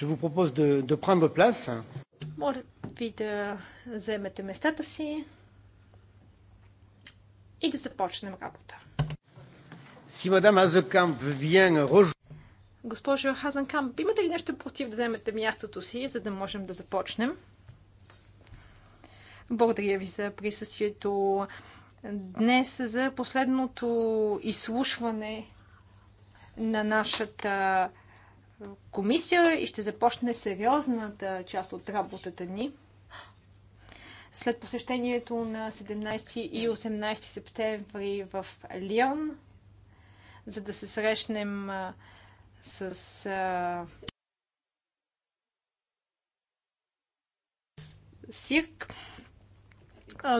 je vous propose de, de prendre place. Моля ви да вземете местата си и да започнем работа. Си мадам Азекамп виен Госпожо Хазенкамп, имате ли нещо против да вземете мястото си, за да можем да започнем? Благодаря ви за присъствието днес за последното изслушване на нашата комисия и ще започне сериозната част от работата ни. След посещението на 17 и 18 септември в Лион, за да се срещнем с Сирк.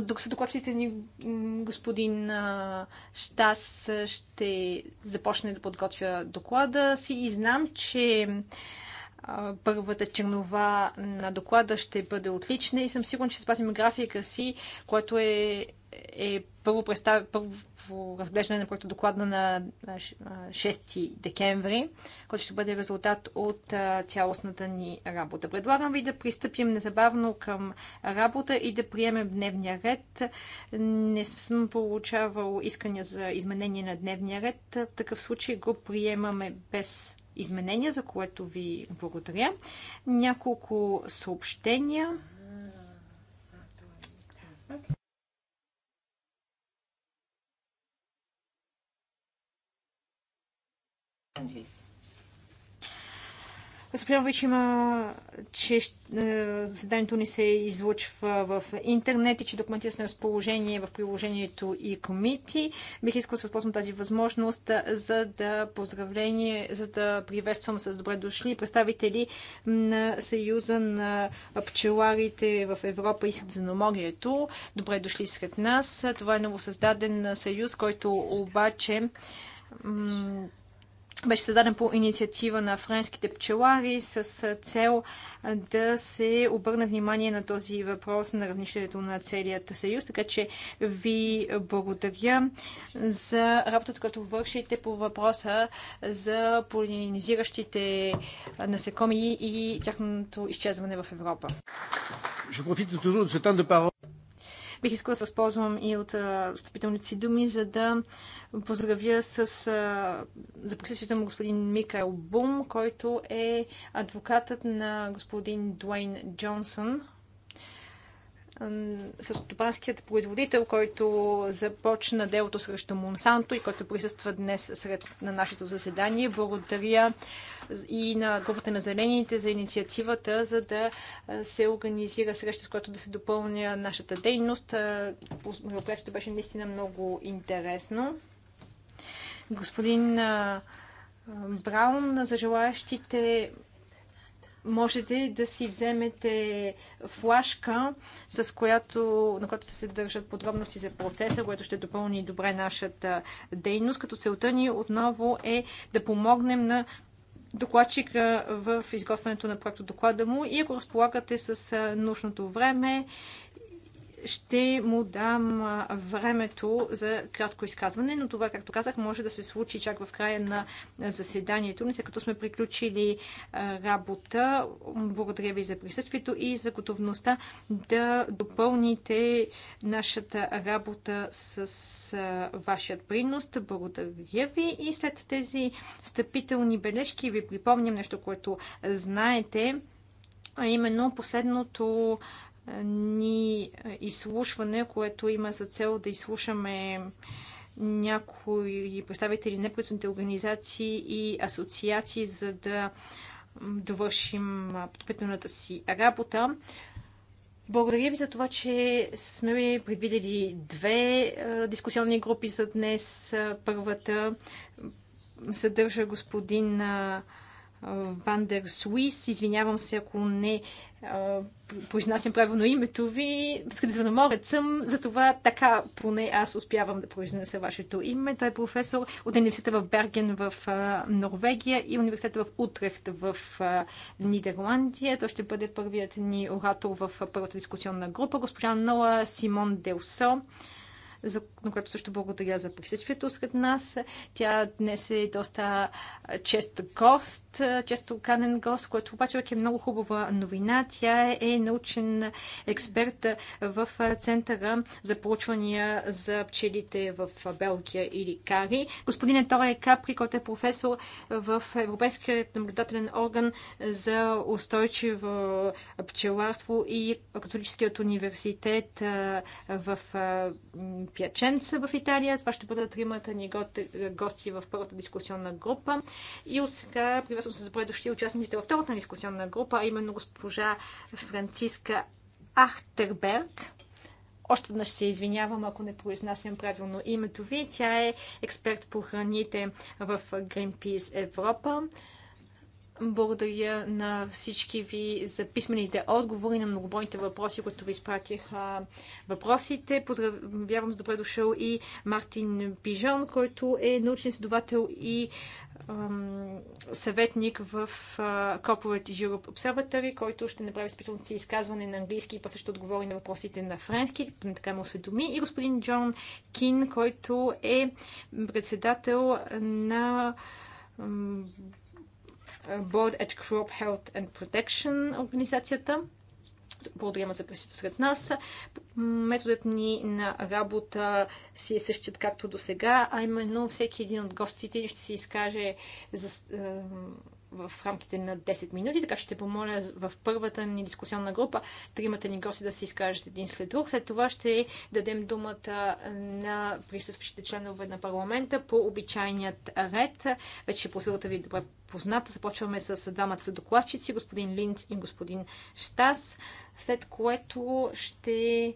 Док са докладчите ни, господин Штас ще започне да подготвя доклада си и знам, че първата чернова на доклада ще бъде отлична и съм сигурен, че спазим графика си, което е е първо, представ... първо разглеждане на проекта докладна на 6 декември, който ще бъде резултат от цялостната ни работа. Предлагам ви да пристъпим незабавно към работа и да приемем дневния ред. Не съм получавал искания за изменение на дневния ред. В такъв случай го приемаме без изменения, за което ви благодаря. Няколко съобщения. Анджелис. Съобщавам вече има, че е, заседанието ни се излучва в интернет и че документите са на разположение в приложението и комити. Бих искал да се възползвам тази възможност, е, за да поздравление, за да приветствам с добре дошли представители на Съюза на пчеларите в Европа и Средиземноморието. Добре дошли сред нас. Това е новосъздаден съюз, който обаче беше създаден по инициатива на френските пчелари с цел да се обърне внимание на този въпрос на равнището на целият съюз. Така че ви благодаря за работата, която вършите по въпроса за полинизиращите насекоми и тяхното изчезване в Европа. Бих искала да се възползвам и от встъпителните си думи, за да поздравя с, а, за присъствието му господин Микаел Бум, който е адвокатът на господин Дуейн Джонсън, Съртопанският производител, който започна делото срещу Монсанто и който присъства днес сред, на нашето заседание. Благодаря и на групата на зелените за инициативата, за да се организира среща, с която да се допълня нашата дейност. Мероприятието беше наистина много интересно. Господин Браун, за желаящите можете да си вземете флашка, с която, на която се съдържат подробности за процеса, което ще допълни добре нашата дейност, като целта ни отново е да помогнем на докладчика в изготвянето на проекто доклада му и ако разполагате с нужното време ще му дам времето за кратко изказване, но това, както казах, може да се случи чак в края на заседанието, не след като сме приключили работа. Благодаря ви за присъствието и за готовността да допълните нашата работа с вашият принос. Благодаря ви и след тези стъпителни бележки ви припомням нещо, което знаете а именно последното ни изслушване, което има за цел да изслушаме някои представители неправителствените организации и асоциации, за да довършим подпитаната си работа. Благодаря ви за това, че сме предвидели две дискусионни групи за днес. Първата съдържа господин Вандер Суис. Извинявам се, ако не произнасям правилно името ви, средиземноморец съм, затова така поне аз успявам да произнеса вашето име. Той е професор от университета в Берген в Норвегия и университета в Утрехт в Нидерландия. Той ще бъде първият ни оратор в първата дискусионна група, госпожа Нола Симон Делсо за, на която също благодаря за присъствието сред нас. Тя днес е доста чест гост, често канен гост, който обаче е много хубава новина. Тя е научен експерт в Центъра за проучвания за пчелите в Белгия или Кари. Господин Еторе Капри, който е професор в Европейският наблюдателен орган за устойчиво пчеларство и Католическият университет в Пяченца в Италия. Това ще бъдат тримата ни гости в първата дискусионна група. И сега приветствам се добре дошли участниците във втората дискусионна група, а именно госпожа Франциска Ахтерберг. Още веднъж се извинявам, ако не произнасям правилно името ви. Тя е експерт по храните в Greenpeace Европа. Благодаря на всички ви за писмените отговори на многобройните въпроси, които ви изпратих въпросите. Поздравявам с добре дошъл и Мартин Пижон, който е научен следовател и ам, съветник в а, Corporate Europe Observatory, който ще направи спитълното си изказване на английски и после ще отговори на въпросите на френски, така му осведоми. И господин Джон Кин, който е председател на ам, Board at Crop Health and Protection организацията. Благодаря за присъствието сред нас. Методът ни на работа си е същият както до сега, а именно всеки един от гостите ще се изкаже за в рамките на 10 минути, така ще помоля в първата ни дискусионна група тримата ни гости да се изкажат един след друг. След това ще дадем думата на присъстващите членове на парламента по обичайният ред. Вече процедурата ви е добре позната. Започваме с двамата съдокладчици: докладчици, господин Линц и господин Штас, след което ще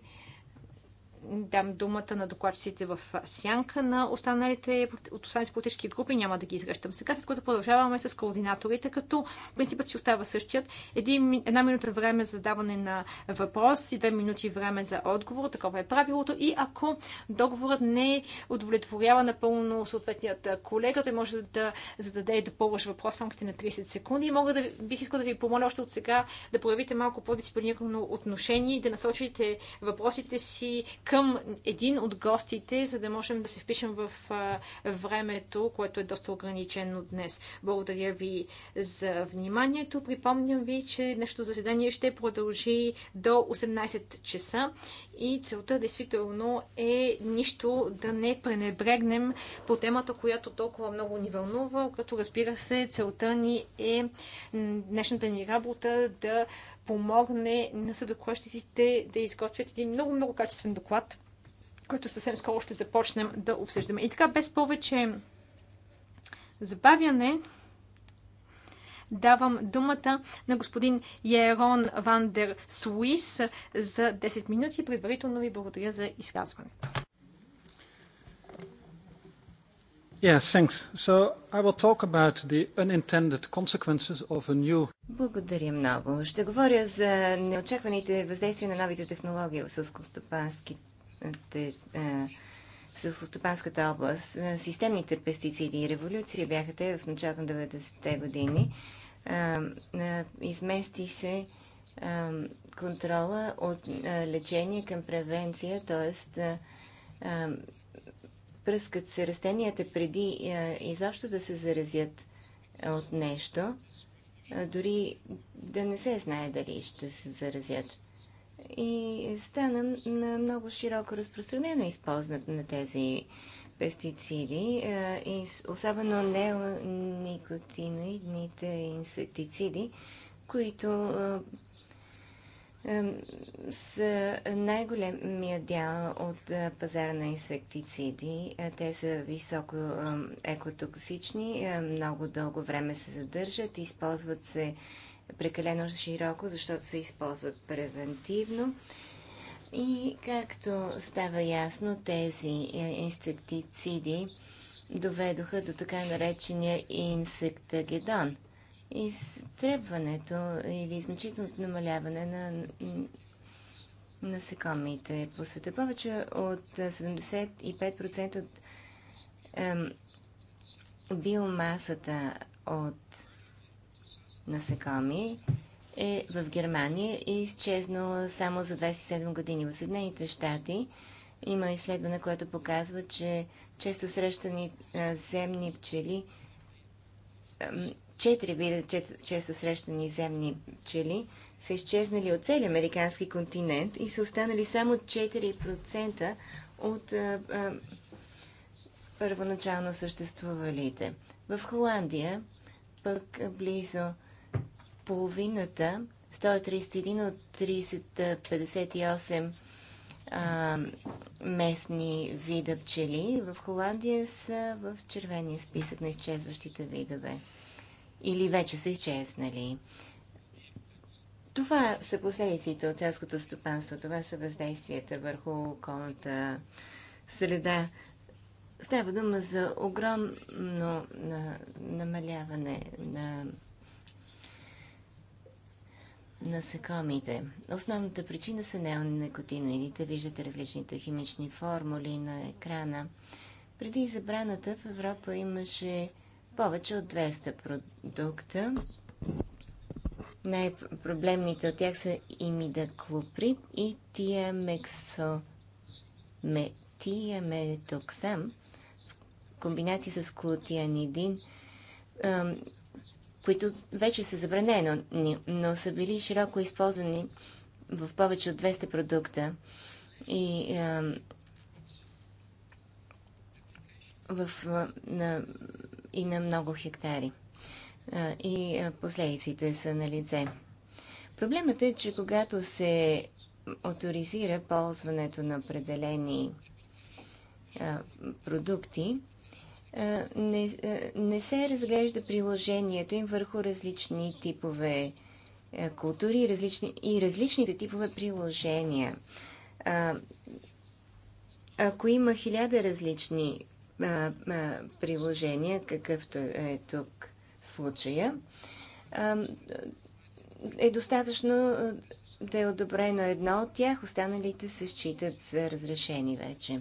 дам думата на докладчиците в сянка на останалите, от останалите политически групи. Няма да ги изрещам сега, след което продължаваме с координаторите, като принципът си остава същият. Един, една минута време за даване на въпрос и две минути време за отговор. Такова е правилото. И ако договорът не удовлетворява напълно съответният колега, той може да зададе и допълваш въпрос в рамките на 30 секунди. И мога да бих искал да ви помоля още от сега да проявите малко по-дисциплинирано отношение и да насочите въпросите си към един от гостите, за да можем да се впишем в времето, което е доста ограничено днес. Благодаря ви за вниманието. Припомням ви, че днешното заседание ще продължи до 18 часа и целта действително е нищо да не пренебрегнем по темата, която толкова много ни вълнува, като разбира се целта ни е днешната ни работа да помогне на съдокладчиците да изготвят един много-много качествен доклад, който съвсем скоро ще започнем да обсъждаме. И така, без повече забавяне, Давам думата на господин Ерон Вандер Суис за 10 минути. Предварително ви благодаря за изказването. Благодаря много. Ще говоря за неочакваните въздействия на новите технологии е, в сълскостопанската област. Системните пестициди и революции бяха те в началото на 90-те години измести се контрола от лечение към превенция, т.е. пръскат се растенията преди изобщо да се заразят от нещо, дори да не се знае дали ще се заразят. И стана много широко разпространено използването на тези пестициди, е, и особено неоникотиноидните инсектициди, които е, е, са най-големия дял от пазара на инсектициди. Те са високо екотоксични, много дълго време се задържат, използват се прекалено широко, защото се използват превентивно. И както става ясно, тези е, инсектициди доведоха до така наречения инсектагедон. Изтребването или значителното намаляване на насекомите по света. Повече от 75% от ем, биомасата от насекоми е в Германия и е изчезнала само за 27 години. В Съединените щати има изследване, което показва, че често срещани земни пчели, четири вида често срещани земни пчели, са изчезнали от целия американски континент и са останали само 4% от а, а, първоначално съществувалите. В Холандия пък близо половината, 131 от 358 а, местни вида пчели в Холандия са в червения списък на изчезващите видове. Или вече са изчезнали. Това са последиците от селското стопанство. Това са въздействията върху околната среда. Става дума за огромно намаляване на насекомите. Основната причина са неонекотиноидите. Виждате различните химични формули на екрана. Преди забраната в Европа имаше повече от 200 продукта. Най-проблемните от тях са имидаклоприд и тиаметоксам в комбинация с клотианидин които вече са забранени, но са били широко използвани в повече от 200 продукта. И а, в, на, и на много хектари. А, и последиците са на лице. Проблемът е, че когато се авторизира ползването на определени а, продукти, е, не, е, не се разглежда приложението им върху различни типове е, култури и, различни, и различните типове приложения. А, ако има хиляда различни а, а, приложения, какъвто е тук случая, а, е достатъчно да е одобрено едно от тях, останалите се считат за разрешени вече.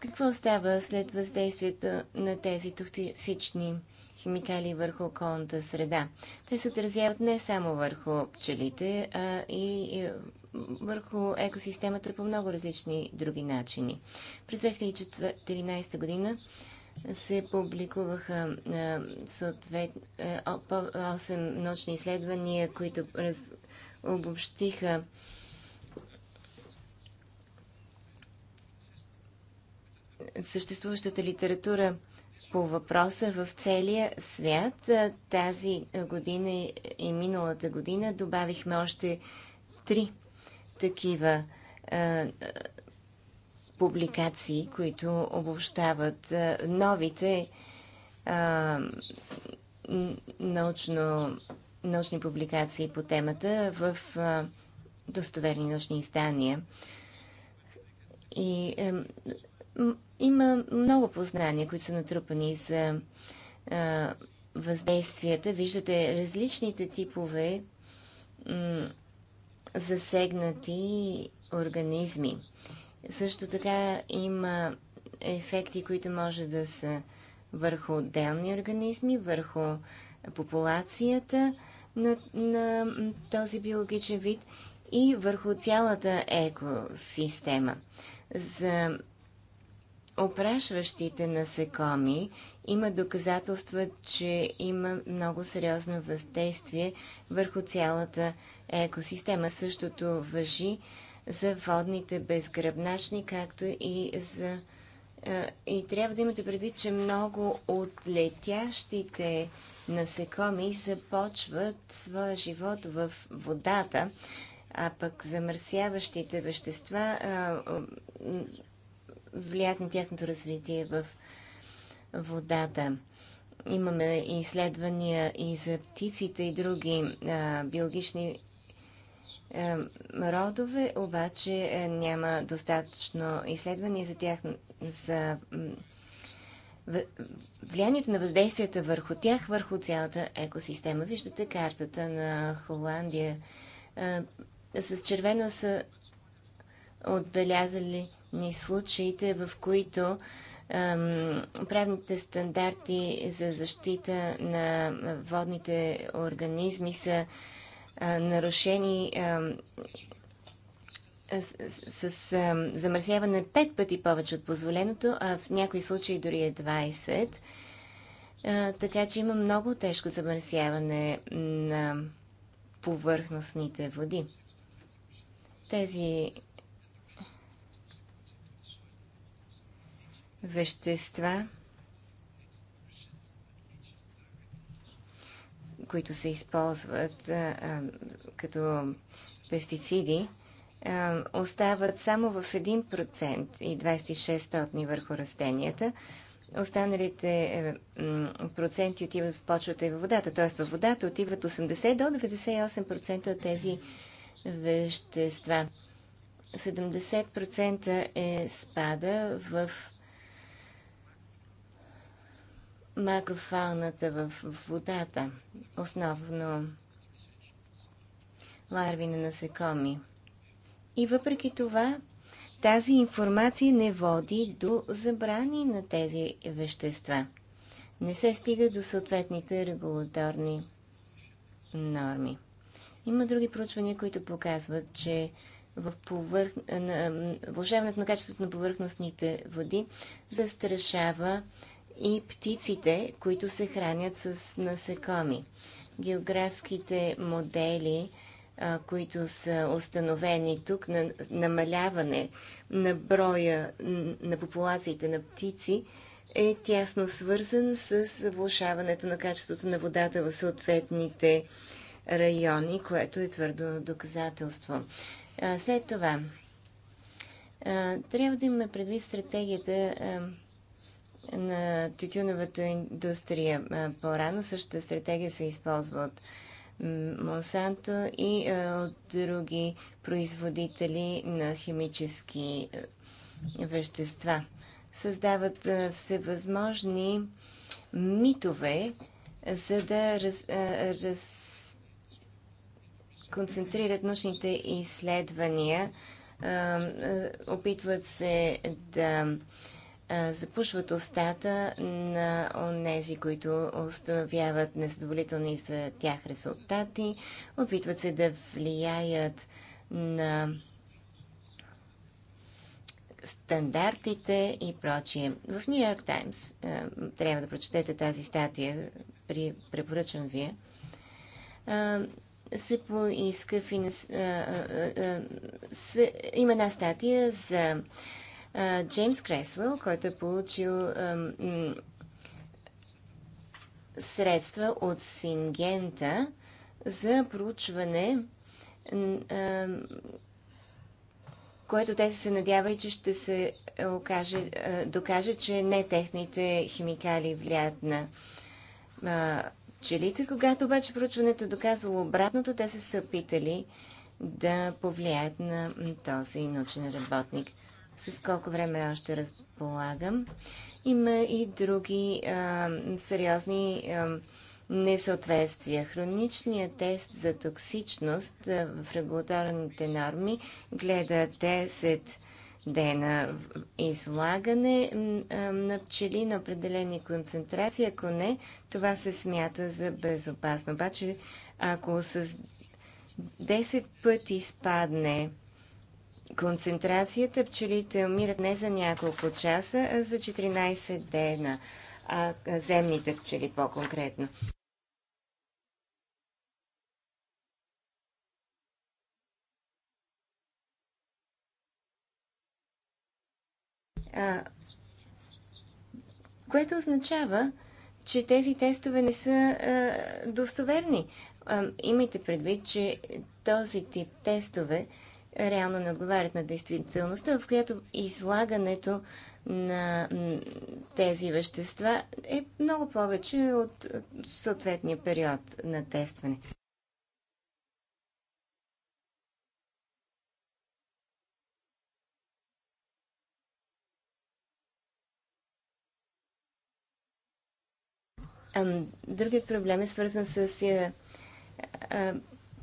Какво става след въздействието на тези токсични химикали върху околната среда? Те се отразяват не само върху пчелите, а и върху екосистемата по много различни други начини. През 2014 година се публикуваха съответ 8 научни изследвания, които обобщиха съществуващата литература по въпроса в целия свят. Тази година и миналата година добавихме още три такива а, публикации, които обобщават новите а, научно, научни публикации по темата в а, достоверни научни издания. И има много познания, които са натрупани за а, въздействията. Виждате различните типове засегнати организми. Също така има ефекти, които може да са върху отделни организми, върху популацията на, на този биологичен вид и върху цялата екосистема. За опрашващите насекоми има доказателства, че има много сериозно въздействие върху цялата екосистема. Същото въжи за водните безгръбначни, както и за... Е, и трябва да имате предвид, че много от летящите насекоми започват своя живот в водата, а пък замърсяващите вещества е, влияят на тяхното развитие в водата. Имаме изследвания и за птиците и други а, биологични а, родове, обаче а, няма достатъчно изследвания за тях, за влиянието на въздействията върху тях, върху цялата екосистема. Виждате картата на Холандия. С червено са отбелязали ни случаите, в които правните стандарти за защита на водните организми са нарушени с, с, с замърсяване пет пъти повече от позволеното, а в някои случаи дори е 20. така че има много тежко замърсяване на повърхностните води. Тези вещества, които се използват а, а, като пестициди, а, остават само в 1% и 26% върху растенията. Останалите е, проценти отиват в почвата и във водата. Т.е. във водата отиват 80 до 98% от тези вещества. 70% е спада в макрофауната в водата, основно ларви на насекоми. И въпреки това, тази информация не води до забрани на тези вещества. Не се стига до съответните регулаторни норми. Има други проучвания, които показват, че в повърх... влъжаването на качеството на повърхностните води застрашава и птиците, които се хранят с насекоми. Географските модели, които са установени тук на намаляване на броя на популациите на птици, е тясно свързан с влушаването на качеството на водата в съответните райони, което е твърдо доказателство. след това, трябва да имаме предвид стратегията на тютюновата индустрия. По-рано същата стратегия се използва от Монсанто и от други производители на химически вещества. Създават всевъзможни митове, за да раз, раз, концентрират научните изследвания, опитват се да запушват устата на онези, които установяват незадоволителни за тях резултати, опитват се да влияят на стандартите и прочие. В Нью Йорк Таймс, трябва да прочетете тази статия, при, препоръчвам вие, се поиска финанс... има една статия за Джеймс Кресвел, който е получил средства от Сингента за проучване, което те се надява и че ще се е, окаже, докаже, че не техните химикали влияят на пчелите. Когато обаче проучването е доказало обратното, те се са опитали да повлияят на този научен работник с колко време още разполагам. Има и други а, сериозни а, несъответствия. Хроничният тест за токсичност а, в регулаторните норми гледа 10 дена излагане а, на пчели на определени концентрации. Ако не, това се смята за безопасно. Обаче, ако с 10 пъти спадне концентрацията пчелите умират не за няколко часа, а за 14 дена. А земните пчели по-конкретно. А, което означава, че тези тестове не са а, достоверни. А, имайте предвид, че този тип тестове реално не отговарят на действителността, в която излагането на тези вещества е много повече от съответния период на тестване. Другият проблем е свързан с е,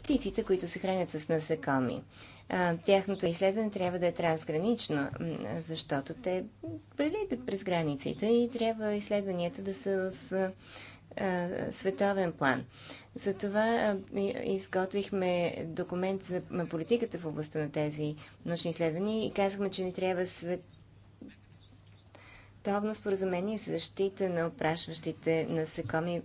птиците, които се хранят с насекоми тяхното изследване трябва да е трансгранично, защото те прелитат през границите и трябва изследванията да са в световен план. Затова изготвихме документ за политиката в областта на тези научни изследвания и казахме, че ни трябва световно споразумение за защита на опрашващите насекоми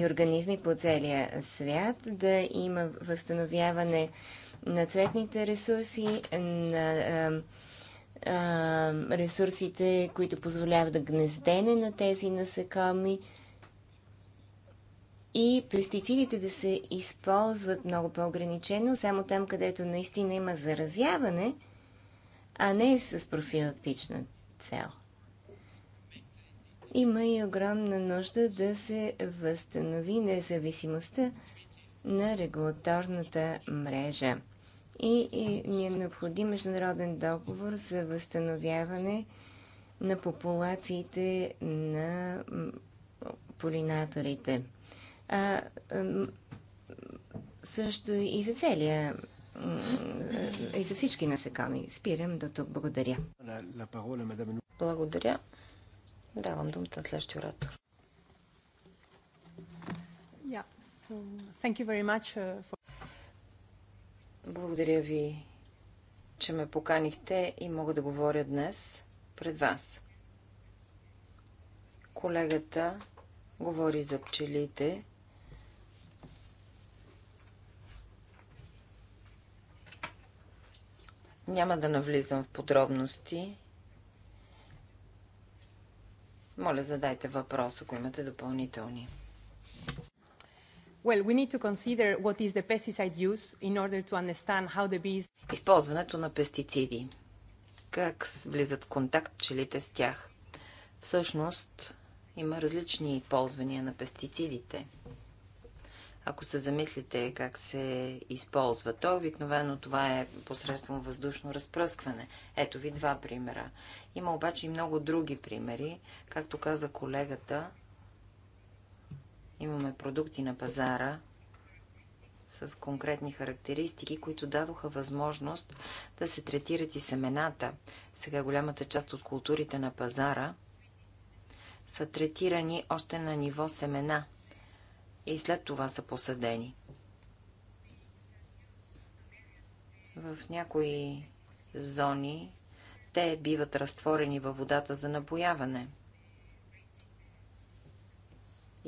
и организми по целия свят, да има възстановяване на цветните ресурси, на ресурсите, които позволяват да гнездене на тези насекоми и пестицидите да се използват много по-ограничено, само там, където наистина има заразяване, а не с профилактична цел. Има и огромна нужда да се възстанови независимостта на регулаторната мрежа. И, и ни е необходим международен договор за възстановяване на популациите на полинаторите. А, а, също и за целия и за всички насекоми. Спирам до тук. Благодаря. Благодаря. Давам думата следващия оратор. Uh, Благодаря ви, че ме поканихте и мога да говоря днес пред вас. Колегата говори за пчелите. Няма да навлизам в подробности. Моля, задайте въпрос, ако имате допълнителни. Well, we need to consider what is the pesticide use in order to understand how the bees... Използването на пестициди. Как влизат в контакт пчелите с тях? Всъщност, има различни ползвания на пестицидите. Ако се замислите как се използва, то обикновено това е посредством въздушно разпръскване. Ето ви два примера. Има обаче и много други примери. Както каза колегата, Имаме продукти на пазара с конкретни характеристики, които дадоха възможност да се третират и семената. Сега голямата част от културите на пазара са третирани още на ниво семена и след това са посадени. В някои зони те биват разтворени във водата за напояване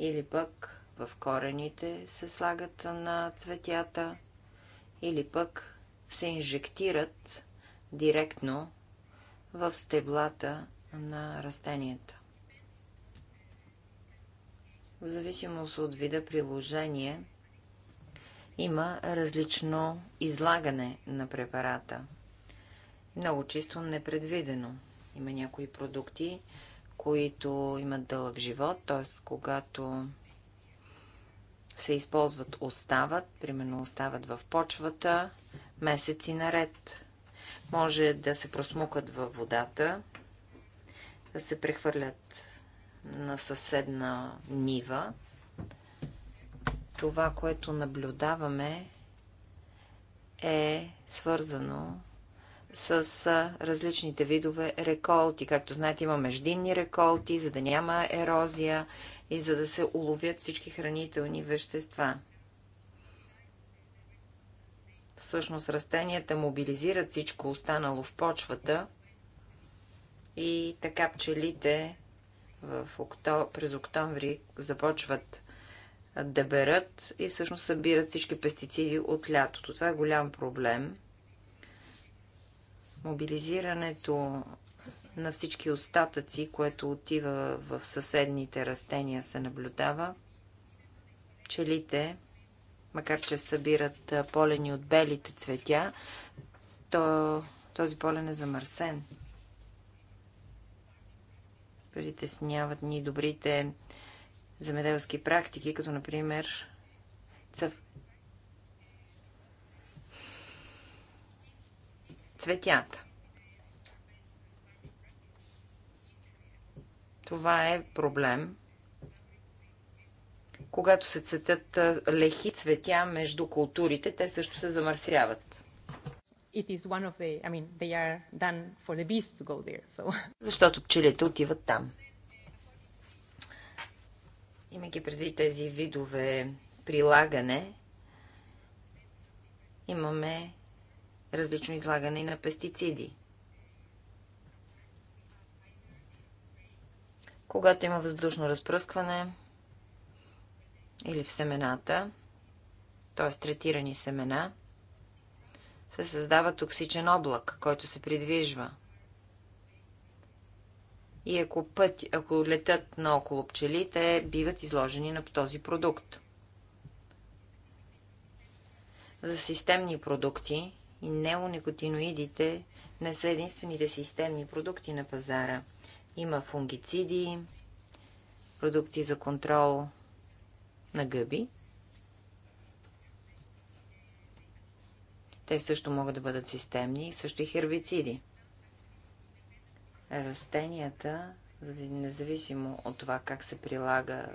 или пък в корените се слагат на цветята, или пък се инжектират директно в стеблата на растенията. В зависимост от вида приложение има различно излагане на препарата. Много чисто непредвидено. Има някои продукти, които имат дълъг живот, т.е. когато се използват, остават, примерно остават в почвата месеци наред. Може да се просмукат във водата, да се прехвърлят на съседна нива. Това, което наблюдаваме, е свързано с различните видове реколти. Както знаете, има междинни реколти, за да няма ерозия и за да се уловят всички хранителни вещества. Всъщност растенията мобилизират всичко останало в почвата и така пчелите в окто... през октомври започват да берат и всъщност събират всички пестициди от лятото. Това е голям проблем – Мобилизирането на всички остатъци, което отива в съседните растения, се наблюдава. Пчелите, макар че събират полени от белите цветя, то този полен е замърсен. Притесняват ни добрите земеделски практики, като например цветята. Това е проблем. Когато се цветят лехи цветя между културите, те също се замърсяват. Защото пчелите отиват там. Имайки предвид тези видове прилагане, имаме различно излагане на пестициди. Когато има въздушно разпръскване или в семената, т.е. третирани семена, се създава токсичен облак, който се придвижва. И ако, път, ако летят наоколо пчели, те биват изложени на този продукт. За системни продукти и неоникотиноидите не са единствените системни продукти на пазара. Има фунгициди, продукти за контрол на гъби. Те също могат да бъдат системни, също и хербициди. Растенията независимо от това как се прилага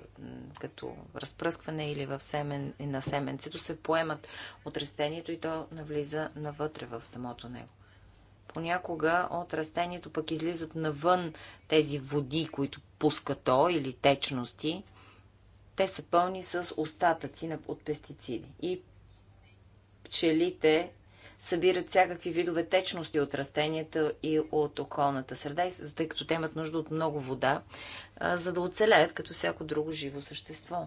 като разпръскване или в семен, и на семенцето, се поемат от растението и то навлиза навътре в самото него. Понякога от растението пък излизат навън тези води, които пуска то или течности. Те са пълни с остатъци от пестициди. И пчелите събират всякакви видове течности от растенията и от околната среда, тъй като те имат нужда от много вода, за да оцелеят като всяко друго живо същество.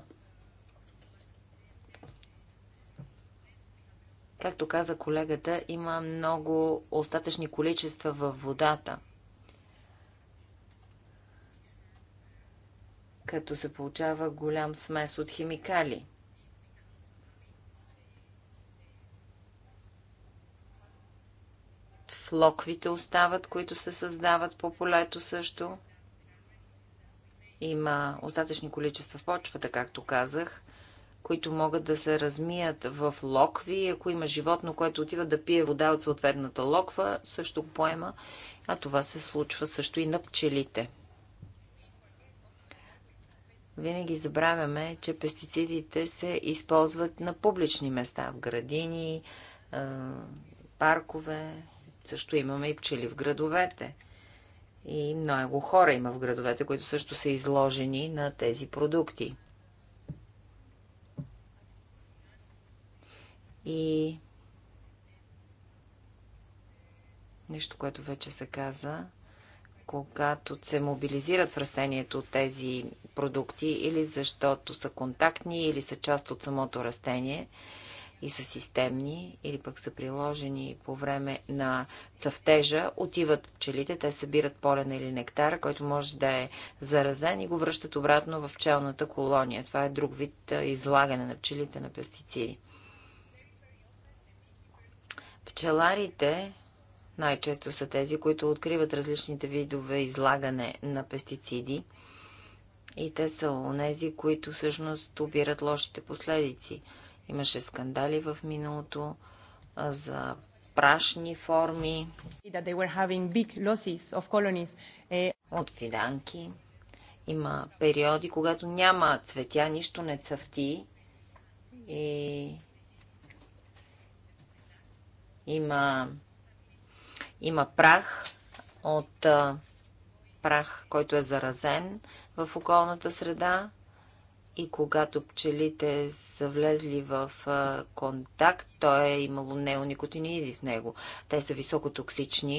Както каза колегата, има много остатъчни количества във водата – като се получава голям смес от химикали – Локвите остават, които се създават по полето също. Има остатъчни количества в почвата, както казах, които могат да се размият в локви. Ако има животно, което отива да пие вода от съответната локва, също го поема. А това се случва също и на пчелите. Винаги забравяме, че пестицидите се използват на публични места, в градини, паркове, също имаме и пчели в градовете. И много хора има в градовете, които също са изложени на тези продукти. И нещо, което вече се каза, когато се мобилизират в растението тези продукти или защото са контактни, или са част от самото растение, и са системни или пък са приложени по време на цъфтежа, отиват пчелите, те събират полен или нектар, който може да е заразен и го връщат обратно в пчелната колония. Това е друг вид излагане на пчелите на пестициди. Пчеларите най-често са тези, които откриват различните видове излагане на пестициди. И те са онези, които всъщност обират лошите последици. Имаше скандали в миналото за прашни форми е, от фиданки. Има периоди, когато няма цветя, нищо не цъфти и има, има прах от прах, който е заразен в околната среда и когато пчелите са влезли в контакт, то е имало неоникотиниди в него. Те са високотоксични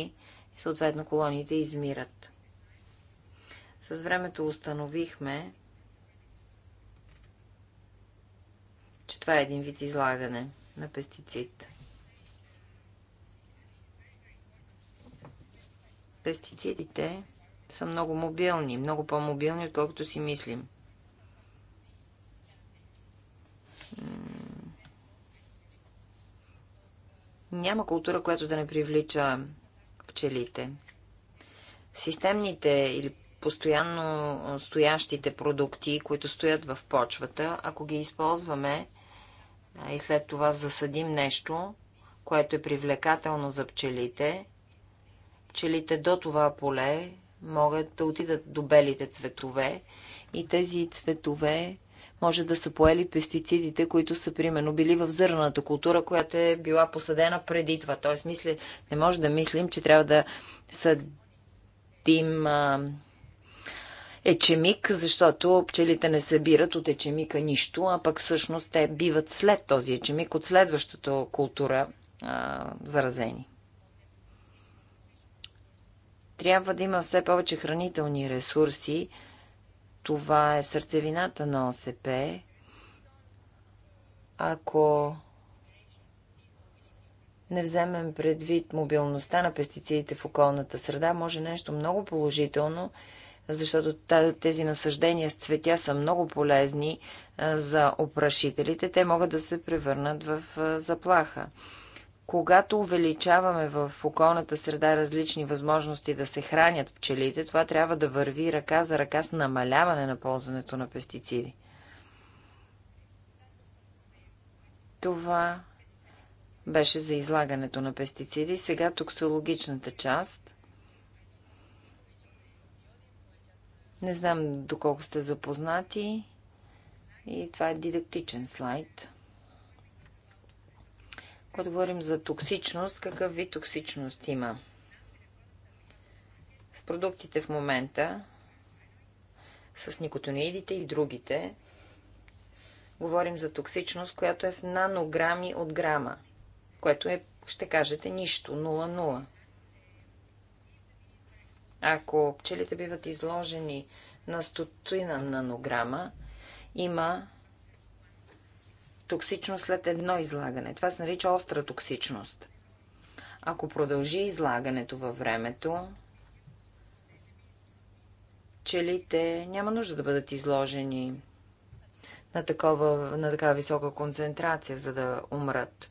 и съответно колониите измират. С времето установихме, че това е един вид излагане на пестицид. Пестицидите са много мобилни, много по-мобилни, отколкото си мислим. Няма култура, която да не привлича пчелите. Системните или постоянно стоящите продукти, които стоят в почвата, ако ги използваме и след това засадим нещо, което е привлекателно за пчелите, пчелите до това поле могат да отидат до белите цветове и тези цветове може да са поели пестицидите, които са примерно били в зърната култура, която е била посадена преди това. Тоест, мисли, не може да мислим, че трябва да съдим а, ечемик, защото пчелите не събират от ечемика нищо, а пък всъщност те биват след този ечемик от следващата култура а, заразени. Трябва да има все повече хранителни ресурси, това е в сърцевината на ОСП. Ако не вземем предвид мобилността на пестицидите в околната среда, може нещо много положително, защото тези насъждения с цветя са много полезни за опрашителите. Те могат да се превърнат в заплаха. Когато увеличаваме в околната среда различни възможности да се хранят пчелите, това трябва да върви ръка за ръка с намаляване на ползването на пестициди. Това беше за излагането на пестициди. Сега токсологичната част. Не знам доколко сте запознати. И това е дидактичен слайд път говорим за токсичност, какъв вид токсичност има? С продуктите в момента, с никотиноидите и другите, говорим за токсичност, която е в нанограми от грама, което е, ще кажете, нищо, 0,0. Ако пчелите биват изложени на стотина нанограма, има токсичност след едно излагане. Това се нарича остра токсичност. Ако продължи излагането във времето, пчелите няма нужда да бъдат изложени на, такова, на такава висока концентрация, за да умрат.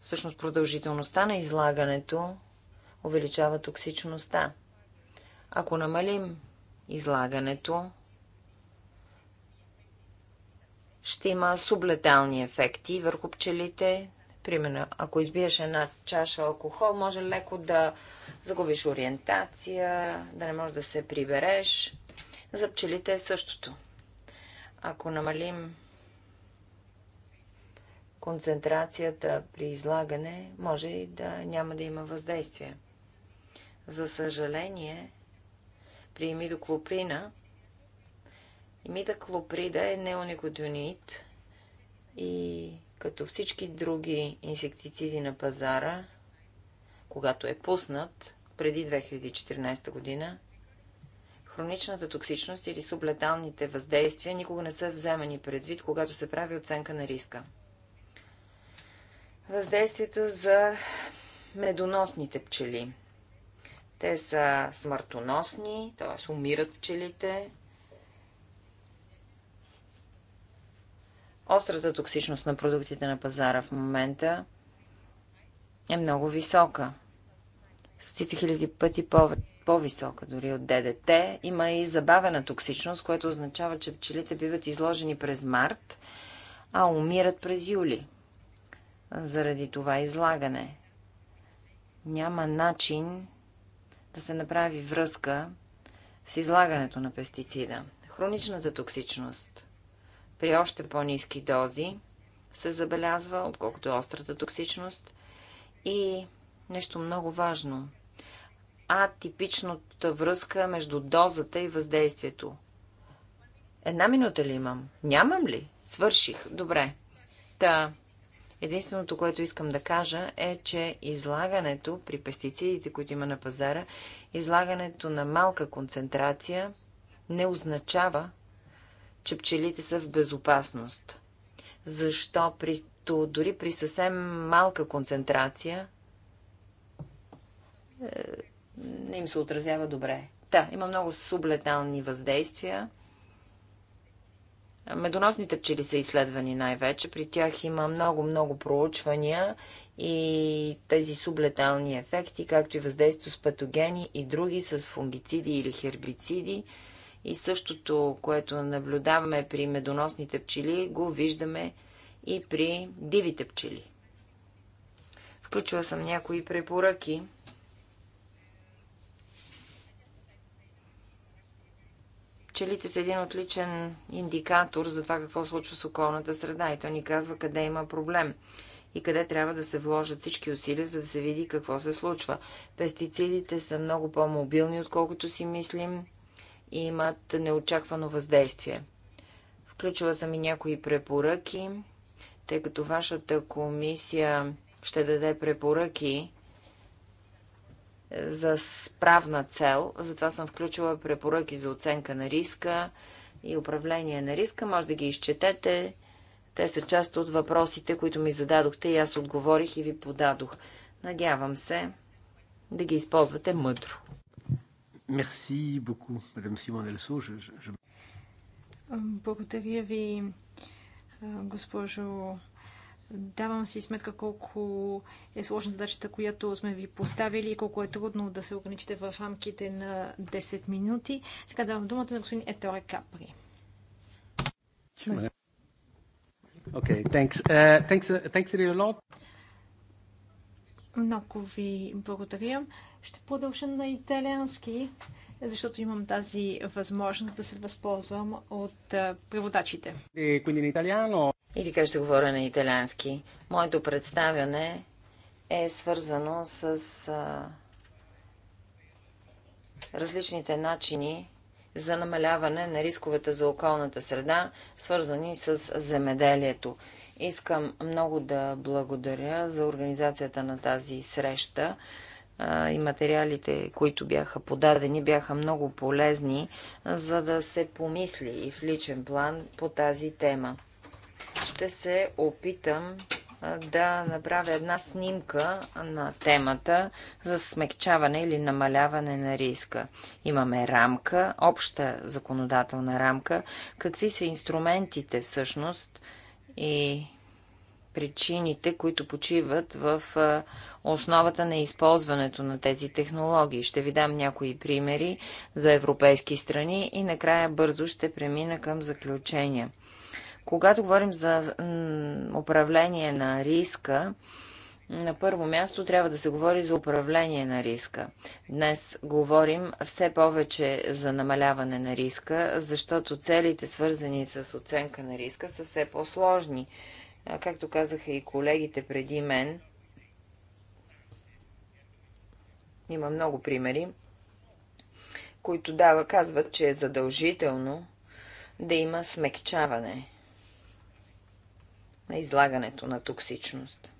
Всъщност продължителността на излагането увеличава токсичността. Ако намалим излагането, ще има сублетални ефекти върху пчелите. Примерно, ако избиеш една чаша алкохол, може леко да загубиш ориентация, да не можеш да се прибереш. За пчелите е същото. Ако намалим концентрацията при излагане, може и да няма да има въздействие. За съжаление, при мидоклоприна, Имидаклоприда е неоникотинид и като всички други инсектициди на пазара, когато е пуснат преди 2014 година, хроничната токсичност или сублеталните въздействия никога не са вземани предвид, когато се прави оценка на риска. Въздействията за медоносните пчели. Те са смъртоносни, т.е. умират пчелите, Острата токсичност на продуктите на пазара в момента е много висока. Стотици хиляди пъти по-висока дори от ДДТ. Има и забавена токсичност, което означава, че пчелите биват изложени през март, а умират през юли. Заради това излагане. Няма начин да се направи връзка с излагането на пестицида. Хроничната токсичност – при още по-низки дози се забелязва, отколкото е острата токсичност. И нещо много важно. Атипичната връзка между дозата и въздействието. Една минута ли имам? Нямам ли? Свърших. Добре. Та, единственото, което искам да кажа е, че излагането при пестицидите, които има на пазара, излагането на малка концентрация не означава, че пчелите са в безопасност. Защо при, то, дори при съвсем малка концентрация е, не им се отразява добре. Да, има много сублетални въздействия. Медоносните пчели са изследвани най-вече. При тях има много-много проучвания и тези сублетални ефекти, както и въздействие с патогени и други, с фунгициди или хербициди – и същото, което наблюдаваме при медоносните пчели, го виждаме и при дивите пчели. Включила съм някои препоръки. Пчелите са един отличен индикатор за това какво случва с околната среда и то ни казва къде има проблем и къде трябва да се вложат всички усилия, за да се види какво се случва. Пестицидите са много по-мобилни, отколкото си мислим. И имат неочаквано въздействие. Включила съм и някои препоръки, тъй като вашата комисия ще даде препоръки за справна цел. Затова съм включила препоръки за оценка на риска и управление на риска. Може да ги изчетете. Те са част от въпросите, които ми зададохте и аз отговорих и ви подадох. Надявам се да ги използвате мъдро. Merci beaucoup, Madame Simon Delso. Je, je, je... Благодаря ви, госпожо. Давам си сметка колко е сложна задачата, която сме ви поставили и колко е трудно да се ограничите в рамките на 10 минути. Сега давам думата на господин Еторе Капри. Okay, thanks. Uh, thanks, uh, thanks really a lot. Много ви благодаря. Ще продължа на италиански, защото имам тази възможност да се възползвам от преводачите. Е, И така ще говоря на италиански. Моето представяне е свързано с различните начини за намаляване на рисковете за околната среда, свързани с земеделието. Искам много да благодаря за организацията на тази среща и материалите, които бяха подадени, бяха много полезни, за да се помисли и в личен план по тази тема. Ще се опитам да направя една снимка на темата за смекчаване или намаляване на риска. Имаме рамка, обща законодателна рамка. Какви са инструментите всъщност, и причините, които почиват в основата на използването на тези технологии. Ще ви дам някои примери за европейски страни и накрая бързо ще премина към заключения. Когато говорим за управление на риска, на първо място трябва да се говори за управление на риска. Днес говорим все повече за намаляване на риска, защото целите, свързани с оценка на риска, са все по-сложни. Както казаха и колегите преди мен, има много примери, които дава, казват, че е задължително да има смекчаване на излагането на токсичност.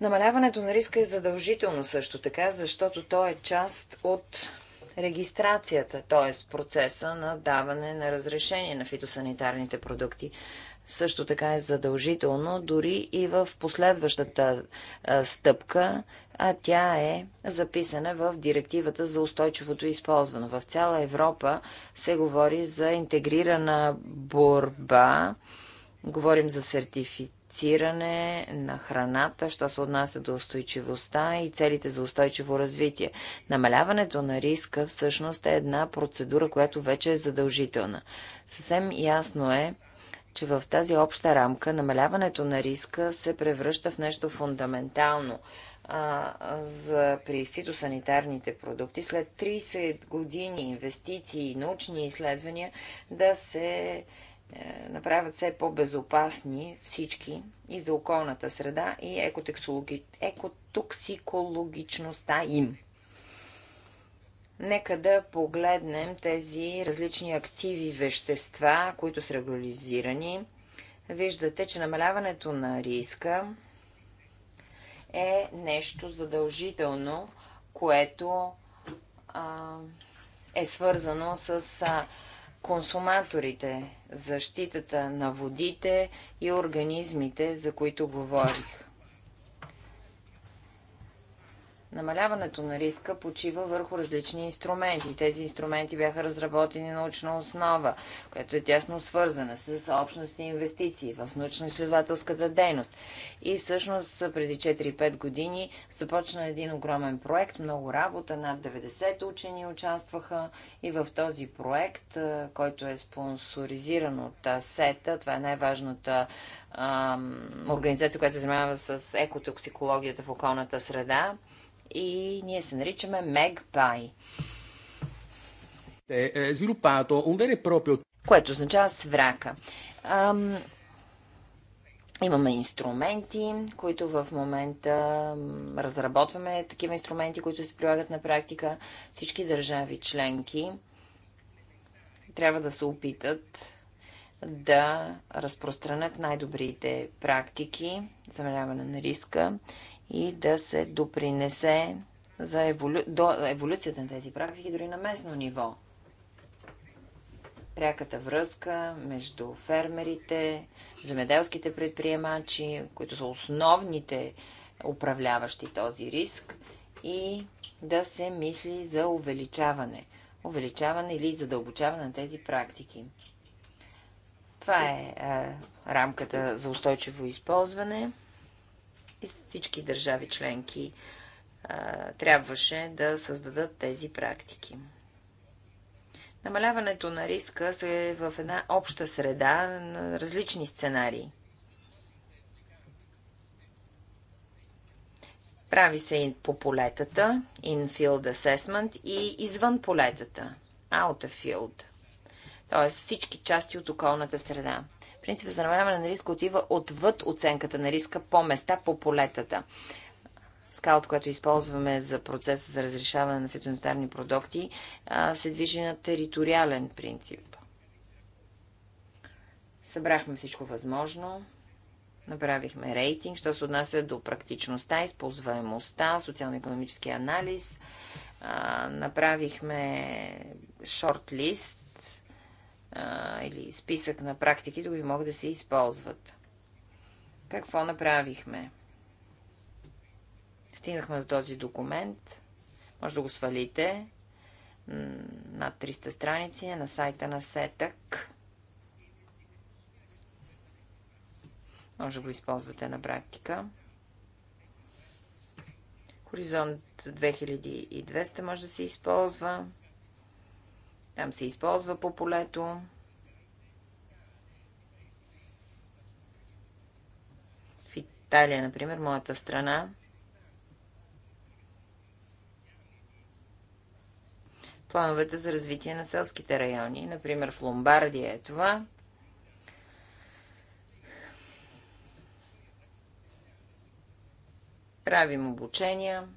Намаляването на риска е задължително също така, защото то е част от регистрацията, т.е. процеса на даване на разрешение на фитосанитарните продукти. Също така е задължително дори и в последващата стъпка, а тя е записана в директивата за устойчивото използване. В цяла Европа се говори за интегрирана борба, говорим за сертифициране диверсифициране на храната, що се отнася до устойчивостта и целите за устойчиво развитие. Намаляването на риска всъщност е една процедура, която вече е задължителна. Съвсем ясно е, че в тази обща рамка намаляването на риска се превръща в нещо фундаментално а, за, при фитосанитарните продукти. След 30 години инвестиции и научни изследвания да се е, направят все по-безопасни всички и за околната среда и екотексологи... екотоксикологичността им. Нека да погледнем тези различни активи вещества, които са регулизирани. Виждате, че намаляването на риска е нещо задължително, което а, е свързано с а, консуматорите, защитата на водите и организмите, за които говорих. Намаляването на риска почива върху различни инструменти. Тези инструменти бяха разработени научна основа, която е тясно свързана с общностни инвестиции в научно-изследователската дейност. И всъщност преди 4-5 години започна един огромен проект, много работа, над 90 учени участваха и в този проект, който е спонсоризиран от СЕТА, това е най-важната организация, която се занимава с екотоксикологията в околната среда и ние се наричаме Magpie. Е, е, e Което означава сврака. Ам, Имаме инструменти, които в момента разработваме, такива инструменти, които се прилагат на практика всички държави членки. Трябва да се опитат да разпространят най-добрите практики, за на риска и да се допринесе за еволю... до еволюцията на тези практики, дори на местно ниво. Пряката връзка между фермерите, земеделските предприемачи, които са основните управляващи този риск, и да се мисли за увеличаване. Увеличаване или задълбочаване на тези практики. Това е, е рамката за устойчиво използване и всички държави членки трябваше да създадат тези практики. Намаляването на риска се е в една обща среда на различни сценарии. Прави се и по полетата, in-field assessment и извън полетата, out of field, т.е. всички части от околната среда. Принципът за намаляване на риска отива отвъд оценката на риска по места, по полетата. Скалът, което използваме за процеса за разрешаване на фитонетарни продукти, се движи на териториален принцип. Събрахме всичко възможно. Направихме рейтинг, що се отнася до практичността, използваемостта, социално-економически анализ. направихме шорт-лист а, или списък на практики, които могат да се използват. Какво направихме? Стигнахме до този документ. Може да го свалите. Над 300 страници е на сайта на СЕТък. Може да го използвате на практика. Хоризонт 2200 може да се използва. Там се използва по полето. В Италия, например, моята страна, плановете за развитие на селските райони. Например, в Ломбардия е това. Правим обучения.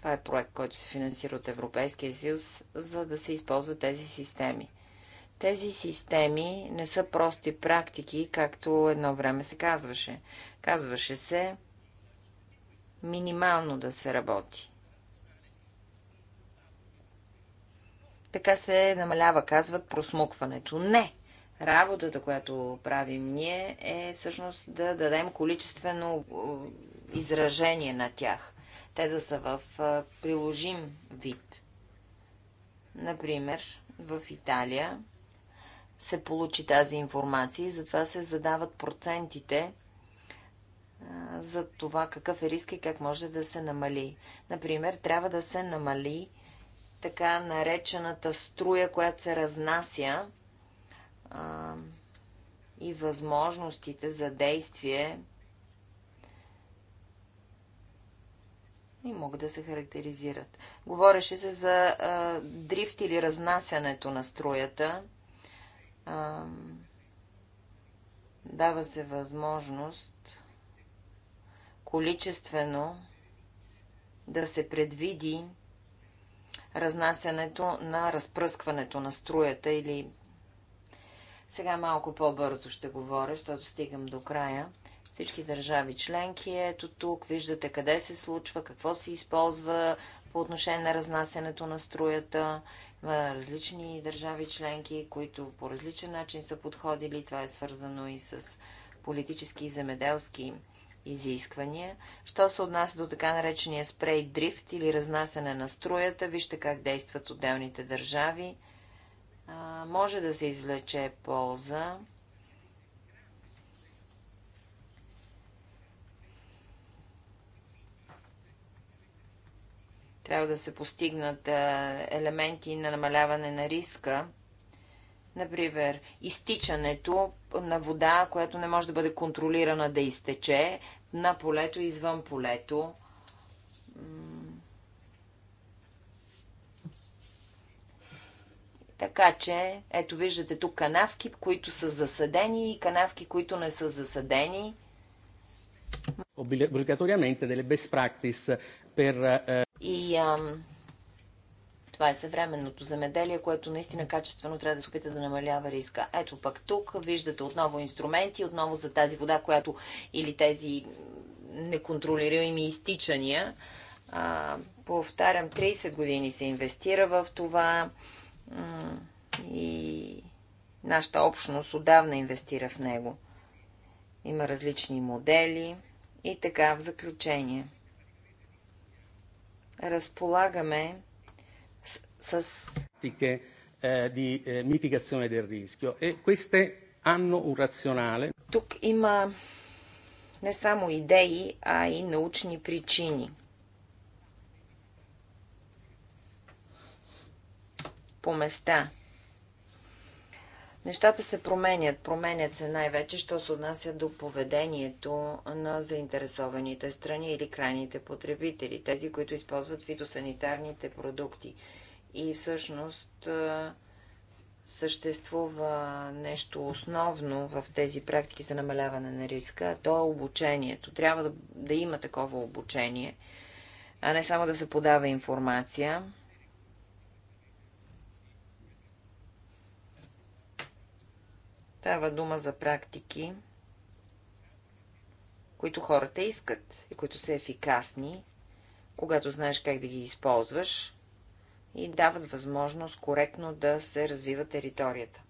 Това е проект, който се финансира от Европейския съюз, за да се използват тези системи. Тези системи не са прости практики, както едно време се казваше. Казваше се минимално да се работи. Така се намалява, казват, просмукването. Не! Работата, която правим ние, е всъщност да дадем количествено изражение на тях те да са в приложим вид. Например, в Италия се получи тази информация и затова се задават процентите за това какъв е риск и как може да се намали. Например, трябва да се намали така наречената струя, която се разнася а, и възможностите за действие и могат да се характеризират. Говореше се за а, дрифт или разнасянето на струята. А, дава се възможност количествено да се предвиди разнасянето на разпръскването на струята или... Сега малко по-бързо ще говоря, защото стигам до края всички държави членки. Ето тук виждате къде се случва, какво се използва по отношение на разнасянето на струята. Има различни държави членки, които по различен начин са подходили. Това е свързано и с политически и земеделски изисквания. Що се отнася до така наречения спрей дрифт или разнасяне на струята, вижте как действат отделните държави. А, може да се извлече полза Трябва да се постигнат елементи на намаляване на риска. Например, изтичането на вода, която не може да бъде контролирана да изтече на полето и извън полето. Така че, ето виждате тук канавки, които са засадени и канавки, които не са засадени. Obbligatoriamente дали без практис. per и а, това е съвременното земеделие, което наистина качествено трябва да се опита да намалява риска. Ето пък тук виждате отново инструменти, отново за тази вода, която или тези неконтролируеми изтичания. А, повтарям, 30 години се инвестира в това и нашата общност отдавна инвестира в него. Има различни модели и така в заключение – разполагаме с... с... Е, е, e Тук има не само идеи, а и научни причини. По места. Нещата се променят. Променят се най-вече, що се отнася до поведението на заинтересованите страни или крайните потребители, тези, които използват фитосанитарните продукти. И всъщност съществува нещо основно в тези практики за намаляване на риска, а то е обучението. Трябва да, да има такова обучение, а не само да се подава информация Става дума за практики, които хората искат и които са ефикасни, когато знаеш как да ги използваш и дават възможност коректно да се развива територията.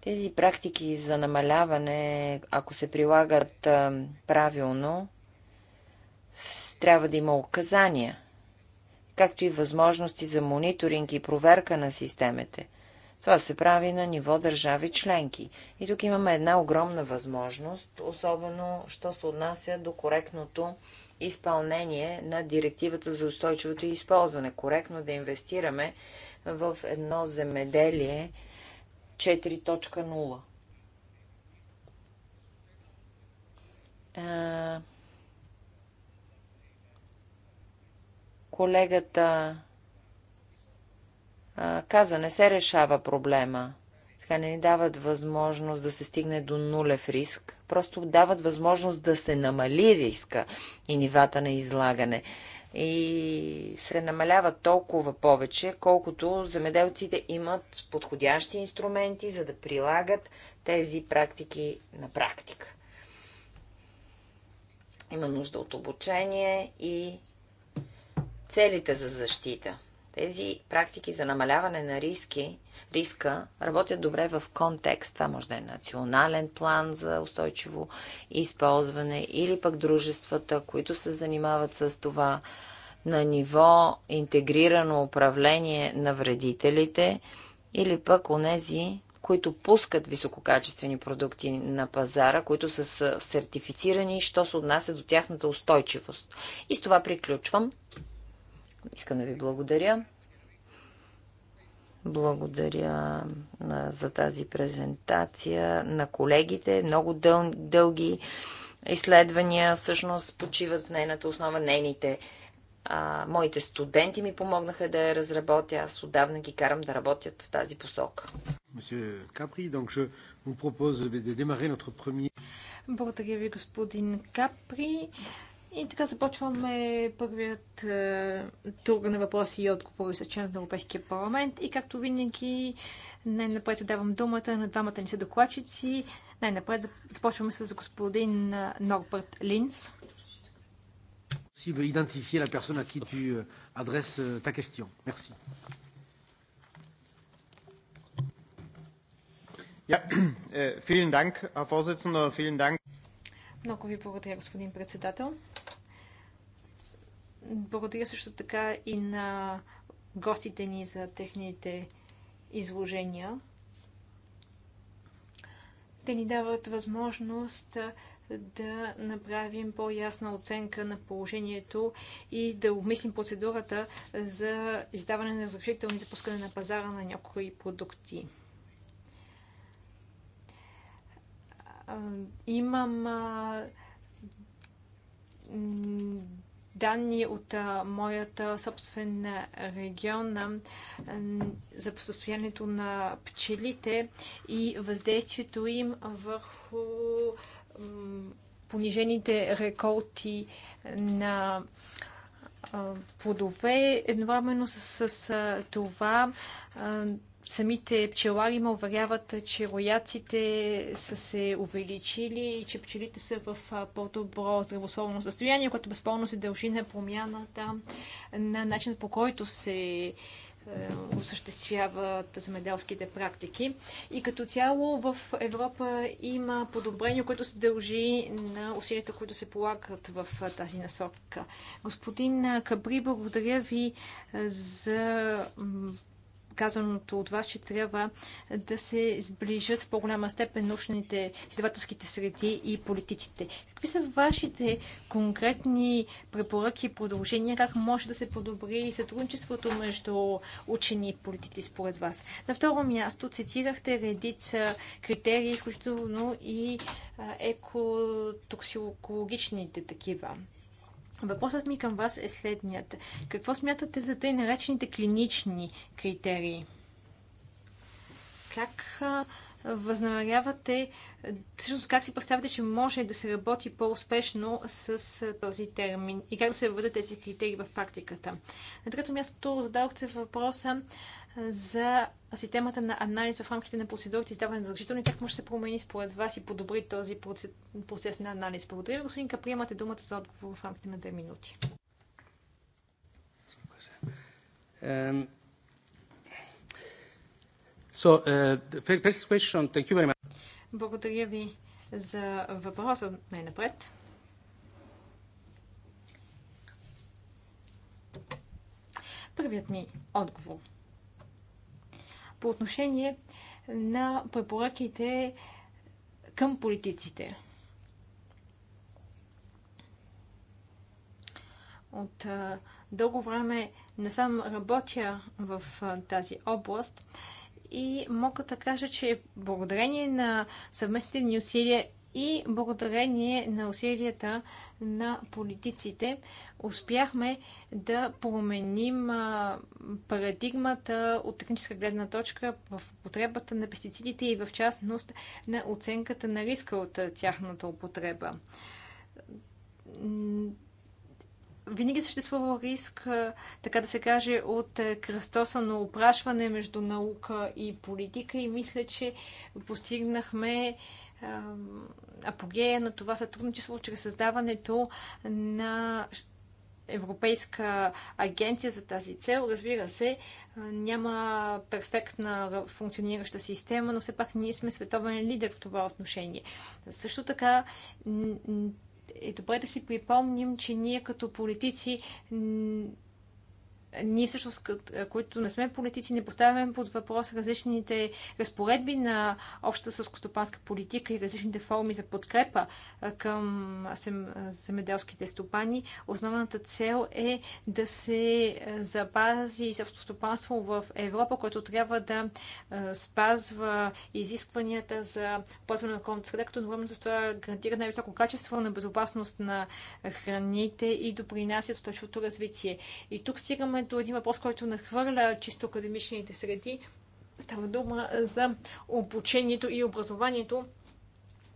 Тези практики за намаляване, ако се прилагат правилно, трябва да има указания, както и възможности за мониторинг и проверка на системите – това се прави на ниво държави членки. И тук имаме една огромна възможност, особено, що се отнася до коректното изпълнение на директивата за устойчивото използване. Коректно да инвестираме в едно земеделие 4.0. колегата а, каза, не се решава проблема. Така не ни дават възможност да се стигне до нулев риск. Просто дават възможност да се намали риска и нивата на излагане. И се намалява толкова повече, колкото земеделците имат подходящи инструменти, за да прилагат тези практики на практика. Има нужда от обучение и целите за защита – тези практики за намаляване на риски, риска работят добре в контекст. Това може да е национален план за устойчиво използване или пък дружествата, които се занимават с това на ниво интегрирано управление на вредителите или пък онези, които пускат висококачествени продукти на пазара, които са сертифицирани, що се отнася до тяхната устойчивост. И с това приключвам. Искам да ви благодаря. Благодаря за тази презентация на колегите. Много дъл, дълги изследвания всъщност почиват в нейната основа. Нейните а, моите студенти ми помогнаха да я разработя. Аз отдавна ги карам да работят в тази посока. Благодаря ви, господин Капри. И така започваме първият е, тур на въпроси и отговори с член на Европейския парламент. И както винаги, най-напред давам думата на двамата ни са докладчици. Най-напред започваме с господин е, Норбърт Линс. possible identifier la personne à qui tu е, adresses е, ta question. Merci. Ja, äh, vielen Dank, Herr Vorsitzender, vielen Dank. Много ви благодаря, господин председател. Благодаря също така и на гостите ни за техните изложения. Те ни дават възможност да направим по-ясна оценка на положението и да обмислим процедурата за издаване на разрешителни за пускане на пазара на някои продукти. имам данни от моята собствен регион за състоянието на пчелите и въздействието им върху понижените реколти на плодове. Едновременно с, с това Самите пчелари ме уверяват, че рояците са се увеличили и че пчелите са в по-добро здравословно състояние, което безспорно се дължи на промяната на начин по който се е, осъществяват земеделските практики. И като цяло в Европа има подобрение, което се дължи на усилията, които се полагат в тази насока. Господин Кабри, благодаря ви за казаното от вас, че трябва да се сближат в по-голяма степен научните изследователските среди и политиците. Какви са вашите конкретни препоръки и продължения? Как може да се подобри сътрудничеството между учени и политици според вас? На второ място цитирахте редица критерии, включително и екотоксикологичните такива. Въпросът ми към вас е следният. Какво смятате за тъй наречените клинични критерии? Как възнамерявате, всъщност как си представяте, че може да се работи по-успешно с този термин и как да се въведат тези критерии в практиката? На трето място задавахте въпроса за системата на анализ в рамките на процедурите, издаване на задължителни, как може да се промени според вас и подобри този процес, на анализ? Благодаря, господин Капри, имате думата за отговор в рамките на 2 минути. Um, so, uh, question, thank you very much. Благодаря ви за въпроса най-напред. Първият ми отговор – по отношение на препоръките към политиците. От дълго време насам работя в тази област и мога да кажа, че благодарение на съвместните ни усилия и благодарение на усилията на политиците, успяхме да променим парадигмата от техническа гледна точка в употребата на пестицидите и в частност на оценката на риска от тяхната употреба. Винаги съществува риск, така да се каже, от кръстосано опрашване между наука и политика и мисля, че постигнахме апогея на това сътрудничество чрез създаването на Европейска агенция за тази цел. Разбира се, няма перфектна функционираща система, но все пак ние сме световен лидер в това отношение. Също така е добре да си припомним, че ние като политици ние всъщност, които не сме политици, не поставяме под въпрос различните разпоредби на общата сълскостопанска политика и различните форми за подкрепа към земеделските стопани. Основната цел е да се запази селскостопанство в Европа, което трябва да спазва изискванията за ползване на околната среда, като едновременно с това гарантира най-високо качество на безопасност на храните и допринася точното развитие. И тук стигаме изследването един въпрос, който надхвърля чисто академичните среди. Става дума за обучението и образованието,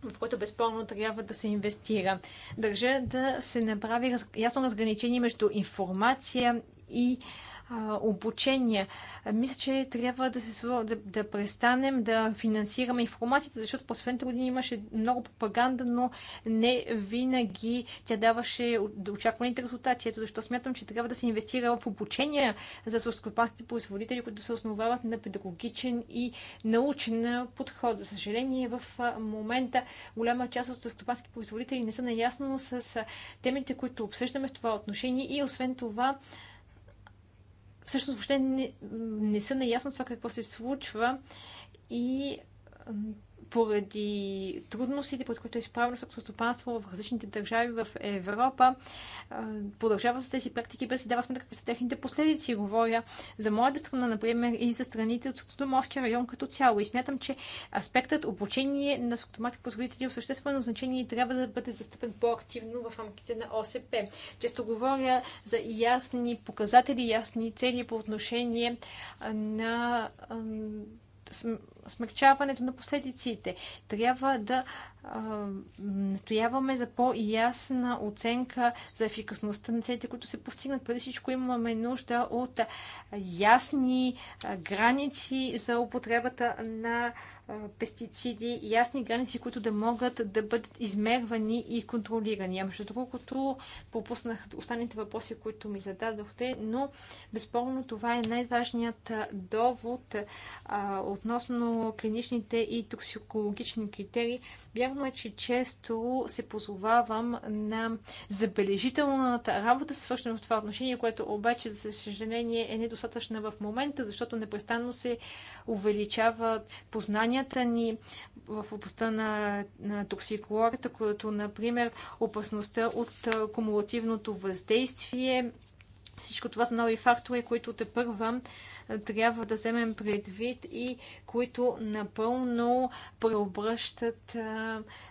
в което безспорно трябва да се инвестира. Държа да се направи ясно разграничение между информация и обучения. Мисля, че трябва да, се, да, да престанем да финансираме информацията, защото последните години имаше много пропаганда, но не винаги тя даваше очакваните резултати. Ето защо смятам, че трябва да се инвестира в обучение за сълскопанските производители, които се основават на педагогичен и научен подход. За съжаление, в момента голяма част от сълскопански производители не са наясно с темите, които обсъждаме в това отношение и освен това, всъщност въобще не, не са наясно това какво се случва и поради трудностите, под които е изправено стопанство в различните държави в Европа, продължава с тези практики без да дава сметка какви са техните последици. Говоря за моята страна, например, и за страните от Средоморския район като цяло. И смятам, че аспектът обучение на сектоматски производители е от съществено значение и трябва да бъде застъпен по-активно в рамките на ОСП. Често говоря за ясни показатели, ясни цели по отношение на смягчаването на последиците. Трябва да а, настояваме за по-ясна оценка за ефикасността на целите, които се постигнат. Преди всичко имаме нужда от ясни граници за употребата на пестициди, ясни граници, които да могат да бъдат измервани и контролирани. А между другото, пропуснах останалите въпроси, които ми зададохте, но безспорно това е най-важният довод а, относно клиничните и токсикологични критерии. Вярно е, че често се позовавам на забележителната работа, свършена в това отношение, което обаче, за съжаление, е недостатъчна в момента, защото непрестанно се увеличават познания изследванията ни в областта на, на токсикологията, като, например, опасността от кумулативното въздействие. Всичко това са нови фактори, които те първа трябва да вземем предвид и които напълно преобръщат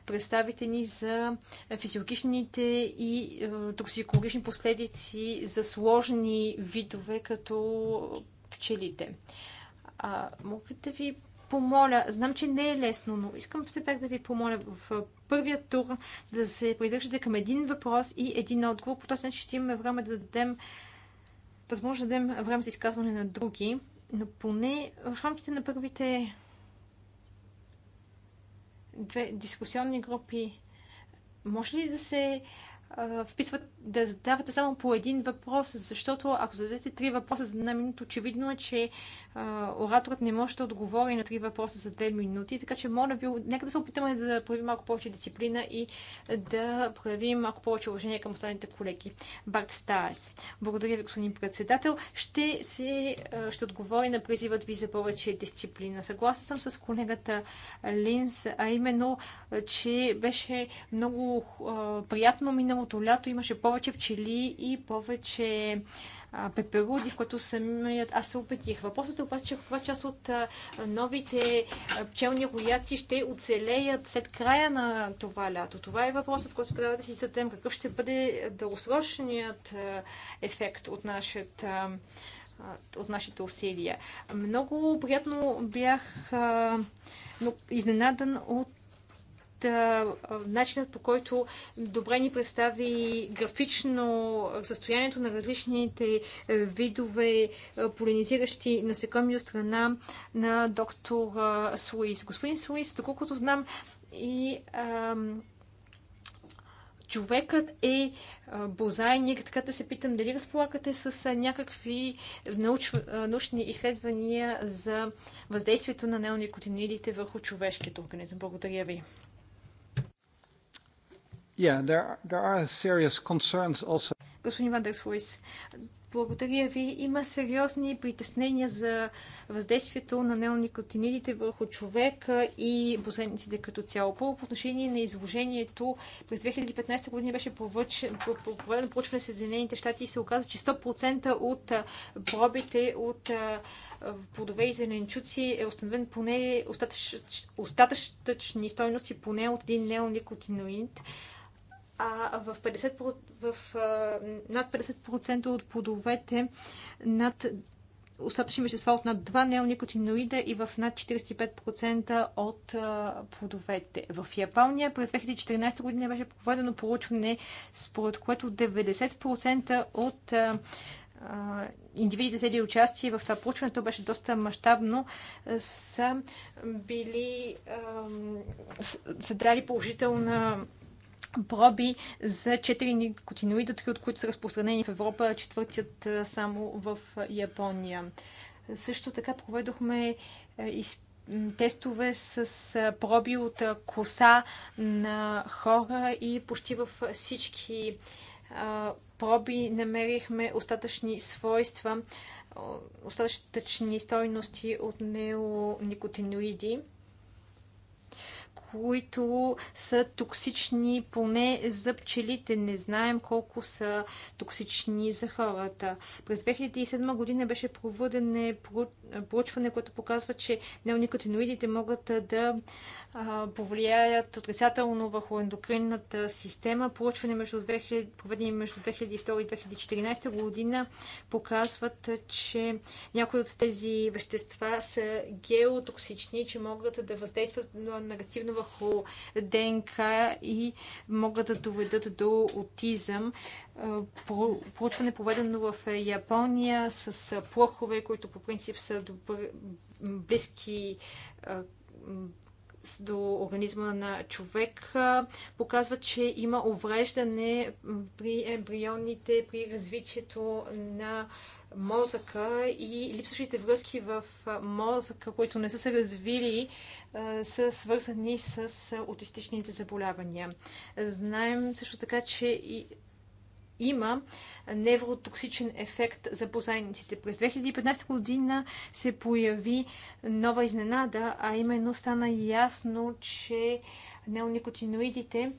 представите ни за физиологичните и токсикологични последици за сложни видове, като пчелите. А, мога да ви помоля, знам, че не е лесно, но искам все пак да ви помоля в първия тур да се придържате към един въпрос и един отговор. По този начин ще имаме време да дадем възможно да дадем време за изказване на други, но поне в рамките на първите две дискусионни групи може ли да се вписват да задавате само по един въпрос, защото ако зададете три въпроса за една минута, очевидно е, че а, ораторът не може да отговори на три въпроса за две минути. Така че, моля ви, нека да се опитаме да проявим малко повече дисциплина и да проявим малко повече уважение към останалите колеги. Барт Стаес. Благодаря ви, господин председател. Ще, се, ще отговори на призивът ви за повече дисциплина. Съгласен съм с колегата Линс, а именно, че беше много а, приятно миналото лято. Имаше по повече пчели и повече пеперуди, в които самият аз се опетих. Въпросът е обаче каква част от новите пчелни рояци ще оцелеят след края на това лято. Това е въпросът, който трябва да си зададем. Какъв ще бъде дългосрочният ефект от нашата от нашите усилия. Много приятно бях изненадан от начинът по който добре ни представи графично състоянието на различните видове полинизиращи насекоми от страна на доктор Суис. Господин Суис, доколкото знам, и ам, човекът е бозайник, така да се питам дали разполагате с някакви науч, научни изследвания за въздействието на неоникотинидите върху човешкият организъм. Благодаря ви. Yeah, there, there are serious concerns also. Господин Вандерс Фуис, благодаря ви. Има сериозни притеснения за въздействието на неоникотинидите върху човека и бозениците като цяло. по отношение на изложението през 2015 година беше проведено проучване в Съединените щати и се оказа, че 100% от пробите от плодове и зеленчуци е установен поне остатъч, остатъчни стойности поне от един неоникотиноид а в, 50%, в а, над 50% от плодовете над остатъчни вещества от над 2 неоникотиноида и в над 45% от а, плодовете. В Япония през 2014 година беше проведено проучване, според което 90% от а, индивидите взели участие в това проучване, то беше доста мащабно, са били, са дали положителна проби за 4 никотиноида, 3 от които са разпространени в Европа, четвъртият само в Япония. Също така проведохме изпитания тестове с проби от коса на хора и почти във всички проби намерихме остатъчни свойства, остатъчни стойности от неоникотиноиди които са токсични поне за пчелите. Не знаем колко са токсични за хората. През 2007 година беше проведено проучване, което показва, че неоникотиноидите могат да повлияят отрицателно върху ендокринната система. Проучване между 2000, проведени между 2002 и 2014 година показват, че някои от тези вещества са геотоксични, че могат да въздействат на негативно негативно върху ДНК и могат да доведат до аутизъм. Проучване проведено в Япония с плохове, които по принцип са добър, близки до организма на човек показва, че има увреждане при ембрионите, при развитието на мозъка и липсващите връзки в мозъка, които не са се развили, са свързани с аутистичните заболявания. Знаем също така, че и има невротоксичен ефект за позайниците. През 2015 година се появи нова изненада, а именно стана ясно, че неоникотиноидите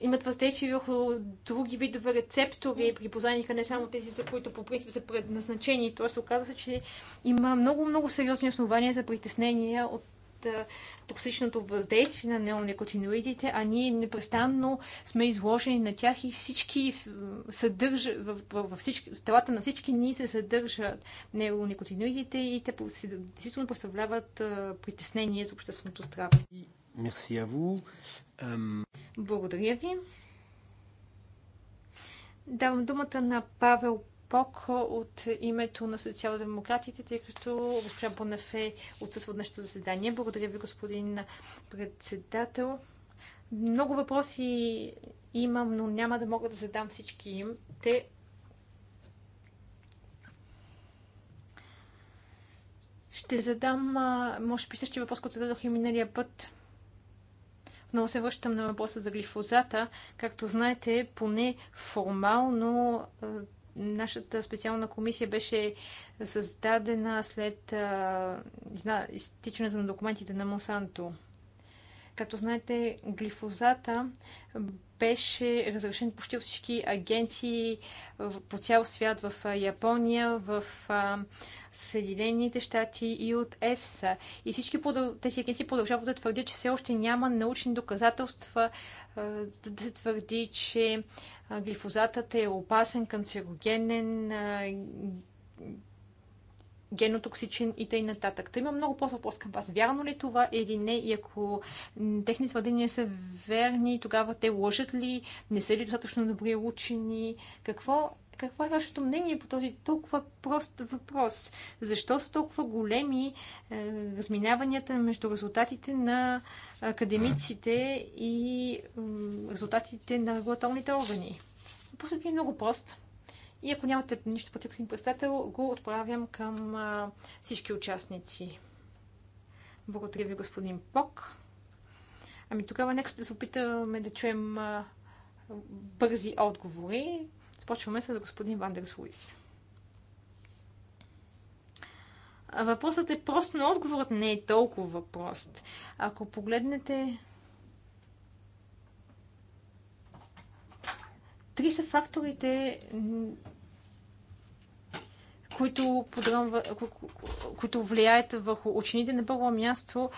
имат въздействие върху други видове рецептори при позайника, не само тези, за които по принцип са предназначени. Тоест, оказва се, че има много-много сериозни основания за притеснения от токсичното въздействие на неонекотиноидите, а ние непрестанно сме изложени на тях и всички съдържа, в, всички, в телата на всички ние се съдържат неонекотиноидите и те действително представляват притеснение за общественото здраве. Merci à vous. Euh, Благодаря ви. Давам думата на Павел Пок от името на социал-демократите, тъй като госпожа Бонафе отсъства днешното заседание. Благодаря ви, господин председател. Много въпроси имам, но няма да мога да задам всички им. Те ще задам, може би, същия въпрос, който зададох и миналия път много се връщам на въпроса за глифозата. Както знаете, поне формално нашата специална комисия беше създадена след изтичането на документите на Монсанто. Като знаете, глифозата беше разрешен почти всички агенции по цял свят в Япония, в Съединените щати и от ЕФСА. И всички тези агенции продължават да твърдят, че все още няма научни доказателства за да се твърди, че глифозатът е опасен, канцерогенен, генотоксичен и т.н. нататък. Та има много по-въпрос към вас. Вярно ли е това или не? И ако техни твърдения са верни, тогава те лъжат ли? Не са ли достатъчно добри учени? Какво какво е вашето мнение по този толкова прост въпрос? Защо са толкова големи е, разминаванията между резултатите на академиците и е, резултатите на регулаторните органи? Въпросът ми е много прост. И ако нямате нищо против, господин председател, го отправям към а, всички участници. Благодаря ви, господин Пок. Ами тогава нека да се опитаме да чуем а, бързи отговори. Започваме с господин Вандерс Луис. Въпросът е прост, но отговорът не е толкова прост. Ако погледнете Три са факторите, които, които влияят върху учените. На първо място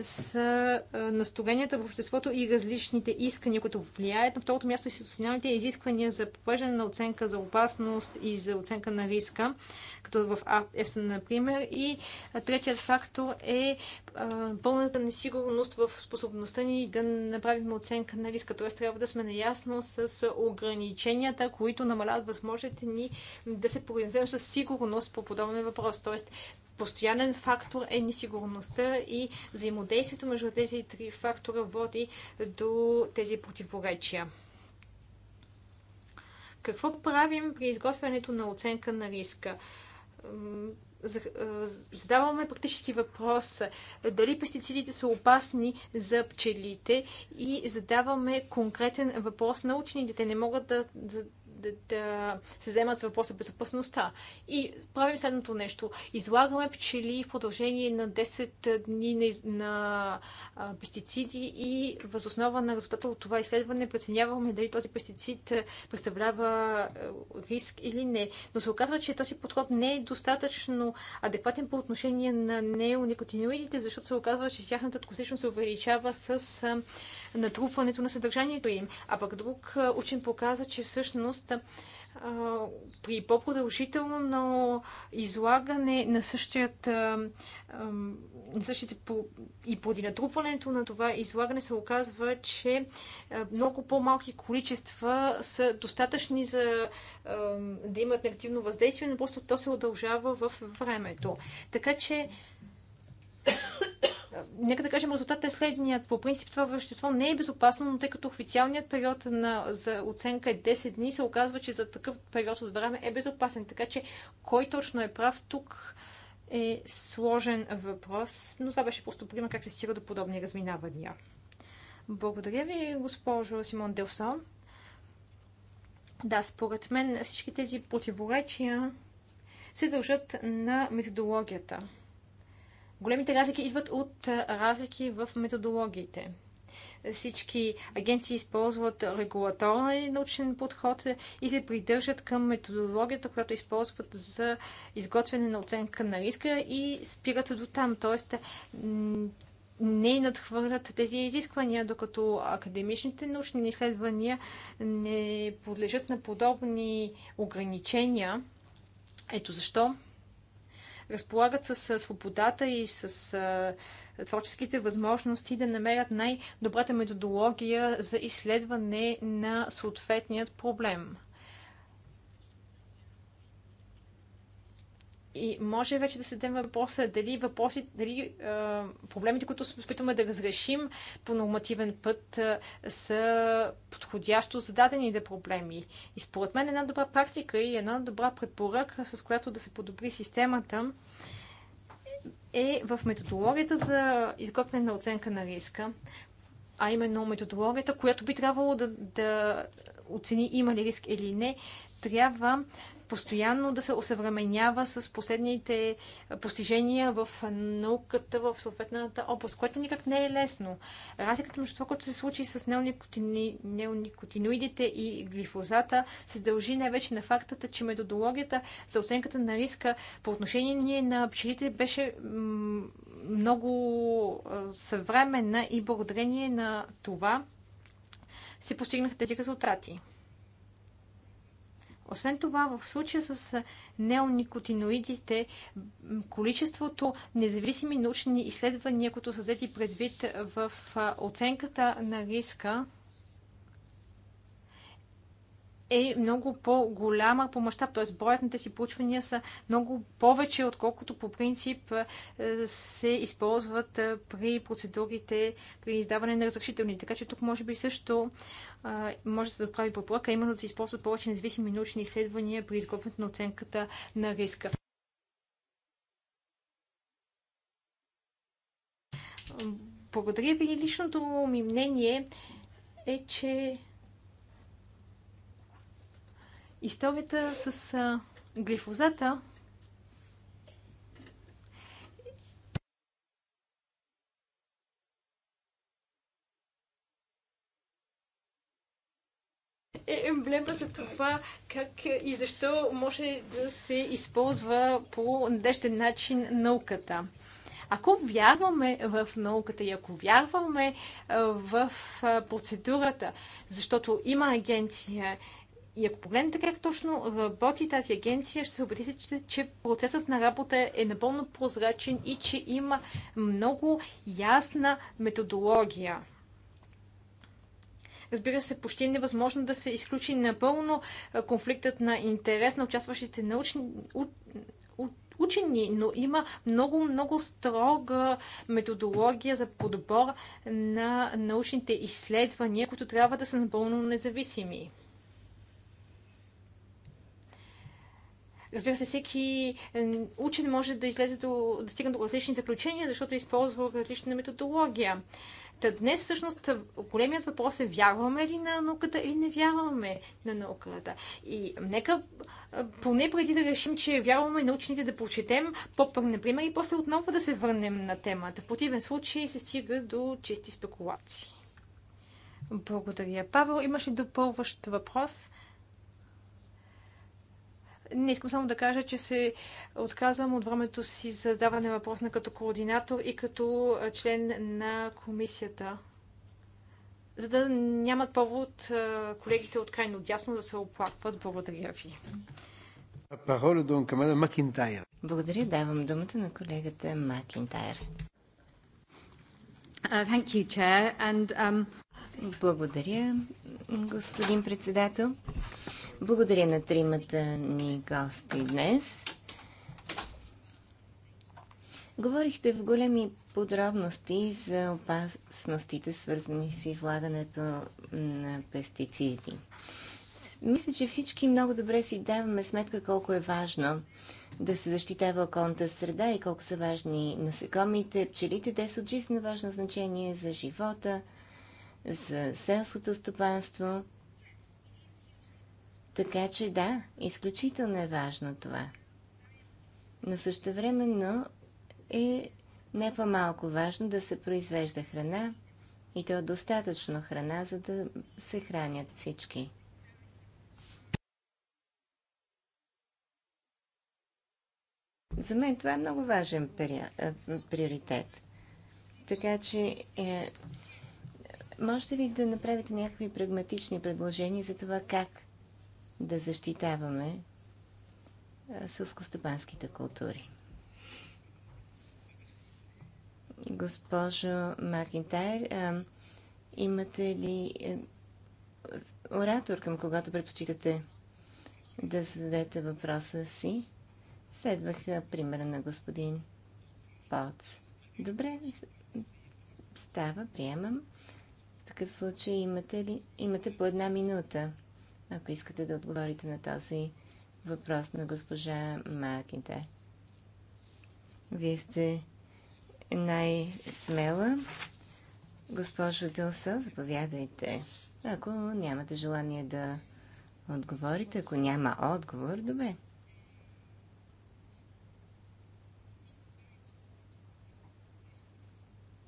са настроенията в обществото и различните искания, които влияят. На второто място институционалните изисквания за провеждане на оценка за опасност и за оценка на риска, като в ЕФСА, например. И третият фактор е пълната несигурност в способността ни да направим оценка на риска. Т.е. трябва да сме наясно с ограниченията, които намаляват възможностите ни да се произнесем със сигурност по подобен въпрос. Т.е постоянен фактор е несигурността и взаимодействието между тези три фактора води до тези противоречия. Какво правим при изготвянето на оценка на риска? задаваме практически въпрос дали пестицидите са опасни за пчелите и задаваме конкретен въпрос на учените. Те не могат да, да, да се вземат с въпроса безопасността. И правим следното нещо. Излагаме пчели в продължение на 10 дни на, пестициди и възоснова на резултата от това изследване преценяваме дали този пестицид представлява риск или не. Но се оказва, че този подход не е достатъчно адекватен по отношение на неоникотиноидите, защото се оказва, че тяхната токсичност се увеличава с натрупването на съдържанието им. А пък друг учен показа, че всъщност при по-продължително но излагане на същият на същите и поради натрупването на това излагане се оказва, че много по-малки количества са достатъчни за да имат негативно въздействие, но просто то се удължава в времето. Така че нека да кажем, резултатът е следният. По принцип това вещество не е безопасно, но тъй като официалният период на, за оценка е 10 дни, се оказва, че за такъв период от време е безопасен. Така че кой точно е прав тук е сложен въпрос, но това беше просто пример как се стига до подобни разминавания. Благодаря ви, госпожо Симон Делсон. Да, според мен всички тези противоречия се дължат на методологията. Големите разлики идват от разлики в методологиите. Всички агенции използват регулаторен научен подход и се придържат към методологията, която използват за изготвяне на оценка на риска и спират до там. Тоест, не надхвърлят тези изисквания, докато академичните научни изследвания не подлежат на подобни ограничения. Ето защо разполагат с свободата и с творческите възможности да намерят най-добрата методология за изследване на съответният проблем. И може вече да се дадем въпроса дали, въпроси, дали а, е, проблемите, които се опитваме да разрешим по нормативен път, а, е, са подходящо зададените проблеми. И според мен една добра практика и една добра препоръка, с която да се подобри системата, е в методологията за изготвяне на оценка на риска, а именно методологията, която би трябвало да, да оцени има ли риск или не, трябва постоянно да се осъвременява с последните постижения в науката в съответната област, което никак не е лесно. Разликата между това, което се случи с неоникотиноидите и глифозата, се дължи най-вече на фактата, че методологията за оценката на риска по отношение на пчелите беше много съвременна и благодарение на това се постигнаха тези резултати. Освен това, в случая с неоникотиноидите, количеството независими научни изследвания, които са взети предвид в оценката на риска, е много по-голяма по мащаб, т.е. броят на тези проучвания са много повече, отколкото по принцип се използват при процедурите при издаване на разрешителни. Така че тук може би също може да се направи препоръка, именно да се използват повече независими научни изследвания при изготвянето на оценката на риска. Благодаря ви. Личното ми мнение е, че историята с глифозата е емблема за това как и защо може да се използва по надежден начин науката. Ако вярваме в науката и ако вярваме е, в е, процедурата, защото има агенция и ако погледнете как точно работи тази агенция, ще се убедите, че, че процесът на работа е напълно прозрачен и че има много ясна методология. Разбира се, почти е невъзможно да се изключи напълно конфликтът на интерес на участващите научни, у, у, учени, но има много, много строга методология за подбор на научните изследвания, които трябва да са напълно независими. Разбира се, всеки е, учен може да излезе до, да стигне до различни заключения, защото използва различна методология. Та днес всъщност големият въпрос е вярваме ли на науката или не вярваме на науката. И нека поне преди да решим, че вярваме научните да прочетем по-пърни, например, и после отново да се върнем на темата. В противен случай се стига до чисти спекулации. Благодаря. Павел, имаш ли допълващ въпрос? Не искам само да кажа, че се отказвам от времето си за даване въпрос на като координатор и като член на комисията. За да нямат повод колегите от крайно дясно да се оплакват. Благодаря ви. Благодаря. Давам думата на колегата Макинтайр. Uh, um, Благодаря, господин председател. Благодаря на тримата ни гости днес. Говорихте в големи подробности за опасностите, свързани с излагането на пестициди. Мисля, че всички много добре си даваме сметка колко е важно да се защитава околната среда и колко са важни насекомите, пчелите. Те са от жизненно важно значение за живота, за селското стопанство така че да, изключително е важно това. Но също времено е не по-малко важно да се произвежда храна и то достатъчно храна, за да се хранят всички. За мен това е много важен приоритет. Така че е, можете ви да направите някакви прагматични предложения за това как да защитаваме сълскостопанските култури. Госпожо Макинтайр, имате ли е, оратор, към когато предпочитате да зададете въпроса си? Следваха примера на господин Поц. Добре, става, приемам. В такъв случай имате ли? Имате по една минута ако искате да отговорите на този въпрос на госпожа Макинте. Вие сте най-смела. Госпожо Дълса, заповядайте. Ако нямате желание да отговорите, ако няма отговор, добре.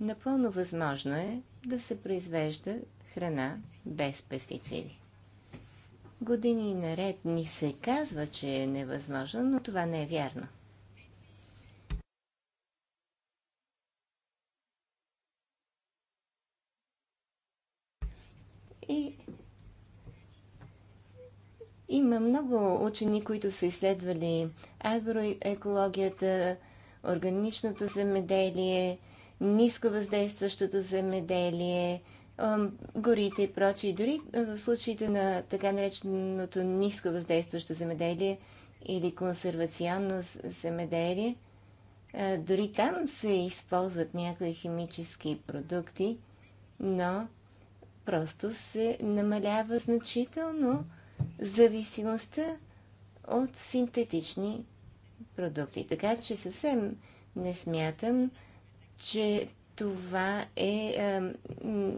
Напълно възможно е да се произвежда храна без пестициди. Години наред ни се казва, че е невъзможно, но това не е вярно. И има много учени, които са изследвали агроекологията, органичното земеделие, ниско въздействащото земеделие, горите и прочие. Дори в случаите на така нареченото ниско въздействащо земеделие или консервационно земеделие, дори там се използват някои химически продукти, но просто се намалява значително зависимостта от синтетични продукти. Така че съвсем не смятам, че това е, м-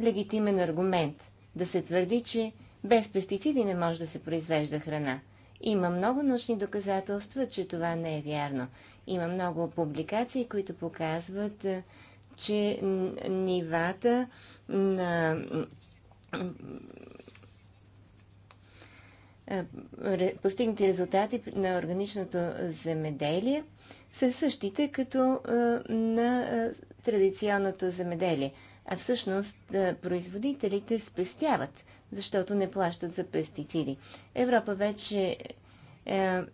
легитимен аргумент. Да се твърди, че без пестициди не може да се произвежда храна. Има много научни доказателства, че това не е вярно. Има много публикации, които показват, че нивата на е, постигнати резултати на органичното земеделие са същите като е, на е, традиционното земеделие. А всъщност производителите спестяват, защото не плащат за пестициди. Европа вече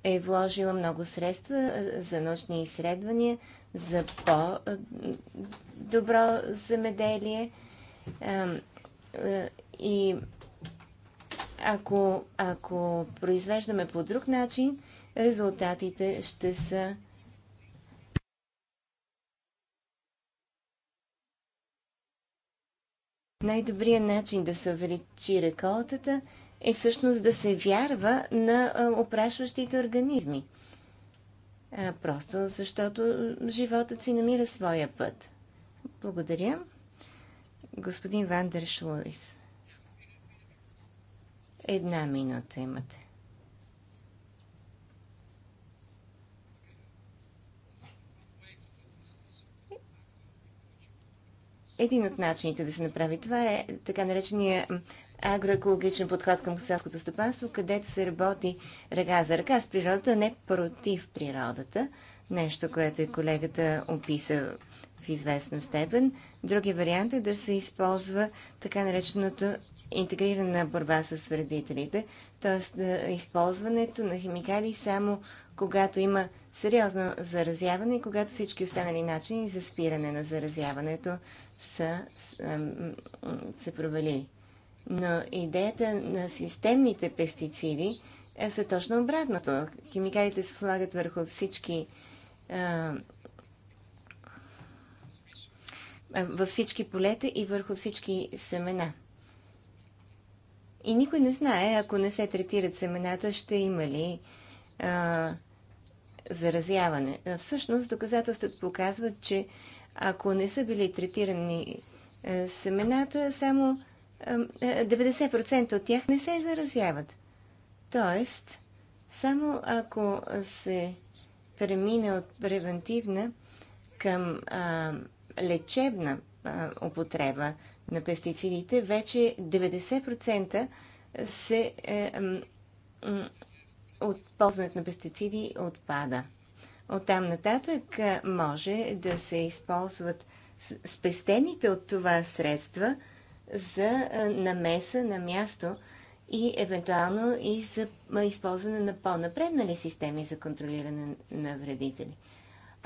е вложила много средства за научни изследвания, за по-добро земеделие и ако, ако произвеждаме по друг начин, резултатите ще са най-добрият начин да се увеличи реколтата е всъщност да се вярва на опрашващите организми. А, просто защото животът си намира своя път. Благодаря. Господин Вандер Шлуис. Една минута имате. Един от начините да се направи това е така наречения агроекологичен подход към селското стопанство, където се работи ръка за ръка с природата, не против природата. Нещо, което и колегата описа в известна степен. Други вариант е да се използва така нареченото интегрирана борба с вредителите, т.е. използването на химикали само когато има сериозно заразяване и когато всички останали начини за спиране на заразяването са се провалили. Но идеята на системните пестициди е са точно обратното. Химикалите се слагат върху всички а, е, във всички полета и върху всички семена. И никой не знае, ако не се третират семената, ще има ли а, заразяване. Всъщност, доказателствата показват, че ако не са били третирани а, семената, само а, 90% от тях не се заразяват. Тоест, само ако се премина от превентивна към а, лечебна употреба на пестицидите, вече 90% се, е, от ползването на пестициди отпада. От там нататък може да се използват спестените от това средства за намеса на място и евентуално и за използване на по-напреднали системи за контролиране на вредители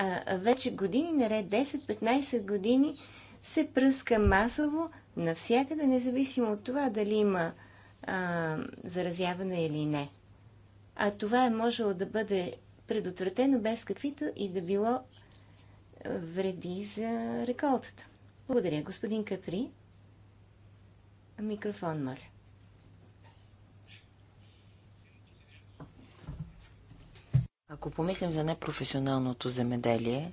а, вече години наред, 10-15 години, се пръска масово навсякъде, независимо от това дали има а, заразяване или не. А това е можело да бъде предотвратено без каквито и да било вреди за реколтата. Благодаря, господин Капри. Микрофон, моля. Ако помислим за непрофесионалното земеделие,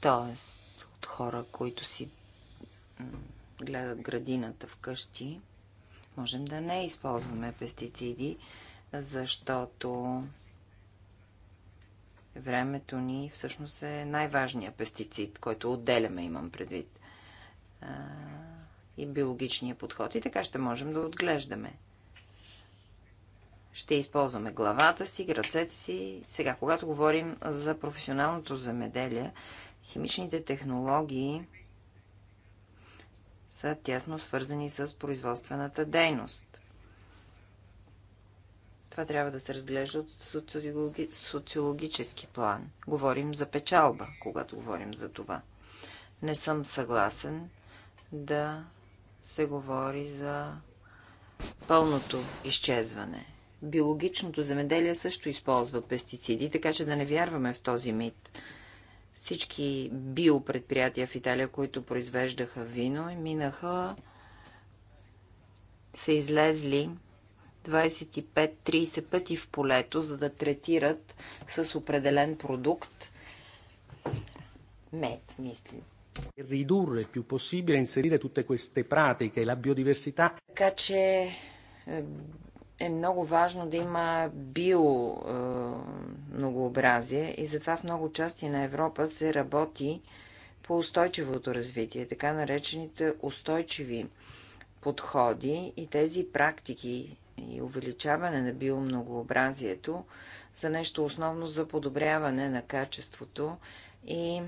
т.е. от хора, които си гледат градината вкъщи, можем да не използваме пестициди, защото времето ни всъщност е най-важният пестицид, който отделяме, имам предвид. И биологичния подход. И така ще можем да отглеждаме. Ще използваме главата си, ръцете си. Сега, когато говорим за професионалното земеделие, химичните технологии са тясно свързани с производствената дейност. Това трябва да се разглежда от социологи... социологически план. Говорим за печалба, когато говорим за това. Не съм съгласен да се говори за пълното изчезване биологичното земеделие също използва пестициди, така че да не вярваме в този мит. Всички биопредприятия в Италия, които произвеждаха вино, минаха, са излезли 25-30 пъти в полето, за да третират с определен продукт мед, мисля. Ridurre il più possibile, inserire tutte queste pratiche, la biodiversità. Така че е, е много важно да има био е, многообразие и затова в много части на Европа се работи по устойчивото развитие, така наречените устойчиви подходи и тези практики и увеличаване на биомногообразието за нещо основно за подобряване на качеството и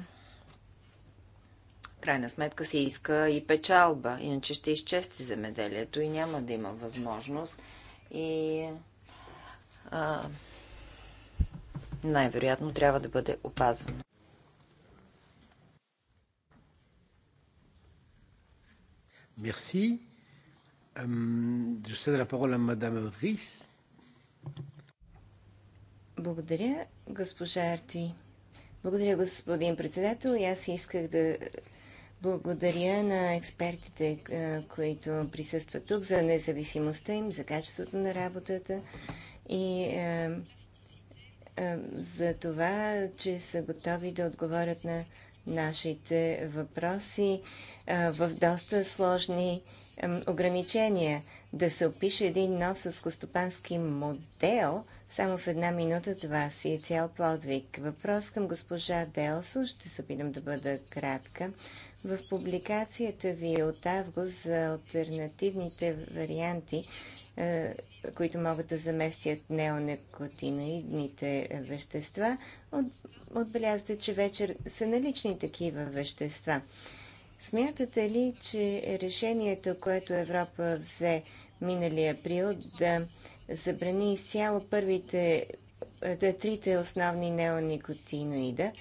крайна сметка се иска и печалба, иначе ще изчести земеделието и няма да има възможност и най-вероятно трябва да бъде опазвано. Merci. Je cède la parole à Madame Ries. Благодаря, госпожа Арти. Благодаря, господин председател. И аз исках да благодаря на експертите, които присъстват тук, за независимостта им, за качеството на работата и е, е, за това, че са готови да отговорят на нашите въпроси е, в доста сложни ограничения. Да се опише един нов съскостопански модел, само в една минута това си е цял подвиг. Въпрос към госпожа Делсо, ще се опитам да бъда кратка. В публикацията ви от август за альтернативните варианти, е, които могат да заместят неонекотиноидните вещества, отбелязвате, че вечер са налични такива вещества. Смятате ли, че решението, което Европа взе миналия април да забрани изцяло първите, да трите основни неоникотиноида,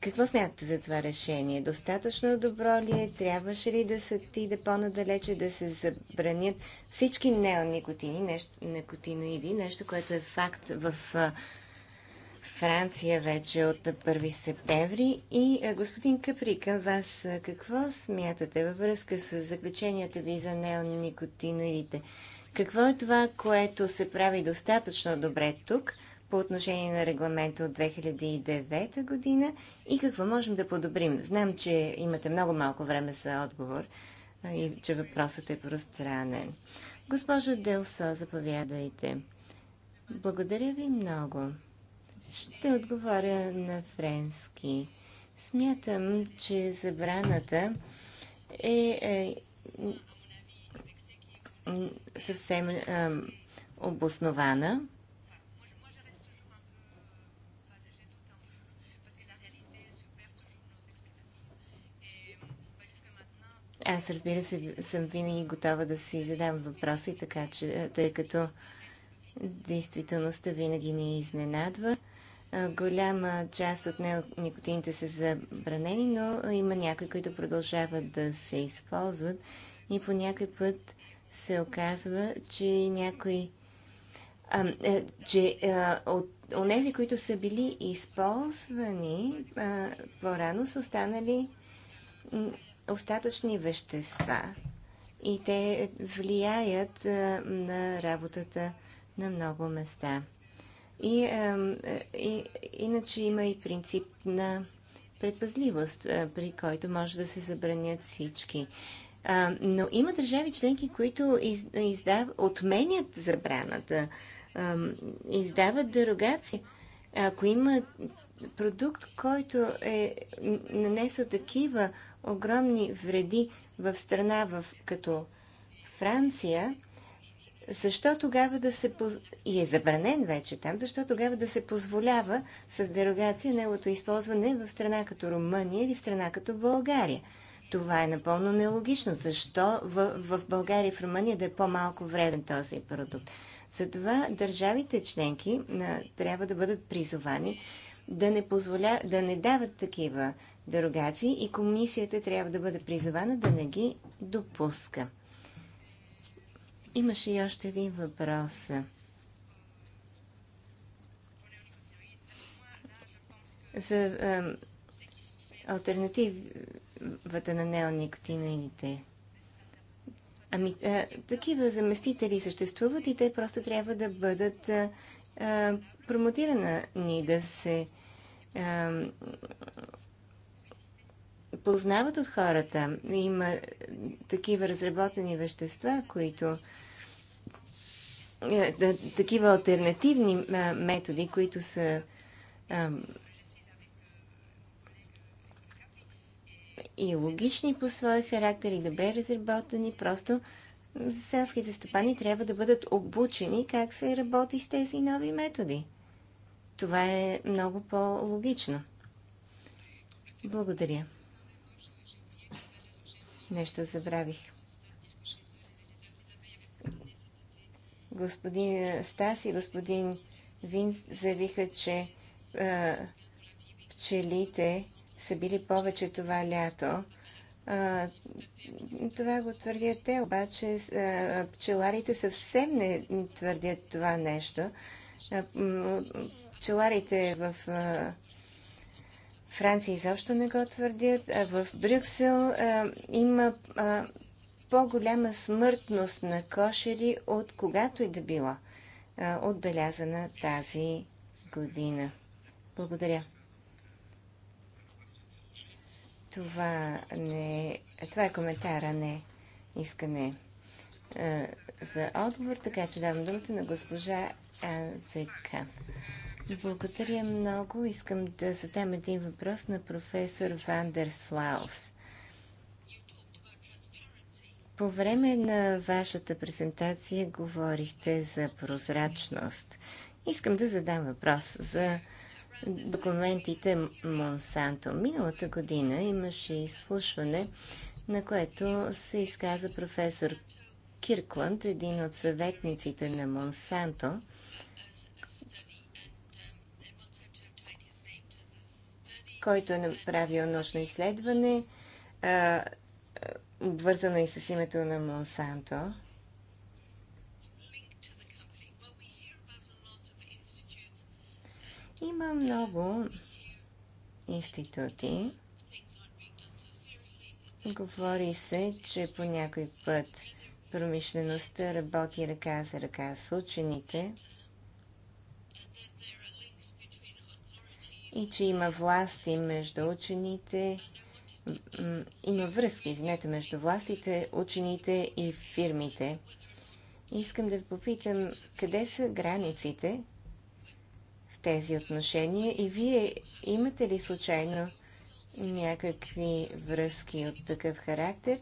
какво смятате за това решение? Достатъчно добро ли е? Трябваше ли да се отиде по-надалече, да се забранят всички неоникотини, нещо, никотиноиди, нещо, което е факт в Франция вече от 1 септември. И господин Капри, към вас какво смятате във връзка с заключенията ви за неоникотиноидите? Какво е това, което се прави достатъчно добре тук по отношение на регламента от 2009 година и какво можем да подобрим? Знам, че имате много малко време за отговор и че въпросът е пространен. Госпожо Делсо, заповядайте. Благодаря ви много. Ще отговоря на френски. Смятам, че забраната е, е съвсем е, обоснована. Аз, разбира се, съм винаги готова да си задам въпроси, така че, тъй като действителността винаги ни изненадва. Голяма част от никотините са забранени, но има някои, които продължават да се използват и по някой път се оказва, че някои е, че а, от онези, които са били използвани по-рано, са останали остатъчни вещества и те влияят а, на работата на много места. И, а, е, и, иначе има и принцип на предпазливост, а, е, при който може да се забранят всички. А, но има държави членки, които из, издав, отменят забраната, а, издават дерогация. Ако има продукт, който е нанесъл такива огромни вреди в страна в, като Франция, защо тогава да се... и е забранен вече там, защо тогава да се позволява с дерогация неговото използване в страна като Румъния или в страна като България? Това е напълно нелогично. Защо в, в България и в Румъния да е по-малко вреден този продукт? Затова държавите членки на, трябва да бъдат призовани да не, позволя, да не дават такива дерогации и комисията трябва да бъде призована да не ги допуска. Имаше и още един въпрос. За а, альтернативата на неоникотиноидите. Ами, а, такива заместители съществуват и те просто трябва да бъдат а, а, промотирани, да се а, познават от хората. Има такива разработени вещества, които е, такива альтернативни методи, които са и логични по своя характер и добре разработени, просто селските стопани трябва да бъдат обучени как се работи с тези нови методи. Това е много по-логично. Благодаря. Нещо забравих. господин Стас и господин Вин заявиха, че а, пчелите са били повече това лято. А, това го твърдят те, обаче а, пчеларите съвсем не твърдят това нещо. А, пчеларите в а, Франция изобщо не го твърдят. А в Брюксел а, има а, по-голяма смъртност на кошери от когато и да било отбелязана тази година. Благодаря. Това, не, това е коментара, не искане за отговор, така че давам думата на госпожа Азека. Благодаря много. Искам да задам един въпрос на професор Вандерслаус. По време на вашата презентация говорихте за прозрачност. Искам да задам въпрос за документите Монсанто. Миналата година имаше изслушване, на което се изказа професор Киркланд, един от съветниците на Монсанто, който е направил научно изследване вързано и с името на Монсанто. Има много институти. Говори се, че по някой път промишлеността работи ръка за ръка с учените и че има власти между учените има връзка, извинете, между властите, учените и фирмите. Искам да ви попитам, къде са границите в тези отношения и вие имате ли случайно някакви връзки от такъв характер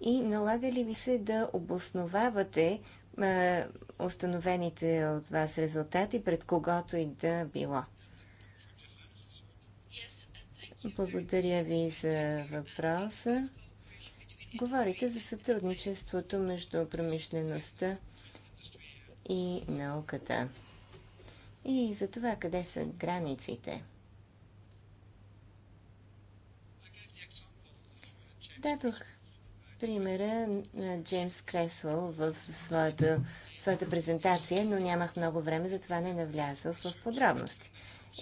и налага ли ви се да обосновавате е, установените от вас резултати пред когото и да било? Благодаря ви за въпроса. Говорите за сътрудничеството между промишлеността и науката. И за това къде са границите. Дадох примера на Джеймс Кресвел в своята, своята презентация, но нямах много време, затова не навлязох в подробности.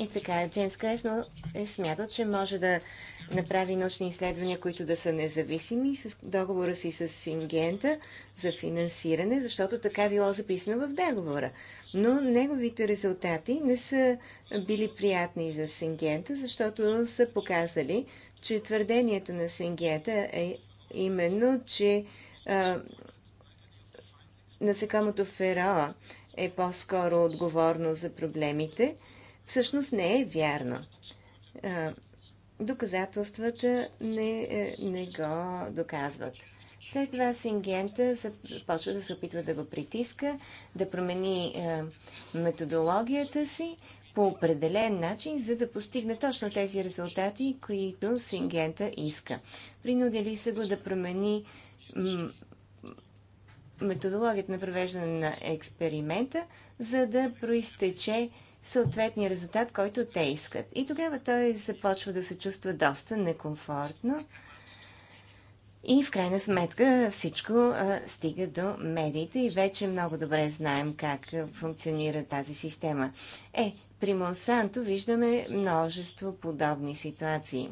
И е така, Джеймс Кресно е смятал, че може да направи научни изследвания, които да са независими с договора си с Сингента за финансиране, защото така било записано в договора. Но неговите резултати не са били приятни за Сингента, защото са показали, че твърдението на Сингента е именно, че а, насекомото фероа е по-скоро отговорно за проблемите, всъщност не е вярно. Доказателствата не, е, не го доказват. След това Сингента започва да се опитва да го притиска, да промени е, методологията си по определен начин, за да постигне точно тези резултати, които Сингента иска. Принудили са го да промени методологията на провеждане на експеримента, за да проистече съответния резултат, който те искат. И тогава той започва да се чувства доста некомфортно. И в крайна сметка всичко а, стига до медиите и вече много добре знаем как функционира тази система. Е, при Монсанто виждаме множество подобни ситуации.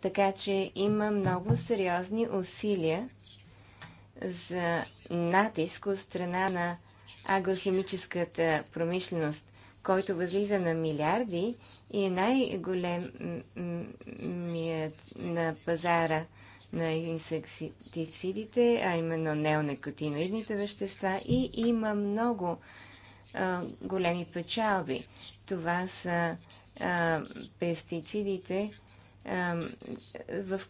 Така че има много сериозни усилия за натиск от страна на агрохимическата промишленост, който възлиза на милиарди и е най-големият на пазара на инсектицидите, а именно неонекотиноидните вещества и има много а, големи печалби. Това са а, пестицидите, в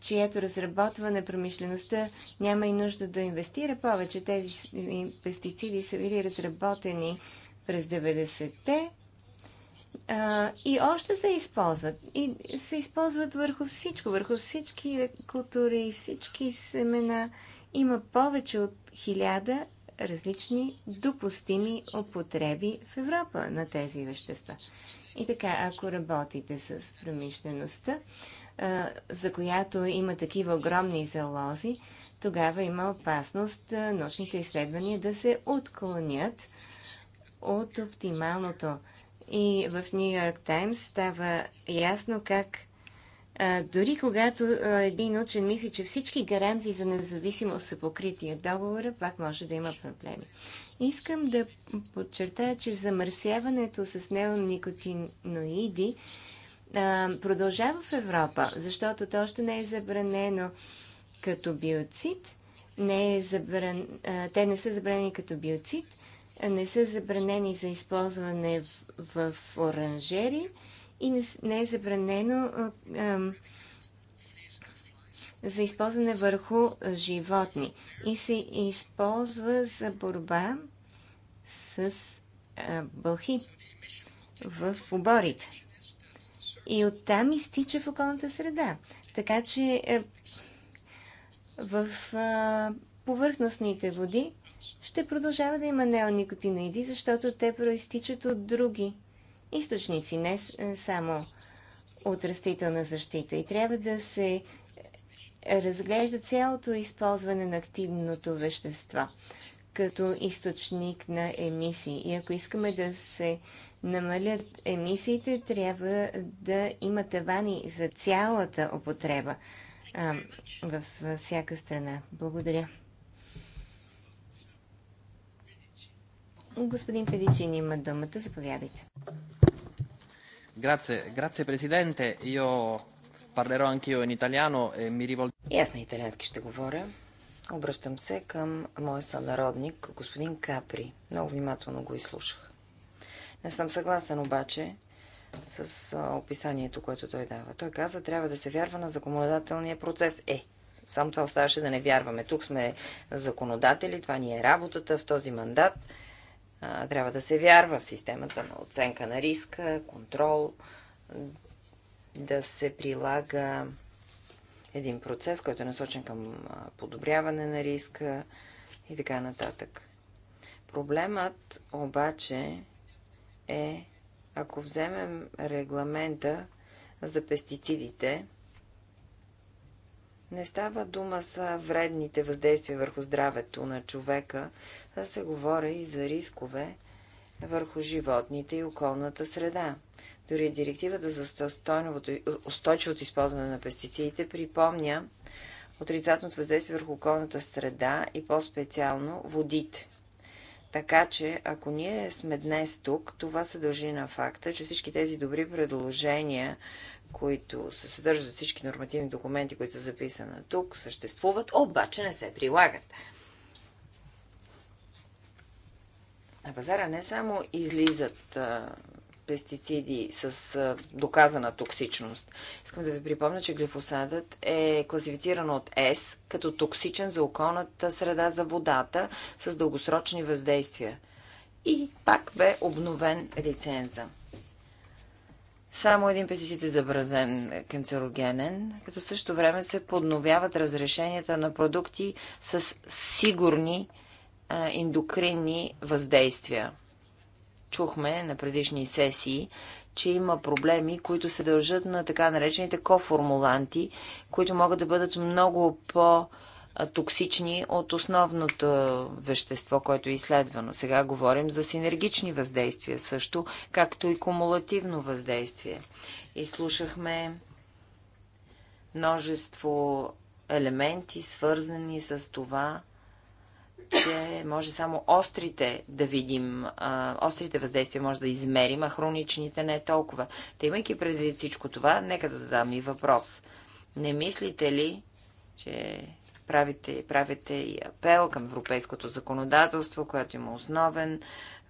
чието разработване промишлеността няма и нужда да инвестира повече. Тези пестициди са били разработени през 90-те и още се използват. И се използват върху всичко, върху всички култури, всички семена. Има повече от хиляда различни допустими употреби в Европа на тези вещества. И така, ако работите с промишлеността, за която има такива огромни залози, тогава има опасност научните изследвания да се отклонят от оптималното. И в Нью Йорк Таймс става ясно как дори когато един учен мисли, че всички гаранции за независимост са покрити от договора, пак може да има проблеми. Искам да подчертая, че замърсяването с неоникотиноиди продължава в Европа, защото то още не е забранено като биоцид. Не е забран... те не са забранени като биоцид, не са забранени за използване в, в оранжери и не, не е забранено а, а, за използване върху животни и се използва за борба с а, бълхи в оборите. И оттам изтича в околната среда. Така че е, в повърхностните води ще продължава да има неоникотиноиди, защото те проистичат от други източници, не е, само от растителна защита. И трябва да се разглежда цялото използване на активното вещество като източник на емисии. И ако искаме да се намалят емисиите, трябва да има тавани за цялата употреба а, във всяка страна. Благодаря. Господин Педичин има думата. Заповядайте. Grazie, grazie Presidente. Io parlerò anch'io in italiano e mi rivolgo... И на италиански ще говоря. Обръщам се към моя сънародник, господин Капри. Много внимателно го изслушах. Не съм съгласен обаче с описанието, което той дава. Той каза, трябва да се вярва на законодателния процес. Е, само това оставаше да не вярваме. Тук сме законодатели, това ни е работата в този мандат трябва да се вярва в системата на оценка на риска, контрол, да се прилага един процес, който е насочен към подобряване на риска и така нататък. Проблемът обаче е, ако вземем регламента за пестицидите, не става дума за вредните въздействия върху здравето на човека, да се говори и за рискове върху животните и околната среда. Дори директивата за устойчивото използване на пестицидите припомня отрицателното въздействие върху околната среда и по-специално водите. Така че, ако ние сме днес тук, това се дължи на факта, че всички тези добри предложения, които се съдържат всички нормативни документи, които са записани тук, съществуват, обаче не се прилагат. на пазара не само излизат пестициди с доказана токсичност. Искам да ви припомня, че глифосадът е класифициран от С като токсичен за околната среда за водата с дългосрочни въздействия. И пак бе обновен лиценза. Само един пестицид е забразен канцерогенен, като също време се подновяват разрешенията на продукти с сигурни ендокринни въздействия. Чухме на предишни сесии, че има проблеми, които се дължат на така наречените коформуланти, които могат да бъдат много по- токсични от основното вещество, което е изследвано. Сега говорим за синергични въздействия също, както и кумулативно въздействие. И слушахме множество елементи, свързани с това, че може само острите да видим, острите въздействия може да измерим, а хроничните не е толкова. Та имайки предвид всичко това, нека да задам и въпрос. Не мислите ли, че правите, правите и апел към европейското законодателство, което има основен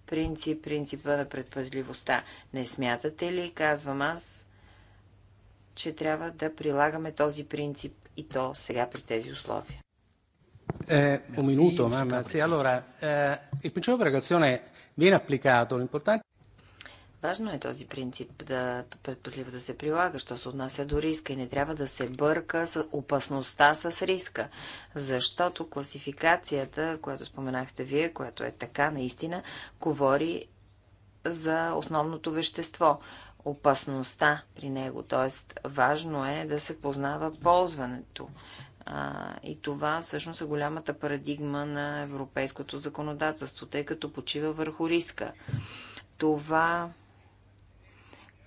принцип, принципа на предпазливостта. Не смятате ли, казвам аз, че трябва да прилагаме този принцип и то сега при тези условия? Eh, un minuto, mamma. Sì, allora, eh, il principio di precauzione viene applicato. L'importante Важно е този принцип да предпазливо да се прилага, що се отнася до риска и не трябва да се бърка с опасността с риска. Защото класификацията, която споменахте вие, която е така наистина, говори за основното вещество опасността при него. Т.е. важно е да се познава ползването а, и това всъщност е голямата парадигма на европейското законодателство, тъй като почива върху риска. Това,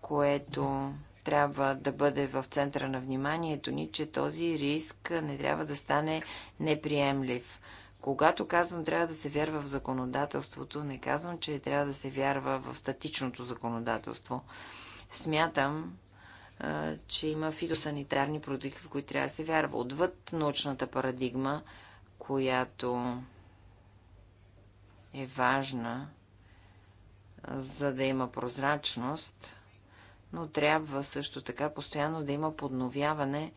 което трябва да бъде в центъра на вниманието ни, че този риск не трябва да стане неприемлив. Когато казвам трябва да се вярва в законодателството, не казвам, че трябва да се вярва в статичното законодателство. Смятам, че има фитосанитарни продукти, в които трябва да се вярва. Отвъд научната парадигма, която е важна, за да има прозрачност, но трябва също така постоянно да има подновяване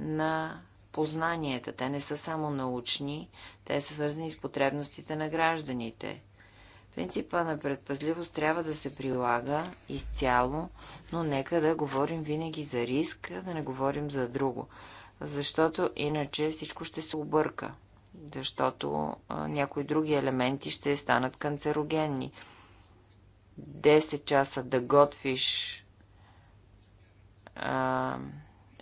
на познанията. Те не са само научни, те са свързани с потребностите на гражданите – Принципа на предпазливост трябва да се прилага изцяло, но нека да говорим винаги за риск, да не говорим за друго. Защото иначе всичко ще се обърка. Защото а, някои други елементи ще станат канцерогенни. 10 часа да готвиш а,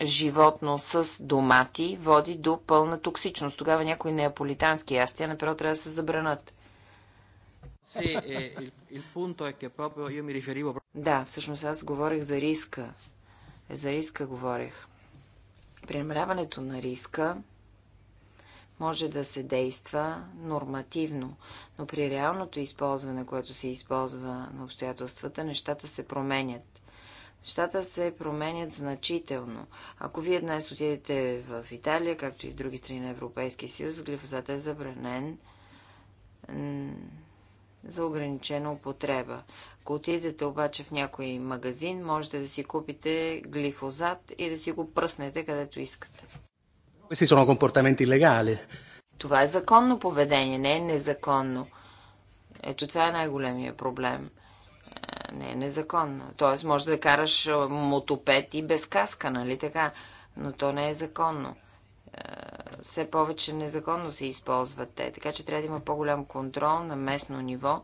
животно с домати води до пълна токсичност. Тогава някои неаполитански ястия направо трябва да се забранат. Да, e всъщност аз говорих за риска. За риска говорех. При намаляването на риска може да се действа нормативно, но при реалното използване, което се използва на обстоятелствата, нещата се променят. Нещата се променят значително. Ако вие днес отидете в Италия, както и в други страни на Европейския съюз, глифозат е забранен за ограничена употреба. Ако отидете обаче в някой магазин, можете да си купите глифозат и да си го пръснете където искате. Това е законно поведение, не е незаконно. Ето това е най-големия проблем. Е, не е незаконно. Тоест, може да караш мотопед и без каска, нали така? Но то не е законно. Е, все повече незаконно се използват те. Така че трябва да има по-голям контрол на местно ниво,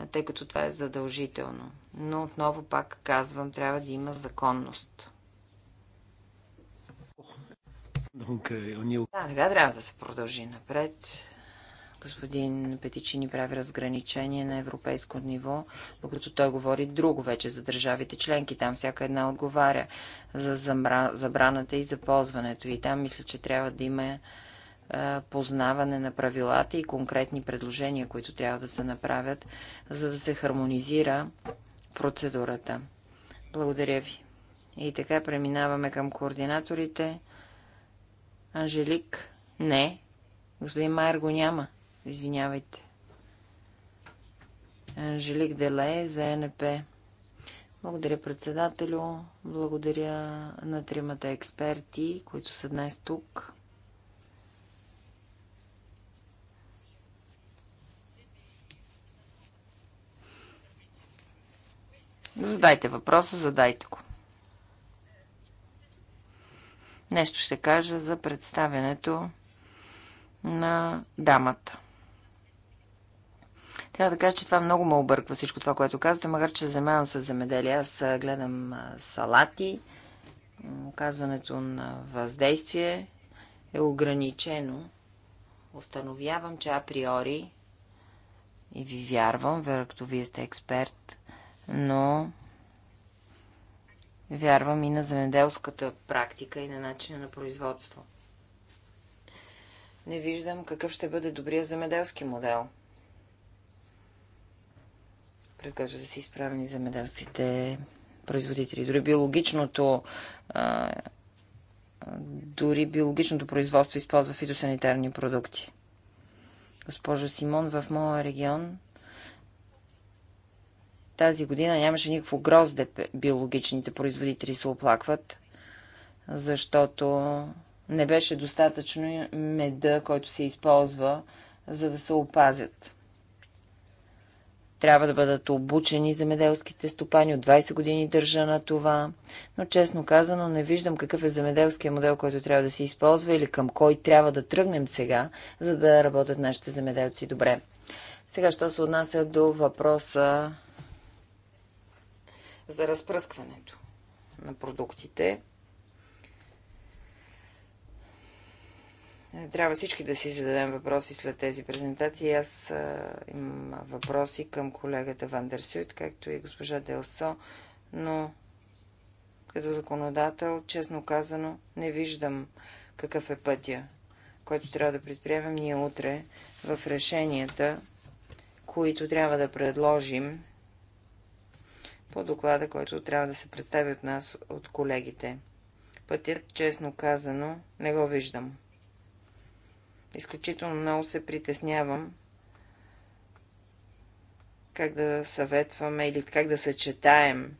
е, тъй като това е задължително. Но отново пак казвам, трябва да има законност. Euh, да, така трябва да се продължи напред. Господин Петичини прави разграничение на европейско ниво, докато той говори друго вече за държавите членки. Там всяка една отговаря за забраната и за ползването. И там мисля, че трябва да има познаване на правилата и конкретни предложения, които трябва да се направят, за да се хармонизира процедурата. Благодаря ви. И така преминаваме към координаторите. Анжелик? Не. Господин Майер го няма. Извинявайте. Анжелик е, Деле за е НП. Благодаря председателю, благодаря на тримата експерти, които са днес тук. Задайте въпроса, задайте го. Нещо ще кажа за представянето на дамата. Трябва да кажа, че това много ме обърква всичко това, което казвате, макар че занимавам с земеделие. Аз гледам салати, оказването на въздействие е ограничено. Установявам, че априори и ви вярвам, вероятно вие сте експерт, но вярвам и на земеделската практика и на начина на производство. Не виждам какъв ще бъде добрия земеделски модел пред който да са изправени земеделските производители. Дори биологичното а, дори биологичното производство използва фитосанитарни продукти. Госпожо Симон, в моя регион тази година нямаше никакво грозде биологичните производители се оплакват, защото не беше достатъчно меда, който се използва, за да се опазят. Трябва да бъдат обучени земеделските стопани. От 20 години държа на това. Но честно казано, не виждам какъв е земеделския модел, който трябва да се използва или към кой трябва да тръгнем сега, за да работят нашите земеделци добре. Сега, що се отнася до въпроса за разпръскването на продуктите, Трябва всички да си зададем въпроси след тези презентации. Аз имам въпроси към колегата Вандерсюит, както и госпожа Делсо, но като законодател, честно казано, не виждам какъв е пътя, който трябва да предприемем ние утре в решенията, които трябва да предложим по доклада, който трябва да се представи от нас, от колегите. Пътят, честно казано, не го виждам. Изключително много се притеснявам как да съветваме или как да съчетаем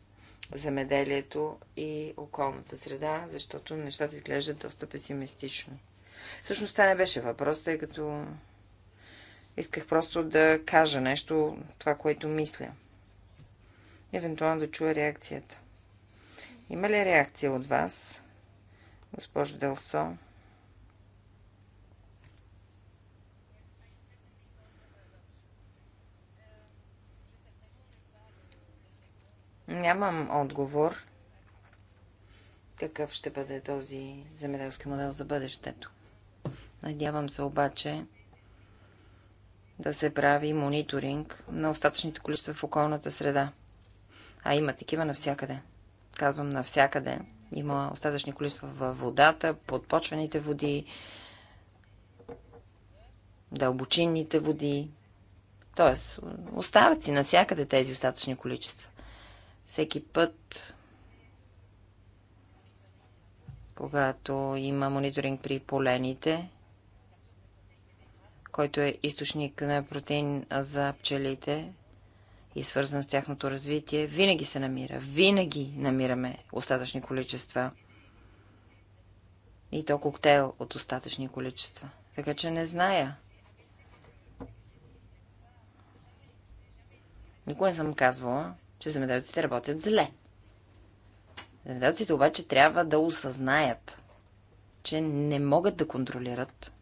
земеделието и околната среда, защото нещата изглеждат доста песимистично. Всъщност това не беше въпрос, тъй като исках просто да кажа нещо, това, което мисля. Евентуално да чуя реакцията. Има ли реакция от вас, госпожо Делсо? Нямам отговор. какъв ще бъде този земеделски модел за бъдещето. Надявам се обаче да се прави мониторинг на остатъчните количества в околната среда. А има такива навсякъде. Казвам навсякъде. Има остатъчни количества във водата, подпочвените води, дълбочинните води. Тоест, остават си навсякъде тези остатъчни количества. Всеки път, когато има мониторинг при полените, който е източник на протеин за пчелите и е свързан с тяхното развитие, винаги се намира. Винаги намираме остатъчни количества. И то коктейл от остатъчни количества. Така че не зная. никой не съм казвала, че земеделците работят зле. Земеделците обаче трябва да осъзнаят, че не могат да контролират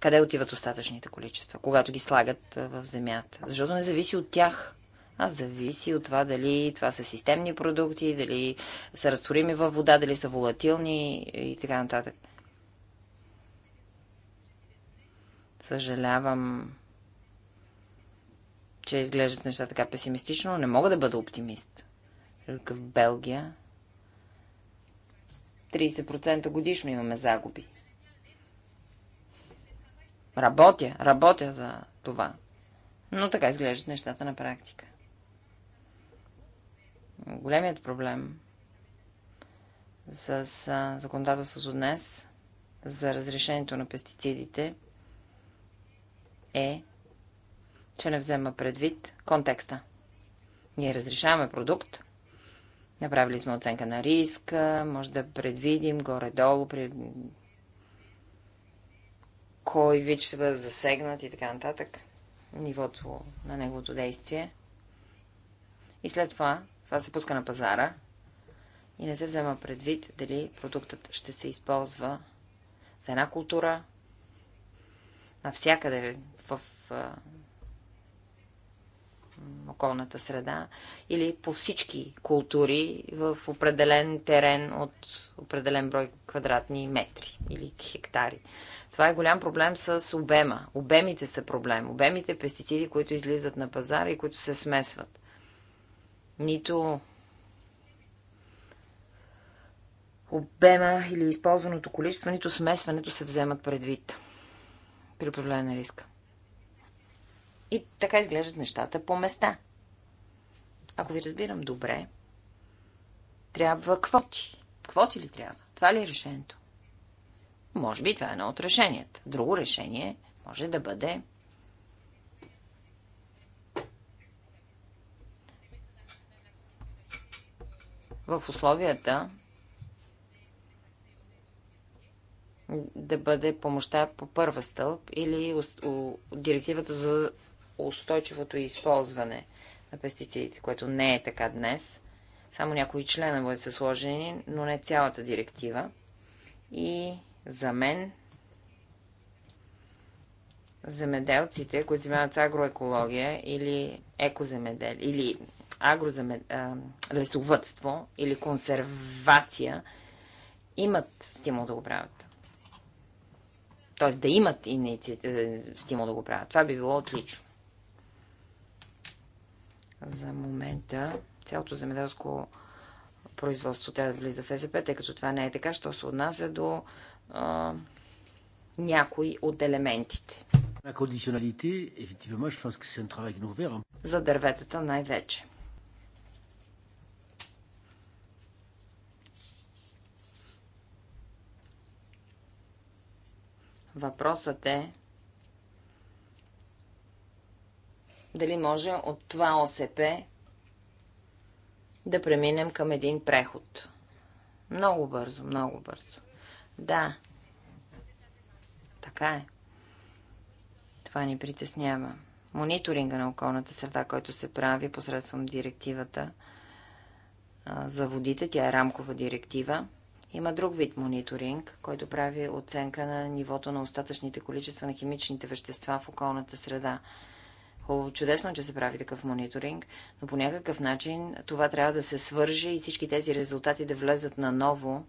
къде отиват остатъчните количества, когато ги слагат в земята. Защото не зависи от тях, а зависи от това дали това са системни продукти, дали са разтворими във вода, дали са волатилни и така нататък. Съжалявам, че изглеждат неща така песимистично, но не мога да бъда оптимист. В Белгия 30% годишно имаме загуби. Работя, работя за това. Но така изглеждат нещата на практика. Големият проблем с законодателството днес за разрешението на пестицидите е, че не взема предвид контекста. Ние разрешаваме продукт, направили сме оценка на риска, може да предвидим горе-долу при... кой вид ще бъде засегнат и така нататък, нивото на неговото действие. И след това, това се пуска на пазара и не се взема предвид дали продуктът ще се използва за една култура, навсякъде в околната среда или по всички култури в определен терен от определен брой квадратни метри или хектари. Това е голям проблем с обема. Обемите са проблем. Обемите пестициди, които излизат на пазара и които се смесват. Нито обема или използваното количество, нито смесването се вземат предвид при проблем на риска. И така изглеждат нещата по места. Ако ви разбирам добре, трябва квоти. Квоти ли трябва? Това ли е решението? Може би това е едно от решенията. Друго решение може да бъде в условията да бъде помощта по първа стълб или директивата за устойчивото използване на пестицидите, което не е така днес. Само някои членове са сложени, но не цялата директива. И за мен земеделците, които занимават с агроекология или екоземедел, или агроземед... лесовътство или консервация, имат стимул да го правят. Тоест да имат е, стимул да го правят. Това би било отлично. За момента цялото земеделско производство трябва да влиза в ЕЗП, тъй като това не е така, що се отнася до а, някои от елементите. За дърветата най-вече. Въпросът е дали може от това ОСП да преминем към един преход. Много бързо, много бързо. Да. Така е. Това ни притеснява. Мониторинга на околната среда, който се прави посредством директивата за водите, тя е рамкова директива, има друг вид мониторинг, който прави оценка на нивото на остатъчните количества на химичните вещества в околната среда. Хубаво, чудесно, че се прави такъв мониторинг, но по някакъв начин това трябва да се свържи и всички тези резултати да влезат наново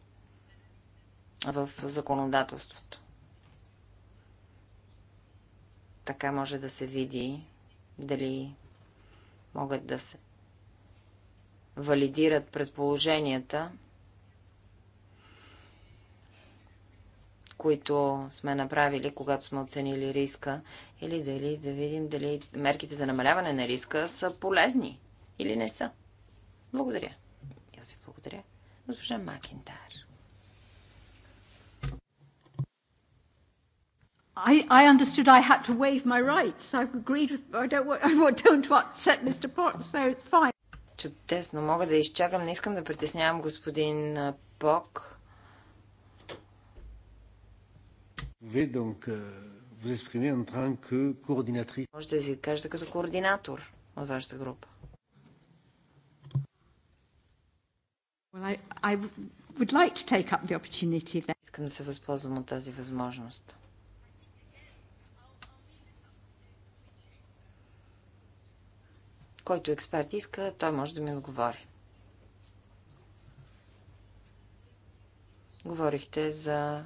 в законодателството. Така може да се види дали могат да се валидират предположенията които сме направили, когато сме оценили риска, или дали да видим дали мерките за намаляване на риска са полезни или не са. Благодаря. Аз ви благодаря. Госпожа Макинтар. I, I understood I had to waive my rights. I've agreed with. I don't want, I don't want to upset Mr. Potts, so it's fine. Чудесно, мога да изчакам. Не искам да притеснявам господин Пок. Euh, може да си кажете като координатор от вашата група. Искам да се възползвам от тази възможност. Който експерт иска, той може да ми отговори. Говорихте за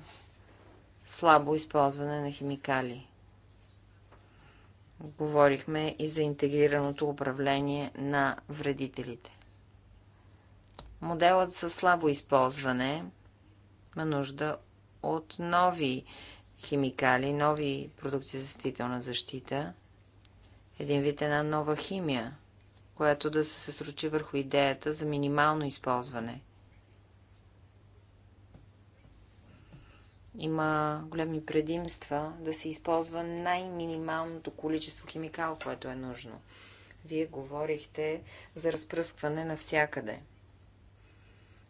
слабо използване на химикали. Говорихме и за интегрираното управление на вредителите. Моделът със слабо използване има нужда от нови химикали, нови продукти за стителна защита, един вид една нова химия, която да се съсрочи върху идеята за минимално използване – Има големи предимства да се използва най-минималното количество химикал, което е нужно. Вие говорихте за разпръскване навсякъде.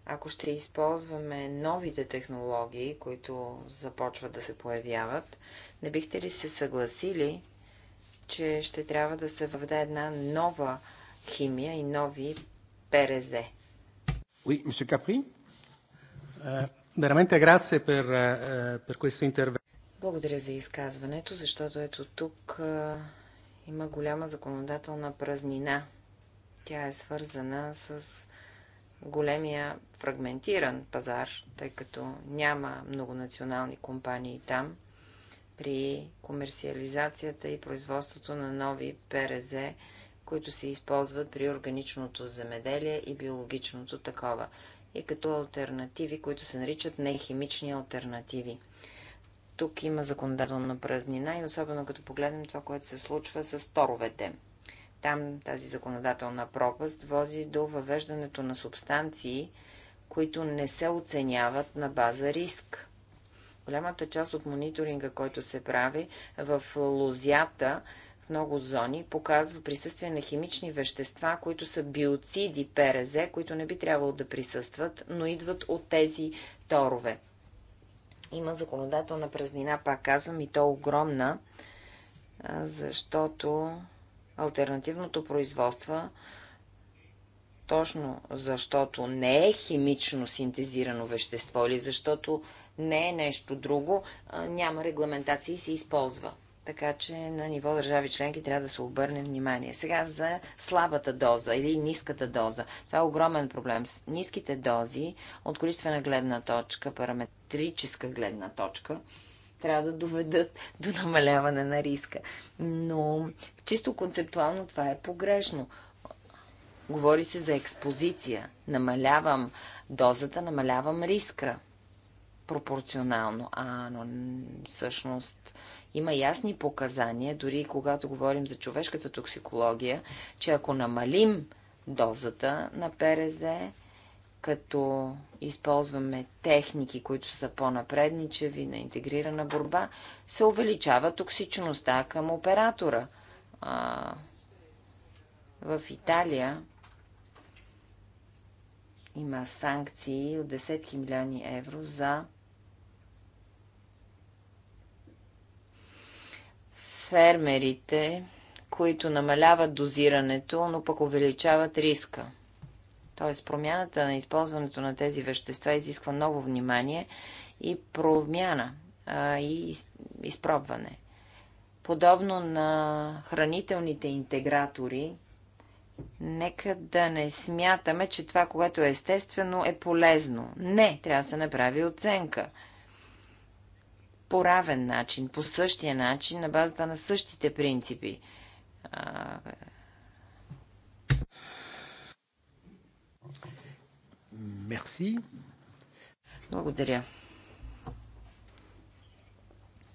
Ако ще използваме новите технологии, които започват да се появяват, не бихте ли се съгласили, че ще трябва да се въведе една нова химия и нови ПРЗ? Oui, monsieur Capri. Uh, Eh, Благодаря за изказването, защото ето тук а, е, има голяма законодателна празнина. Тя е свързана с големия фрагментиран пазар, тъй като няма многонационални компании там при комерциализацията и производството на нови ПРЗ, които се използват при органичното земеделие и биологичното такова и е като альтернативи, които се наричат нехимични альтернативи. Тук има законодателна празнина и особено като погледнем това, което се случва с торовете. Там тази законодателна пропаст води до въвеждането на субстанции, които не се оценяват на база риск. Голямата част от мониторинга, който се прави в лозята, в много зони показва присъствие на химични вещества, които са биоциди ПРЗ, които не би трябвало да присъстват, но идват от тези торове. Има законодателна празнина, пак казвам, и то огромна, защото альтернативното производство, точно защото не е химично синтезирано вещество или защото не е нещо друго, няма регламентация и се използва. Така че на ниво държави членки трябва да се обърне внимание. Сега за слабата доза или ниската доза. Това е огромен проблем. С ниските дози от количествена гледна точка, параметрическа гледна точка, трябва да доведат до намаляване на риска. Но чисто концептуално това е погрешно. Говори се за експозиция. Намалявам дозата, намалявам риска пропорционално, а но всъщност има ясни показания, дори когато говорим за човешката токсикология, че ако намалим дозата на ПРЗ, като използваме техники, които са по-напредничеви на интегрирана борба, се увеличава токсичността към оператора. А, в Италия има санкции от 10 милиони евро за фермерите, които намаляват дозирането, но пък увеличават риска. Тоест промяната на използването на тези вещества изисква ново внимание и промяна а, и изпробване. Подобно на хранителните интегратори, нека да не смятаме, че това, което е естествено, е полезно. Не, трябва да се направи оценка – по равен начин, по същия начин, на базата на същите принципи. Мерси. Благодаря.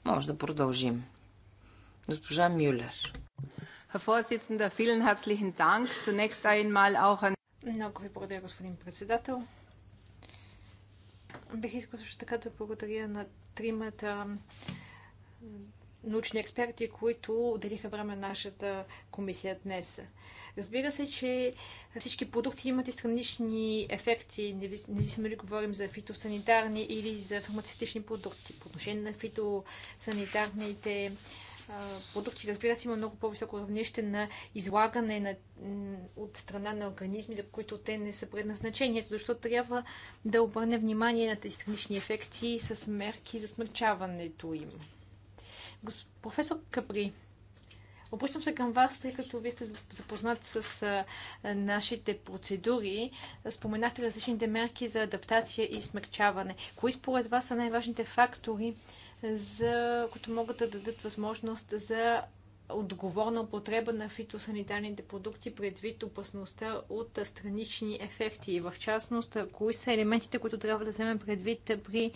Може да продължим. Госпожа Мюлер. Много ви благодаря, господин председател. Бих искал също така да благодаря на тримата научни експерти, които отделиха време на нашата комисия днес. Разбира се, че всички продукти имат и странични ефекти, независимо дали говорим за фитосанитарни или за фармацевтични продукти. По отношение на фитосанитарните продукти, разбира се, има много по-високо равнище на излагане на, от страна на организми, за които те не са предназначени, защото трябва да обърне внимание на тези странични ефекти с мерки за смърчаването им. Гос... Професор Капри, Обръщам се към вас, тъй като вие сте запознат с а, нашите процедури. Споменахте различните мерки за адаптация и смърчаване. Кои според вас са най-важните фактори за, които могат да дадат възможност за отговорна употреба на фитосанитарните продукти предвид опасността от странични ефекти. В частност, кои са елементите, които трябва да вземем предвид при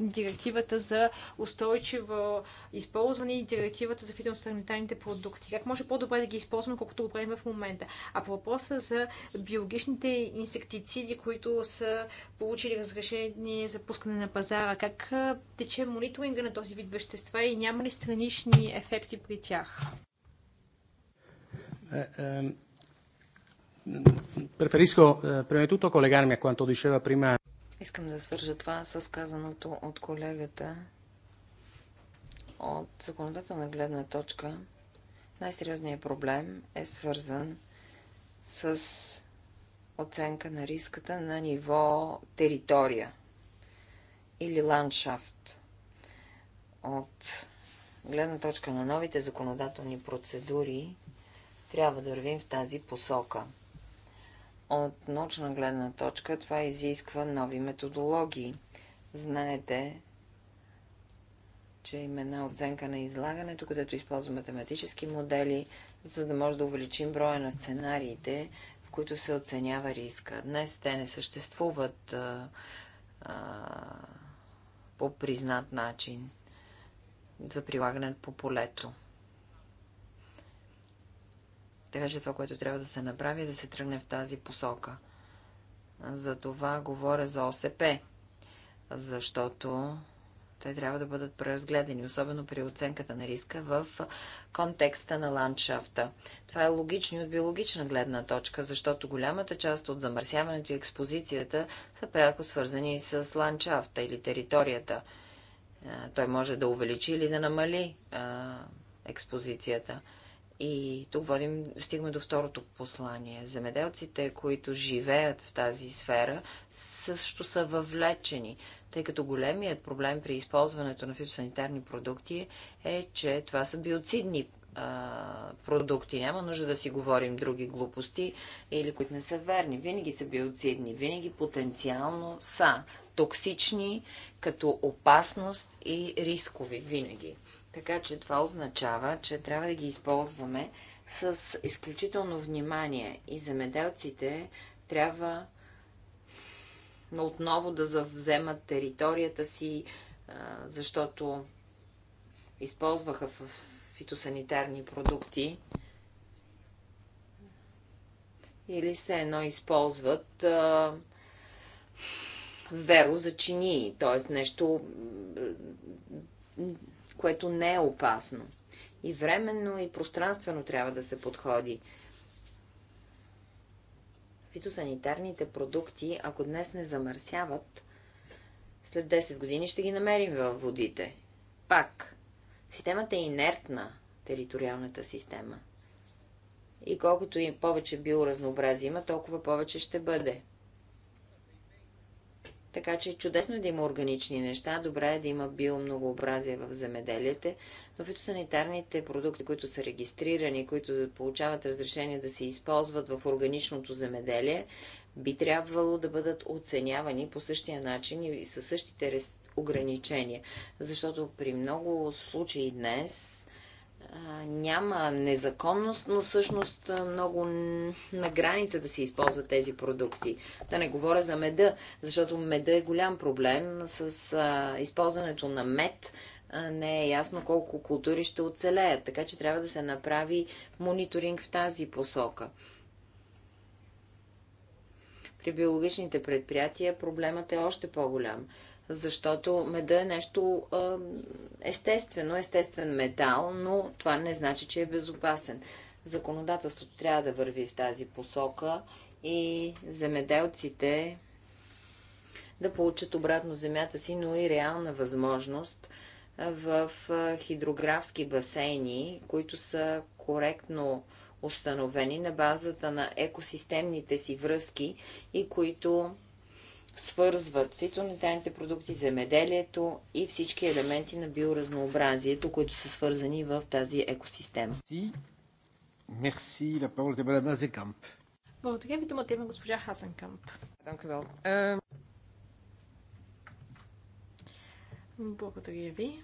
директивата за устойчиво използване и директивата за фитосанитарните продукти. Как може по-добре да ги използваме, колкото го правим в момента? А по въпроса за биологичните инсектициди, които са получили разрешение за пускане на пазара, как тече мониторинга на този вид вещества и няма ли странични ефекти при тях? Preferisco eh, prima di tutto collegarmi a quanto diceva prima. Искам да свържа това с казаното от колегата от законодателна гледна точка. Най-сериозният проблем е свързан с оценка на риската на ниво територия или ландшафт. От гледна точка на новите законодателни процедури трябва да вървим в тази посока – от научна гледна точка това изисква нови методологии. Знаете, че има една оценка на излагането, където използва математически модели, за да може да увеличим броя на сценариите, в които се оценява риска. Днес те не съществуват а, а, по признат начин за прилагане по полето. Така че това, което трябва да се направи, е да се тръгне в тази посока. За това говоря за ОСП, защото те трябва да бъдат преразгледани, особено при оценката на риска в контекста на ландшафта. Това е логично и от биологична гледна точка, защото голямата част от замърсяването и експозицията са пряко свързани с ландшафта или територията. Той може да увеличи или да намали експозицията. И тук водим, стигаме до второто послание. Земеделците, които живеят в тази сфера, също са въвлечени, тъй като големият проблем при използването на фитосанитарни продукти е, че това са биоцидни продукти. Няма нужда да си говорим други глупости или които не са верни. Винаги са биоцидни, винаги потенциално са токсични като опасност и рискови винаги. Така че това означава, че трябва да ги използваме с изключително внимание и земеделците трябва отново да завземат територията си, защото използваха фитосанитарни продукти или се едно използват веро за чинии, т.е. нещо което не е опасно. И временно, и пространствено трябва да се подходи. Фитосанитарните продукти, ако днес не замърсяват, след 10 години ще ги намерим във водите. Пак, системата е инертна, териториалната система. И колкото и повече биоразнообразие има, толкова повече ще бъде. Така че е чудесно е да има органични неща, добре е да има биомногообразие в земеделиете, но фитосанитарните продукти, които са регистрирани, които получават разрешение да се използват в органичното земеделие, би трябвало да бъдат оценявани по същия начин и със същите ограничения. Защото при много случаи днес няма незаконност, но всъщност много на граница да се използват тези продукти. Да не говоря за меда, защото меда е голям проблем. С а, използването на мед а, не е ясно колко култури ще оцелеят, така че трябва да се направи мониторинг в тази посока. При биологичните предприятия проблемът е още по-голям защото меда е нещо естествено, естествен метал, но това не значи, че е безопасен. Законодателството трябва да върви в тази посока и земеделците да получат обратно земята си, но и реална възможност в хидрографски басейни, които са коректно установени на базата на екосистемните си връзки и които свързват фитонетайните продукти, земеделието и всички елементи на биоразнообразието, които са свързани в тази екосистема. Мерси, la Благодаря ви, думата има госпожа Къмп. Благодаря ви.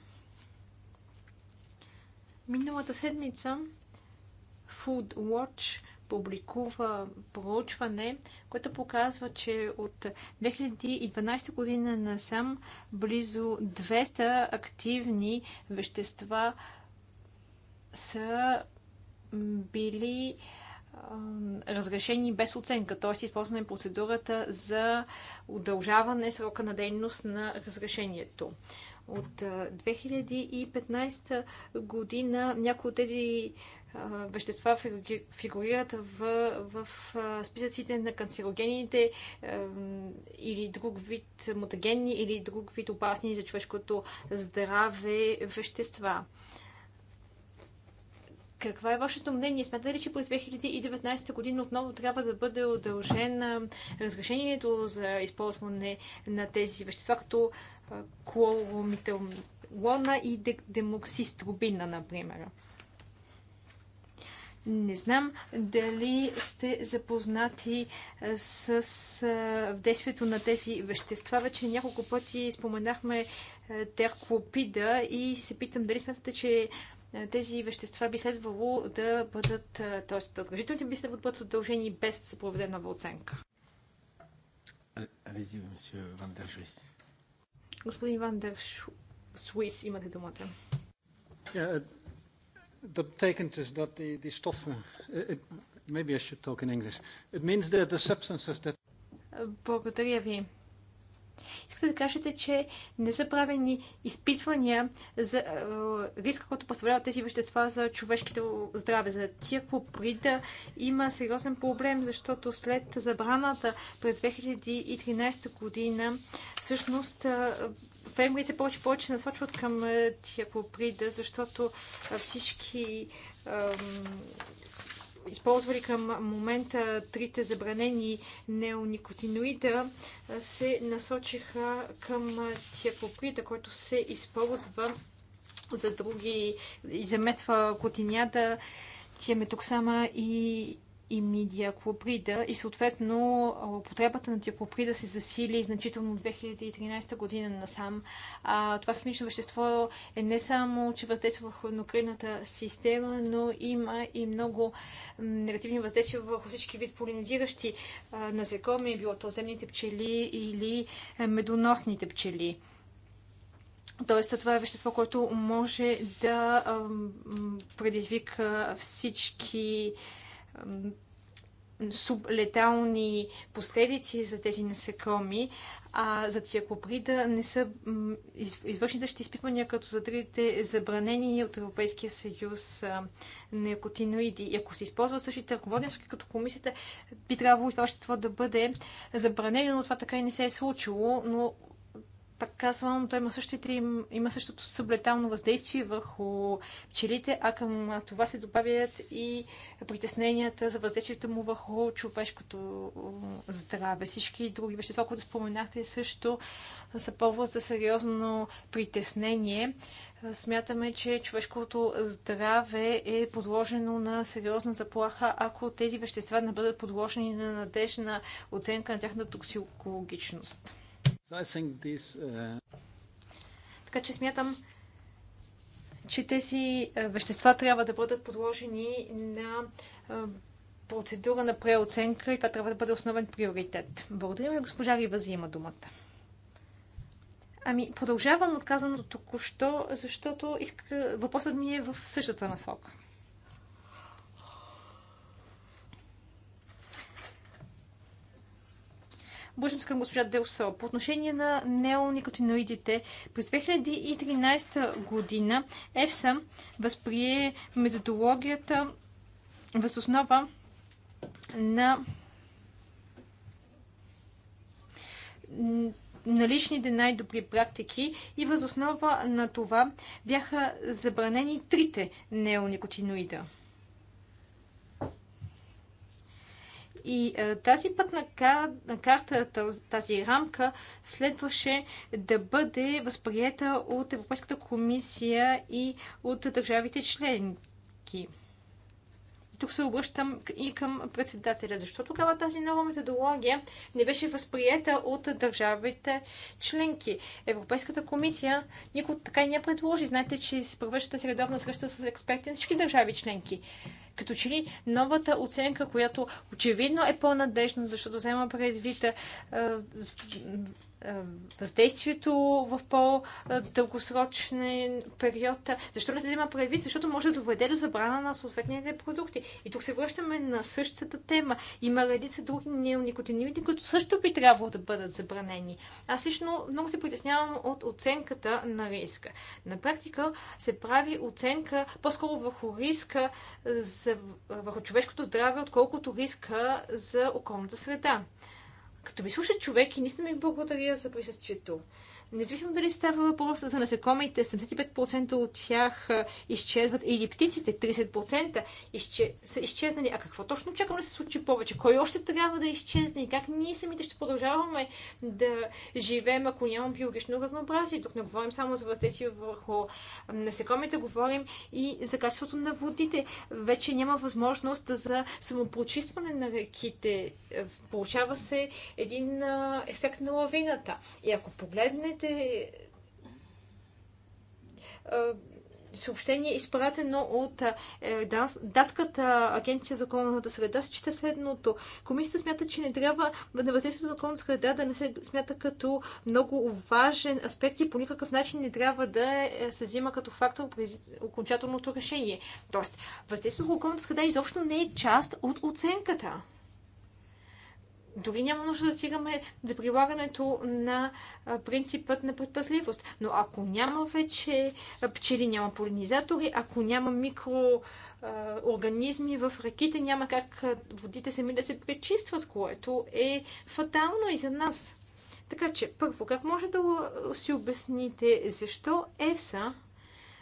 Миналата седмица Food Watch публикува проучване, което показва, че от 2012 година насам близо 200 активни вещества са били разрешени без оценка, т.е. използване процедурата за удължаване срока на дейност на разрешението. От 2015 година някои от тези вещества фигурират в, в списъците на канцерогените или друг вид мутагенни или друг вид опасни за човешкото здраве вещества. Каква е вашето мнение? Смятате ли, че през 2019 година отново трябва да бъде удължен разрешението за използване на тези вещества, като клоромителона и демоксиструбина, например? Не знам дали сте запознати е, с е, действието на тези вещества. Вече няколко пъти споменахме е, терклопида и се питам дали смятате, че тези вещества би следвало да бъдат, т.е. отражителните би следвало да бъдат отдължени без да се проведе нова оценка. Алези, Ван Дершуис. Господин Ван Дершуис, имате думата. Yeah, Dat betekent dus dat die, die stoffen. Uh, It, maybe I should talk in English. It means that the substances that. Благодаря ви. Искате да кажете, че не са правени изпитвания за uh, риска, който представляват тези вещества за човешките здраве. За тия куприда има сериозен проблем, защото след забраната през 2013 година всъщност Uh, фермерите повече повече се насочват към тиакоприда, защото всички ам, използвали към момента трите забранени неоникотиноида, се насочиха към тиакоприда, който се използва за други и замества котинята, метоксама и и медиаклоприда, и съответно употребата на диаклоприда се засили значително от 2013 година насам. А, това химично вещество е не само, че въздейства върху еднокринната система, но има и много негативни въздействия върху всички вид полинизиращи насекоми, било то земните пчели или медоносните пчели. Тоест, това е вещество, което може да предизвика всички сублетални последици за тези насекоми, а за тиакоприда не са извършени същите изпитвания, като за другите забранени от Европейския съюз неокотиноиди. И ако се използва същите ръководни като комисията, би трябвало и това да бъде забранено, но това така и не се е случило, но пак казвам, той има, същите, има същото съблетално въздействие върху пчелите, а към това се добавят и притесненията за въздействието му върху човешкото здраве. Всички други вещества, които споменахте, също са повод за сериозно притеснение. Смятаме, че човешкото здраве е подложено на сериозна заплаха, ако тези вещества не бъдат подложени на надежна оценка на тяхната токсикологичност. Uh, така че смятам, че тези е, вещества трябва да бъдат подложени на е, процедура на преоценка и това трябва да бъде основен приоритет. Благодаря ви, госпожа Рива, има думата. Ами, продължавам отказаното току-що, защото иска... въпросът ми е в същата насока. Обръщам се към госпожа Делсо. По отношение на неоникотиноидите, през 2013 година ЕФСА възприе методологията възоснова на наличните най-добри практики и възоснова на това бяха забранени трите неоникотиноида. И е, тази пътна карта, тази рамка следваше да бъде възприета от Европейската комисия и от държавите членки. И тук се обръщам и към председателя. Защо тогава тази нова методология не беше възприета от държавите членки? Европейската комисия никога така и не предложи. Знаете, че се провежда тази редовна среща с експерти на всички държави членки като че ли новата оценка, която очевидно е по-надежна, защото взема предвид е, въздействието в по-дългосрочен период. Защо не се взема предвид? Защото може да доведе до забрана на съответните продукти. И тук се връщаме на същата тема. Има редица други неоникотиноиди, които също би трябвало да бъдат забранени. Аз лично много се притеснявам от оценката на риска. На практика се прави оценка по-скоро върху риска за, върху човешкото здраве, отколкото риска за околната среда. Като ви слуша човек и наистина ми благодаря за присъствието. Независимо дали става въпрос за насекомите, 75% от тях изчезват или птиците, 30% изче... са изчезнали. А какво точно очакваме да се случи повече? Кой още трябва да изчезне и как ние самите ще продължаваме да живеем, ако нямам биологично разнообразие? Тук не говорим само за въздействие върху насекомите, говорим и за качеството на водите. Вече няма възможност за самопочистване на реките. Е, получава се един ефект на лавината. И ако погледнете а, съобщение, изпратено от е, датската агенция за околната среда, се следното. Комисията смята, че не трябва на въздействието на околната среда да не се смята като много важен аспект и по никакъв начин не трябва да е, е, се взима като фактор при окончателното решение. Тоест, въздействието на околната среда изобщо не е част от оценката. Дори няма нужда да стигаме за прилагането на принципът на предпазливост. Но ако няма вече пчели, няма полинизатори, ако няма микроорганизми в реките, няма как водите сами да се пречистват, което е фатално и за нас. Така че, първо, как може да си обясните защо ЕФСА,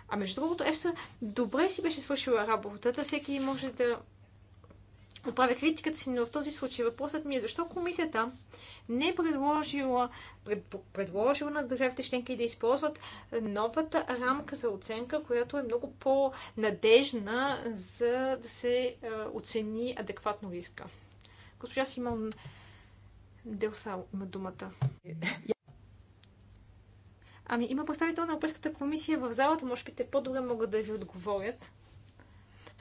а между другото ЕФСА добре си беше свършила работата, всеки може да Оправя критиката си, но в този случай въпросът ми е защо комисията не е предложила, пред, предложила на държавите членки да използват новата рамка за оценка, която е много по-надежна за да се е, оцени адекватно риска. Госпожа Симон Делсал има думата. Ами има представител на Европейската комисия в залата, може би те по-добре могат да ви отговорят.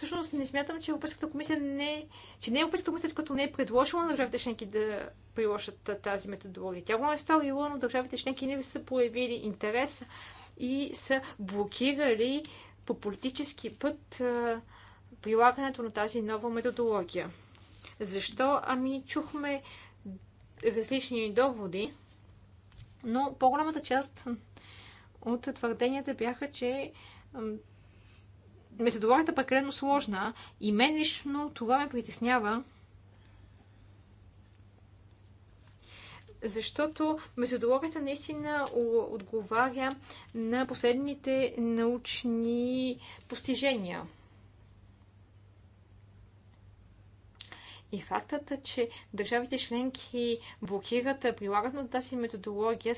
Всъщност не смятам, че Европейската комисия не, че не е Европейската комисия, която не е предложила на държавите членки да приложат тази методология. Тя го е сторила, но държавите членки не са появили интерес и са блокирали по политически път прилагането на тази нова методология. Защо? Ами чухме различни доводи, но по-голямата част от твърденията бяха, че методологията е прекалено сложна и мен лично това ме притеснява, защото методологията наистина отговаря на последните научни постижения. И фактът, че държавите членки блокират прилагат на тази методология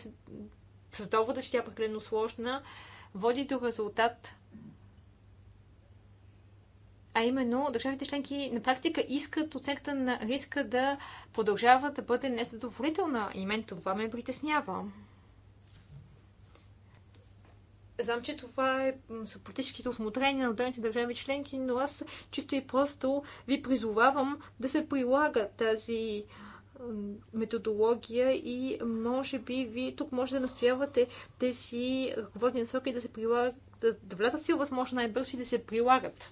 с довода, че тя е прекалено сложна, води до резултат, а именно държавите членки на практика искат оценката на риска да продължава да бъде незадоволителна и мен това ме притеснява. Знам, че това е, са политическите осмотрения на отделните държави членки, но аз чисто и просто ви призовавам да се прилага тази методология и може би ви тук може да настоявате тези ръководни насоки да се прилагат, да, да влязат си възможно най-бързо и да се прилагат.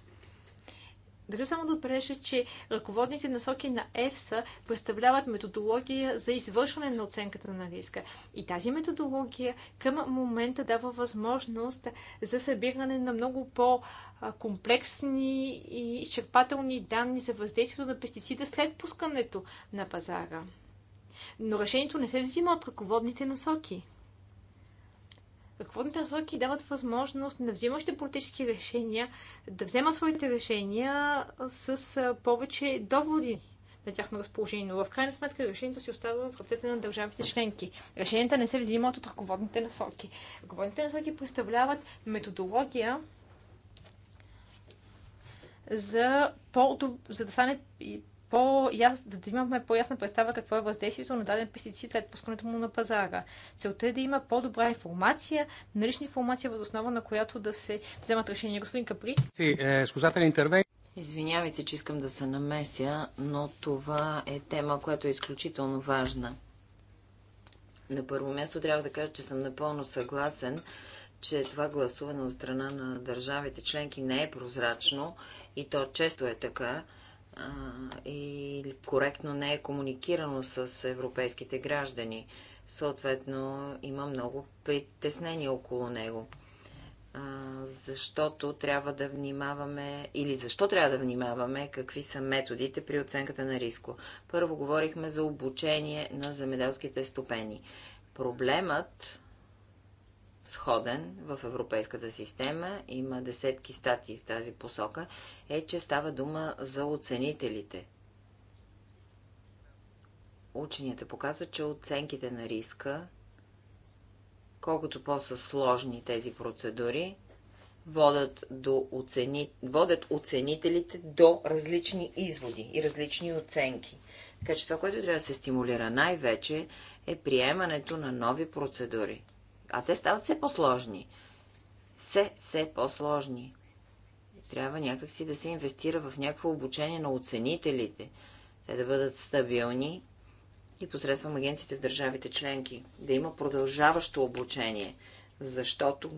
Дали само да отбележа, че ръководните насоки на ЕФСА представляват методология за извършване на оценката на риска. И тази методология към момента дава възможност за събиране на много по- комплексни и изчерпателни данни за въздействието на пестицида след пускането на пазара. Но решението не се взима от ръководните насоки ръководните насоки дават възможност на взимащите политически решения да взема своите решения с повече доводи на тяхно разположение. Но в крайна сметка решението си остава в ръцете на държавите членки. Решенията не се взимат от ръководните насоки. Ръководните насоки представляват методология за, за да стане по за да имаме по-ясна представа какво е въздействието на даден пестицид след пускането му на пазара. Целта е да има по-добра информация, налична информация, въз основа на която да се вземат решения. Господин Капри. Си, е, интервен. Извинявайте, че искам да се намеся, но това е тема, която е изключително важна. На първо място трябва да кажа, че съм напълно съгласен, че това гласуване от страна на държавите членки не е прозрачно и то често е така и коректно не е комуникирано с европейските граждани. Съответно, има много притеснения около него. Защото трябва да внимаваме, или защо трябва да внимаваме, какви са методите при оценката на риско. Първо говорихме за обучение на земеделските стопени. Проблемът сходен в европейската система, има десетки статии в тази посока, е, че става дума за оценителите. Ученията показват, че оценките на риска, колкото по-са сложни тези процедури, водят, до оцени... водят оценителите до различни изводи и различни оценки. Така че това, което трябва да се стимулира най-вече е приемането на нови процедури. А те стават все по-сложни. Все, все по-сложни. Трябва някакси да се инвестира в някакво обучение на оценителите. Те да бъдат стабилни и посредством агенциите в държавите членки. Да има продължаващо обучение. Защото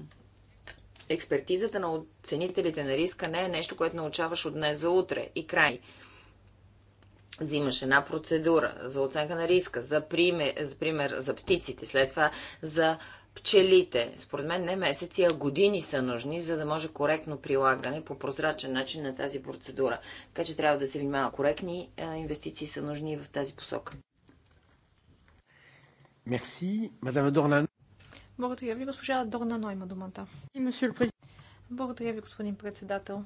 експертизата на оценителите на риска не е нещо, което научаваш от днес за утре и край. Взимаш една процедура за оценка на риска, за пример, за, пример, за птиците, след това за пчелите. Според мен не месеци, а години са нужни, за да може коректно прилагане по прозрачен начин на тази процедура. Така че трябва да се внимава. Коректни инвестиции са нужни и в тази посока. Мерси, мадам Дорнан. Благодаря ви, госпожа Дорнано има думата. Благодаря ви, господин председател.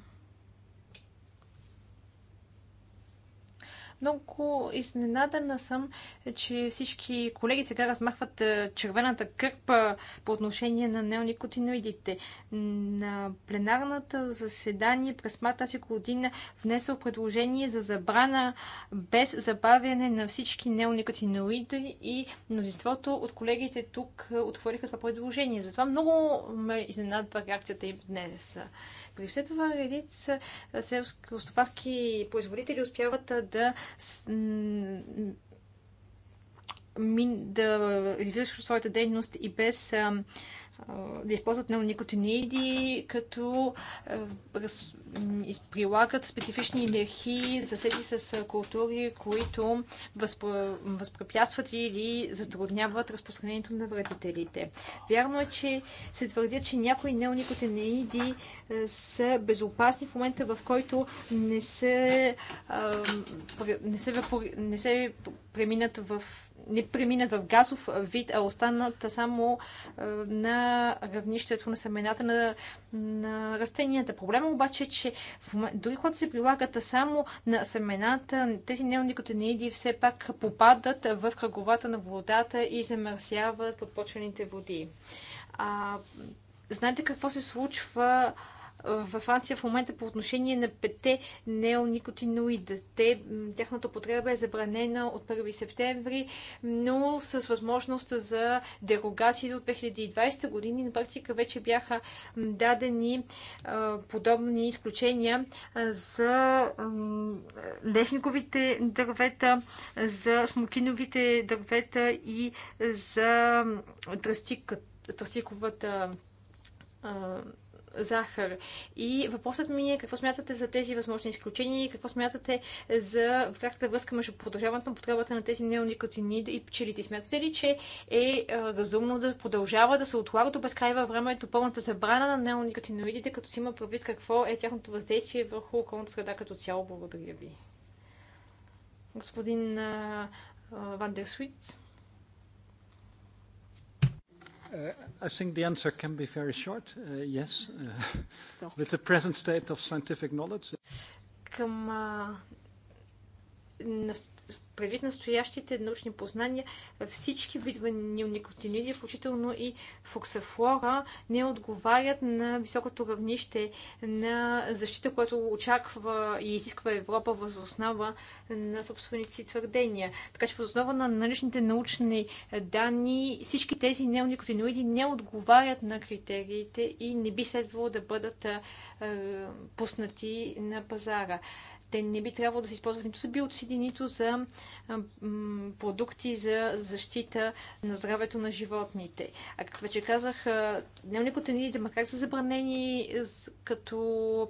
Много изненадана съм, че всички колеги сега размахват е, червената кърпа по отношение на неоникотиноидите. На пленарната заседание през март тази година внесох предложение за забрана без забавяне на всички неоникотиноиди и мнозинството от колегите тук е, отхвърлиха това предложение. Затова много ме изненадва реакцията им днес. При все това редица селско-стопански производители успяват да да извършват своята дейност и без а, да използват неоникотиниди, като раз, прилагат специфични лехи, засети с култури, които възпрепятстват или затрудняват разпространението на вредителите. Вярно е, че се твърдят, че някои неоникотиниди са безопасни в момента, в който не се, не се, не се преминат в не преминат в газов вид, а останат само на равнището на семената на, на растенията. Проблема обаче е, че дори когато се прилагат само на семената, тези неоникотиниди все пак попадат в кръговата на водата и замърсяват подпочвените води. А, знаете какво се случва във Франция в момента по отношение на пете неоникотиноида. Те, тяхната потреба е забранена от 1 септември, но с възможност за дерогации до 2020 години. На практика вече бяха дадени подобни изключения за лешниковите дървета, за смокиновите дървета и за тръстиковата захар. И въпросът ми е какво смятате за тези възможни изключения и какво смятате за пряката връзка между продължаването на потребата на тези неоникотиниди и пчелите. Смятате ли, че е, е разумно да продължава да се отлага до безкрай във времето пълната забрана на неоникотиноидите, като си има предвид какво е тяхното въздействие върху околната среда като цяло? Благодаря ви. Господин Вандерсуиц. Uh, Uh I think the answer can be very short. uh Yes, Uh with the present state of scientific knowledge. Към предвид настоящите научни познания, всички видове неоникотиноиди, включително и фоксафлора, не отговарят на високото равнище на защита, което очаква и изисква Европа въз основа на собствените си твърдения. Така че въз основа на наличните научни данни всички тези неоникотиноиди не отговарят на критериите и не би следвало да бъдат пуснати на пазара те не би трябвало да се използват нито за биоциди, нито за продукти за защита на здравето на животните. А как вече казах, неоникотиноидите, макар са забранени като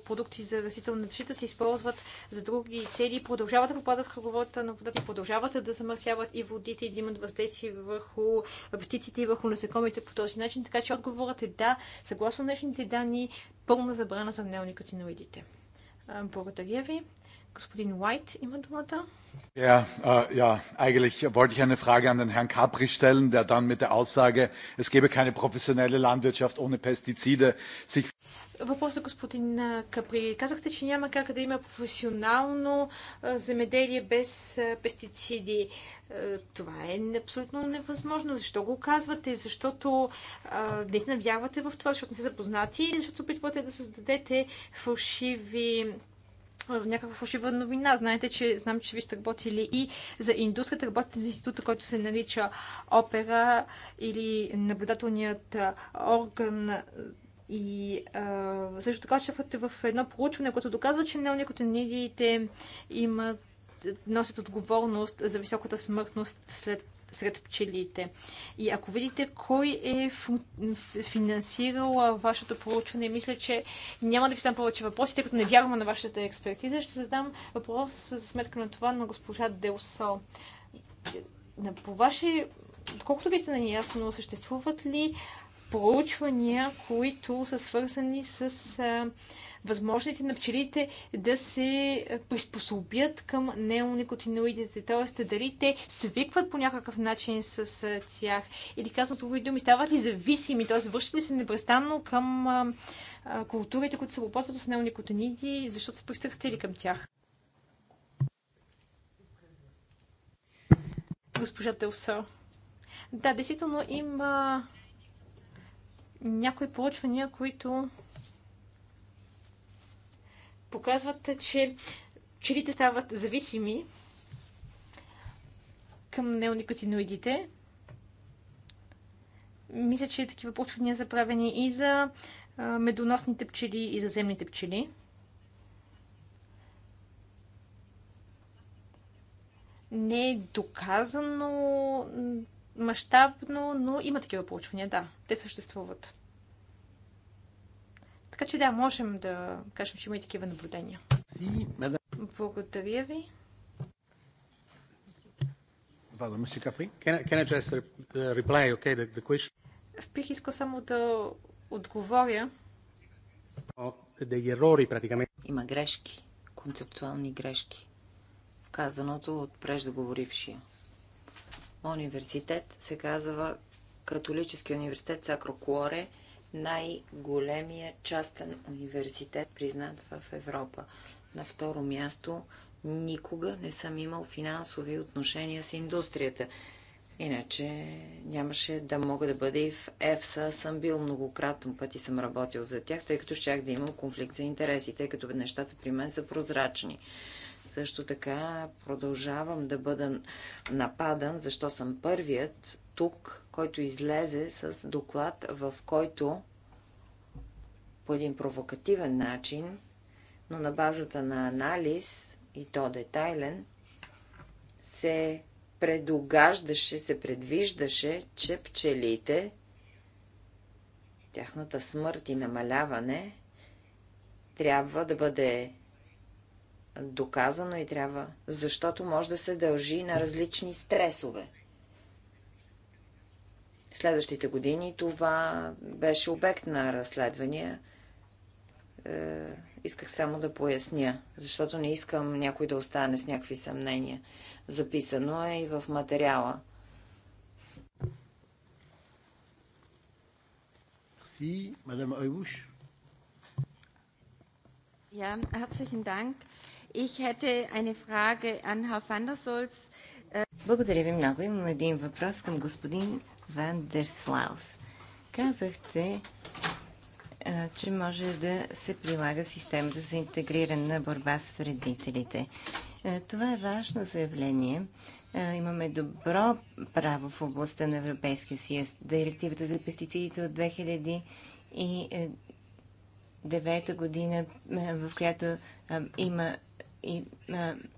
продукти за растителна защита, се използват за други цели, продължават да попадат в кръговата на водата продължават да замърсяват и водите и да имат въздействие върху птиците и върху насекомите по този начин. Така че отговорът е да, съгласно днешните данни, пълна забрана за неоникотиноидите. Благодаря ви. Господин Уайт има думата. Ja, äh, ja, eigentlich wollte ich eine Frage an den Herrn Capri stellen, der dann mit der Aussage, es gebe keine professionelle Landwirtschaft ohne Pestizide, sich. Въпросът господин Капри. Казахте, че няма как да има професионално земеделие без пестициди. Това е абсолютно невъзможно. Защо го казвате? Защото не се навявате в това, защото не сте запознати или защото се опитвате да създадете фалшиви някаква фалшива новина. Знаете, че знам, че ви сте работили и за индустрията, работите за института, който се нарича опера или наблюдателният орган и а, също така участвате в едно проучване, което доказва, че неонекотенидиите имат носят отговорност за високата смъртност след сред пчелите. И ако видите кой е финансирал вашето проучване, мисля, че няма да ви задам повече въпроси, тъй като не вярвам на вашата експертиза. Ще задам въпрос за сметка на това на госпожа Делсо. По ваше, колкото ви е сте наясно, съществуват ли проучвания, които са свързани с възможности на пчелите да се приспособят към неоникотиноидите, т.е. дали те свикват по някакъв начин с тях или казват други думи, стават ли зависими, т.е. връщат ли се непрестанно към културите, които се работват с неоникотиниди, защото са пристрастили към тях. Госпожа Телса. Да, действително има някои проучвания, които показват, че пчелите стават зависими към неоникотиноидите. Мисля, че такива проучвания са правени и за медоносните пчели, и за земните пчели. Не е доказано мащабно, но има такива проучвания, да. Те съществуват. Така че да, можем да кажем, че има и такива наблюдения. Благодаря ви. Бих искал само да отговоря. Има грешки, концептуални грешки, казаното от преждоговорившия. Университет се казва Католически университет Сакро Куоре – най-големия частен университет, признат в Европа. На второ място, никога не съм имал финансови отношения с индустрията. Иначе нямаше да мога да бъда и в ЕФСА. Съм бил многократно пъти, съм работил за тях, тъй като щях да имам конфликт за интереси, тъй като нещата при мен са прозрачни. Също така продължавам да бъда нападан, защо съм първият, тук, който излезе с доклад, в който по един провокативен начин, но на базата на анализ, и то детайлен, се предугаждаше, се предвиждаше, че пчелите, тяхната смърт и намаляване, трябва да бъде доказано и трябва, защото може да се дължи на различни стресове. Следващите години това беше обект на разследвания. Е, исках само да поясня, защото не искам някой да остане с някакви съмнения. Записано е и в материала. Си, мадам Ойбуш. Ja, herzlichen Dank. Ich hätte eine Frage an Herrn van der Solz. Благодаря ви много. Имам един въпрос към господин Вандерслаус, Казахте, че може да се прилага системата за интегрирана борба с вредителите. Това е важно заявление. Имаме добро право в областта на Европейския съюз. Директивата за пестицидите от 2009 година, в която има и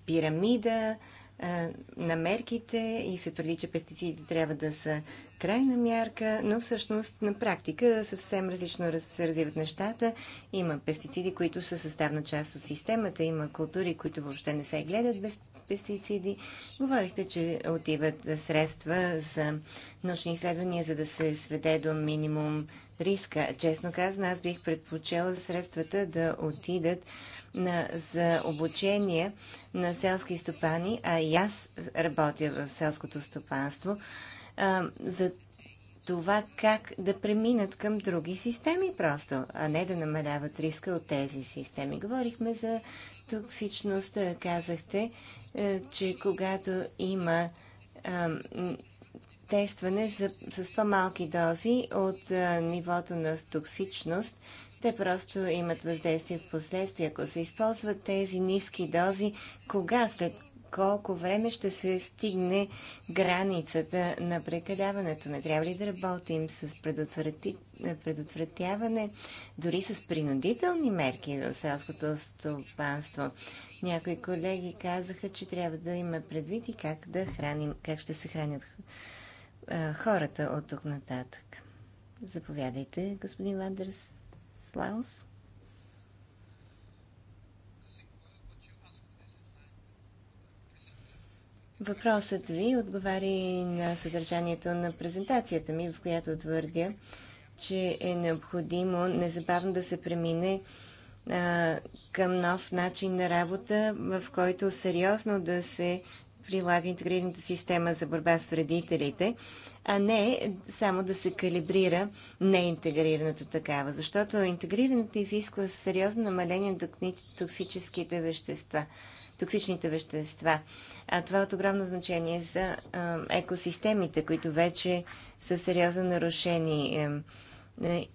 пирамида, е, на мерките и се твърди, че пестицидите трябва да са крайна мярка, но всъщност на практика съвсем различно се развиват нещата. Има пестициди, които са съставна част от системата, има култури, които въобще не се гледат без пестициди. Говорихте, че отиват средства за научни изследвания, за да се сведе до минимум риска. Честно казано, аз бих предпочела средствата да отидат на, за обучение на селски стопани, а и аз работя в селското стопанство, а, за това как да преминат към други системи просто, а не да намаляват риска от тези системи. Говорихме за токсичност. Казахте, че когато има а, тестване за, с по-малки дози от а, нивото на токсичност, те просто имат въздействие в последствие. Ако се използват тези ниски дози, кога след колко време ще се стигне границата на прекаляването. Не трябва ли да работим с предотврати... предотвратяване, дори с принудителни мерки в селското стопанство? Някои колеги казаха, че трябва да има предвид и как да храним, как ще се хранят хората от тук нататък. Заповядайте, господин Вандерс. Лаос. Въпросът ви отговаря на съдържанието на презентацията ми, в която твърдя, че е необходимо незабавно да се премине към нов начин на работа, в който сериозно да се прилага интегрираната система за борба с вредителите, а не само да се калибрира неинтегрираната такава, защото интегрираната изисква сериозно намаление на токсическите вещества, токсичните вещества. А това е от огромно значение за екосистемите, които вече са сериозно нарушени е,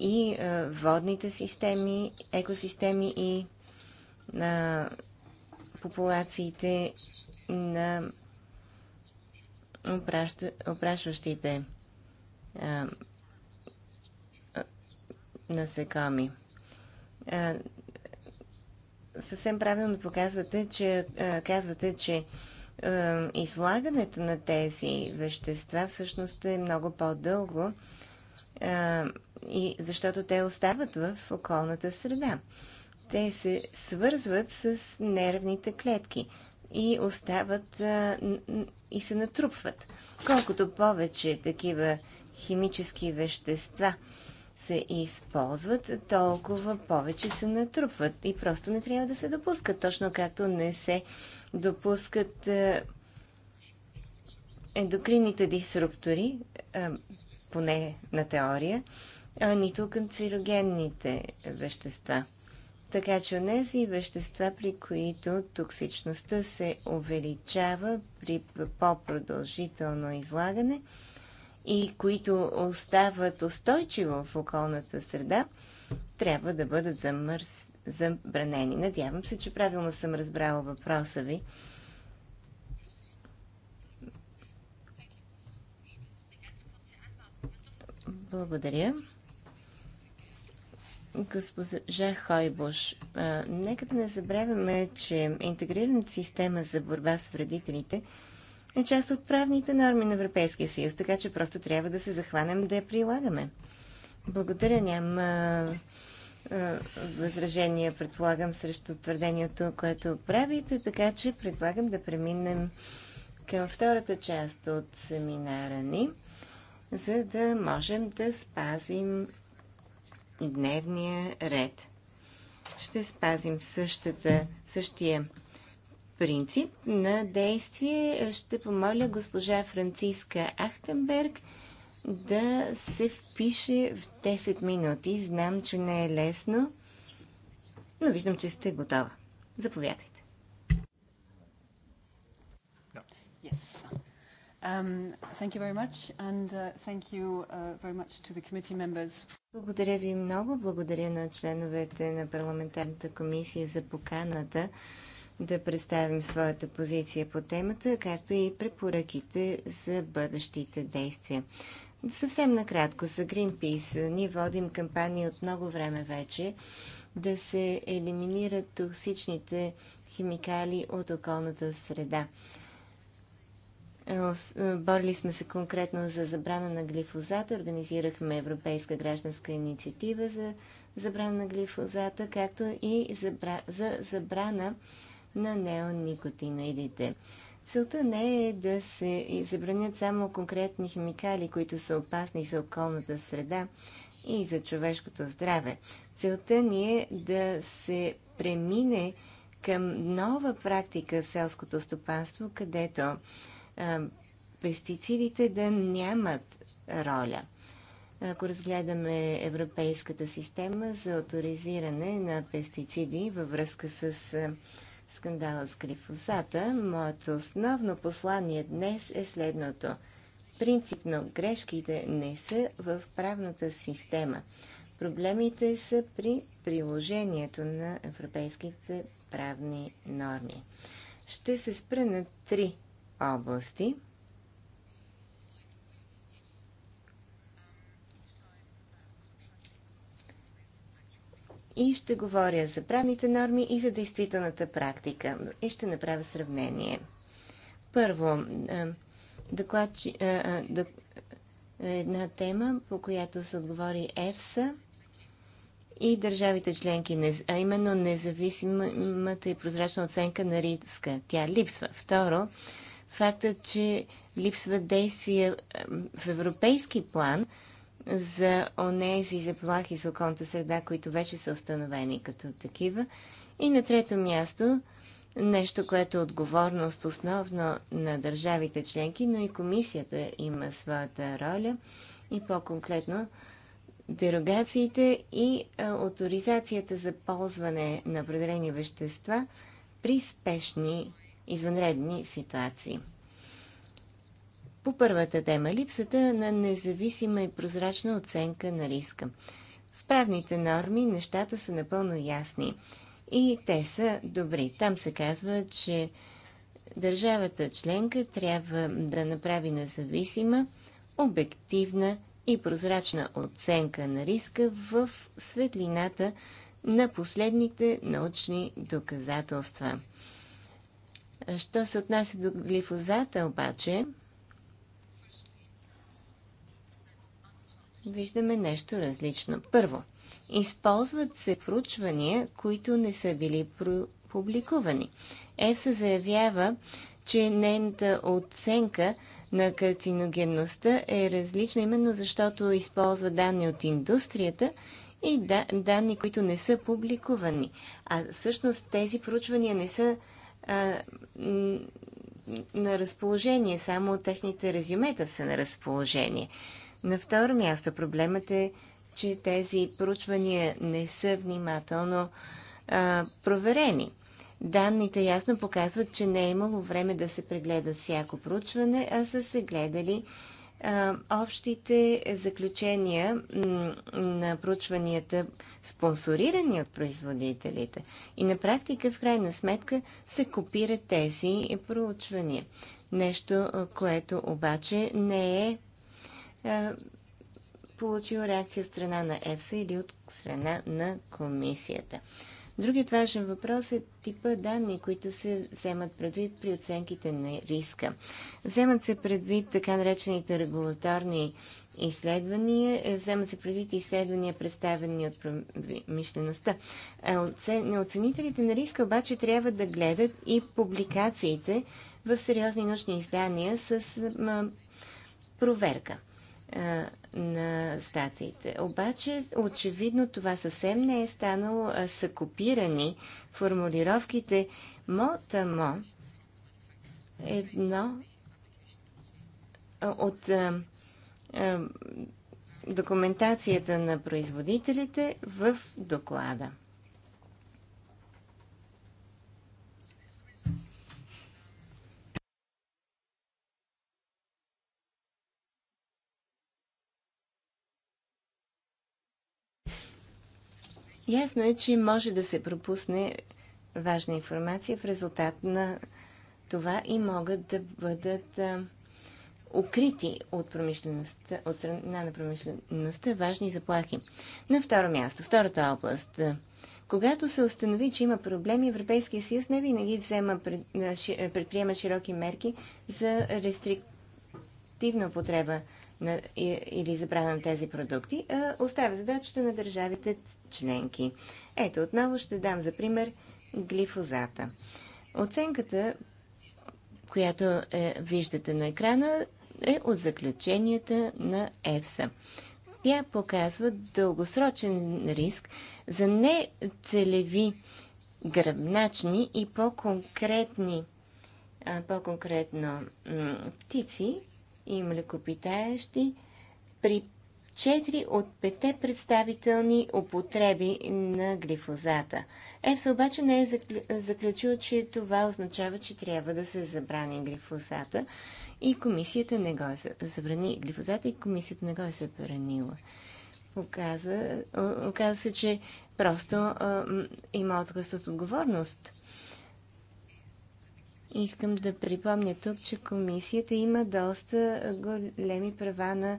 и е, водните системи, екосистеми и на популациите на опраща, опрашващите а, а, насекоми. А, съвсем правилно показвате, че а, казвате, че а, излагането на тези вещества всъщност е много по-дълго, и защото те остават в околната среда. Те се свързват с нервните клетки и остават а, и се натрупват. Колкото повече такива химически вещества се използват, толкова повече се натрупват и просто не трябва да се допускат, точно както не се допускат а, ендокринните дисруптори, а, поне на теория, а нито канцерогенните вещества. Така че тези вещества, при които токсичността се увеличава при по-продължително излагане и които остават устойчиво в околната среда, трябва да бъдат замърз... забранени. Надявам се, че правилно съм разбрала въпроса ви. Благодаря госпожа Хойбуш, нека да не забравяме, че интегрираната система за борба с вредителите е част от правните норми на Европейския съюз, така че просто трябва да се захванем да я прилагаме. Благодаря, няма възражения, предполагам, срещу твърдението, което правите, така че предлагам да преминем към втората част от семинара ни, за да можем да спазим дневния ред. Ще спазим същата, същия принцип на действие. Ще помоля госпожа Франциска Ахтенберг да се впише в 10 минути. Знам, че не е лесно, но виждам, че сте готова. Заповядайте. Um, thank you very much and uh, thank you uh, very much to the committee members. Благодаря ви много. Благодаря на членовете на парламентарната комисия за поканата да представим своята позиция по темата, както и препоръките за бъдещите действия. Съвсем накратко, за Greenpeace ние водим кампании от много време вече да се елиминират токсичните химикали от околната среда. Е, е, борили сме се конкретно за забрана на глифозата, организирахме Европейска гражданска инициатива за забрана на глифозата, както и забра... за забрана на неоникотиноидите. Целта не е да се забранят само конкретни химикали, които са опасни за околната среда и за човешкото здраве. Целта ни е да се премине към нова практика в селското стопанство, където пестицидите да нямат роля. Ако разгледаме Европейската система за авторизиране на пестициди във връзка с скандала с глифосата, моето основно послание днес е следното. Принципно грешките не са в правната система. Проблемите са при приложението на европейските правни норми. Ще се спра на три области. И ще говоря за правните норми и за действителната практика. И ще направя сравнение. Първо, е, доклад, е, е, една тема, по която се отговори ЕФСА и държавите членки, а именно независимата и прозрачна оценка на риска. Тя липсва. Второ, факта, че липсват действия в европейски план за онези заплахи за околната среда, които вече са установени като такива. И на трето място, нещо, което е отговорност основно на държавите членки, но и комисията има своята роля и по-конкретно дерогациите и е, авторизацията за ползване на определени вещества при спешни извънредни ситуации. По първата тема – липсата на независима и прозрачна оценка на риска. В правните норми нещата са напълно ясни и те са добри. Там се казва, че държавата членка трябва да направи независима, обективна и прозрачна оценка на риска в светлината на последните научни доказателства. Що се отнася до глифозата обаче, виждаме нещо различно. Първо, използват се проучвания, които не са били публикувани. ЕФСА заявява, че нейната оценка на карциногенността е различна именно защото използва данни от индустрията и данни, които не са публикувани. А всъщност тези проучвания не са на разположение. Само техните резюмета са на разположение. На второ място проблемът е, че тези проучвания не са внимателно а, проверени. Данните ясно показват, че не е имало време да се прегледа всяко проучване, а са се гледали общите заключения на проучванията, спонсорирани от производителите. И на практика, в крайна сметка, се копират тези проучвания. Нещо, което обаче не е получило реакция от страна на ЕФСА или от страна на комисията. Другият важен въпрос е типа данни, които се вземат предвид при оценките на риска. Вземат се предвид така наречените регулаторни изследвания, е, вземат се предвид изследвания, представени от промишлеността. На оценителите на риска обаче трябва да гледат и публикациите в сериозни научни издания с проверка а, на статиите. Обаче, очевидно, това съвсем не е станало, а са копирани формулировките мо мо едно от а, а, документацията на производителите в доклада. Ясно е, че може да се пропусне важна информация в резултат на това и могат да бъдат а, укрити от, промишлеността, от страна на промишлеността важни заплахи. На второ място, втората област. Когато се установи, че има проблеми, Европейския съюз не винаги взема, предприема широки мерки за рестриктивна употреба на, или забрана на тези продукти, а оставя задачата на държавите членки. Ето, отново ще дам за пример глифозата. Оценката, която е, виждате на екрана, е от заключенията на ЕФСА. Тя показва дългосрочен риск за нецелеви гръбначни и по-конкретни по-конкретно птици, и млекопитаещи при 4 от 5 представителни употреби на глифозата. ЕФСА обаче не е заключила, че това означава, че трябва да се забрани глифозата и комисията не го е забрани глифозата и комисията не го е забранила. Оказва, оказва се, че просто а, има отказ от отговорност Искам да припомня тук, че комисията има доста големи права на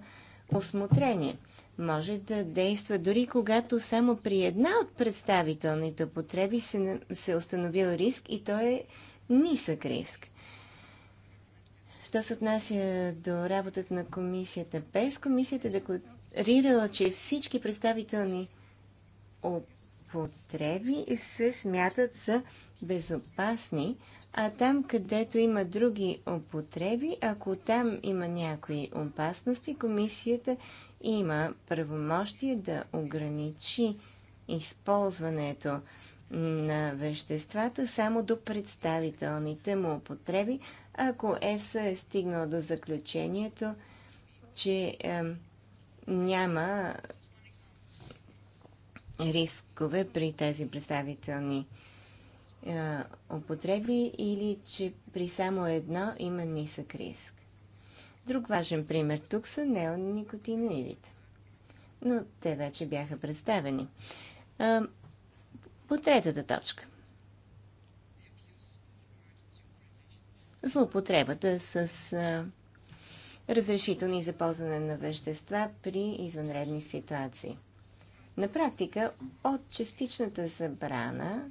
осмотрение. Може да действа дори когато само при една от представителните употреби се, се е установил риск и то е нисък риск. Що се отнася до работата на комисията без, комисията е декларирала, че всички представителни употреби се смятат за безопасни, а там, където има други употреби, ако там има някои опасности, комисията има правомощие да ограничи използването на веществата само до представителните му употреби, ако ЕФСА е стигнал до заключението, че е, няма рискове при тези представителни е, употреби или че при само едно има нисък риск. Друг важен пример тук са неоникотиноидите. Но те вече бяха представени. Е, по третата точка. Злоупотребата с е, разрешителни за ползване на вещества при извънредни ситуации. На практика, от частичната забрана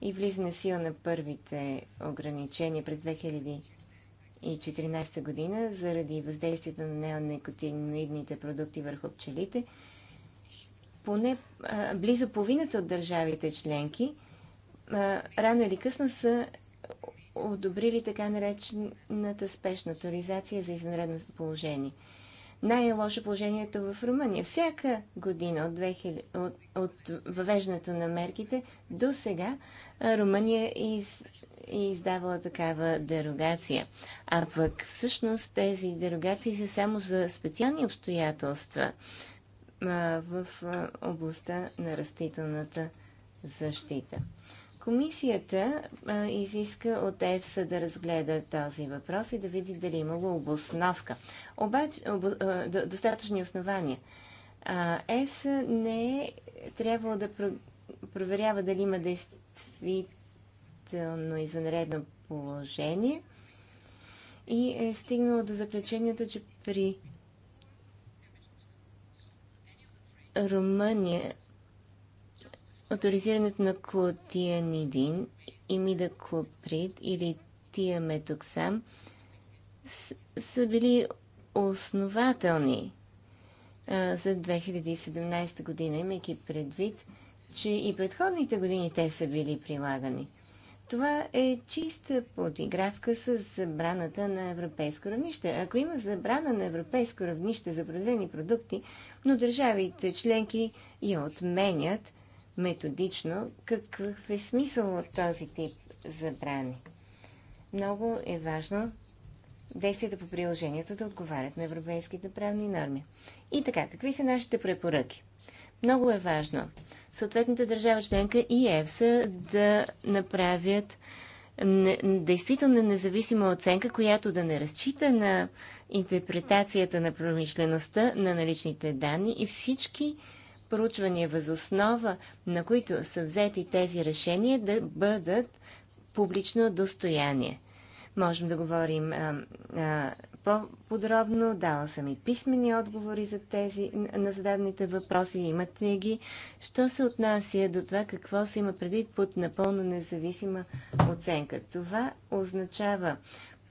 и влизане в сила на първите ограничения през 2014 година заради въздействието на неонекотиноидните продукти върху пчелите, поне а, близо половината от държавите членки а, рано или късно са одобрили така наречената спешна авторизация за извънредно положение – най-лошо положението в Румъния. Всяка година от, 2000, от, от въвеждането на мерките до сега Румъния из, издавала такава дерогация. А пък всъщност тези дерогации са само за специални обстоятелства а, в а, областта на растителната защита. Комисията а, изиска от ЕФСА да разгледа този въпрос и да види дали имало обосновка. Обаче, обо, а, достатъчни основания. А, ЕФСА не е трябвало да про, проверява дали има действително извънредно положение и е стигнало до заключението, че при Румъния Авторизирането на клотианидин, и Мидаклоприд или тиаметоксам са били основателни а, за 2017 година, имайки предвид, че и предходните години те са били прилагани. Това е чиста подигравка с забраната на европейско равнище. Ако има забрана на европейско равнище за определени продукти, но държавите членки я отменят, методично, какъв е смисъл от този тип забрани. Много е важно действията по приложението да отговарят на европейските правни норми. И така, какви са нашите препоръки? Много е важно съответната държава членка и ЕФСА да направят действително независима оценка, която да не разчита на интерпретацията на промишлеността на наличните данни и всички проучвания основа, на които са взети тези решения, да бъдат публично достояние. Можем да говорим по-подробно. Дала съм и писмени отговори за тези, на зададените въпроси. Имате ги. Що се отнася до това, какво се има предвид под напълно независима оценка? Това означава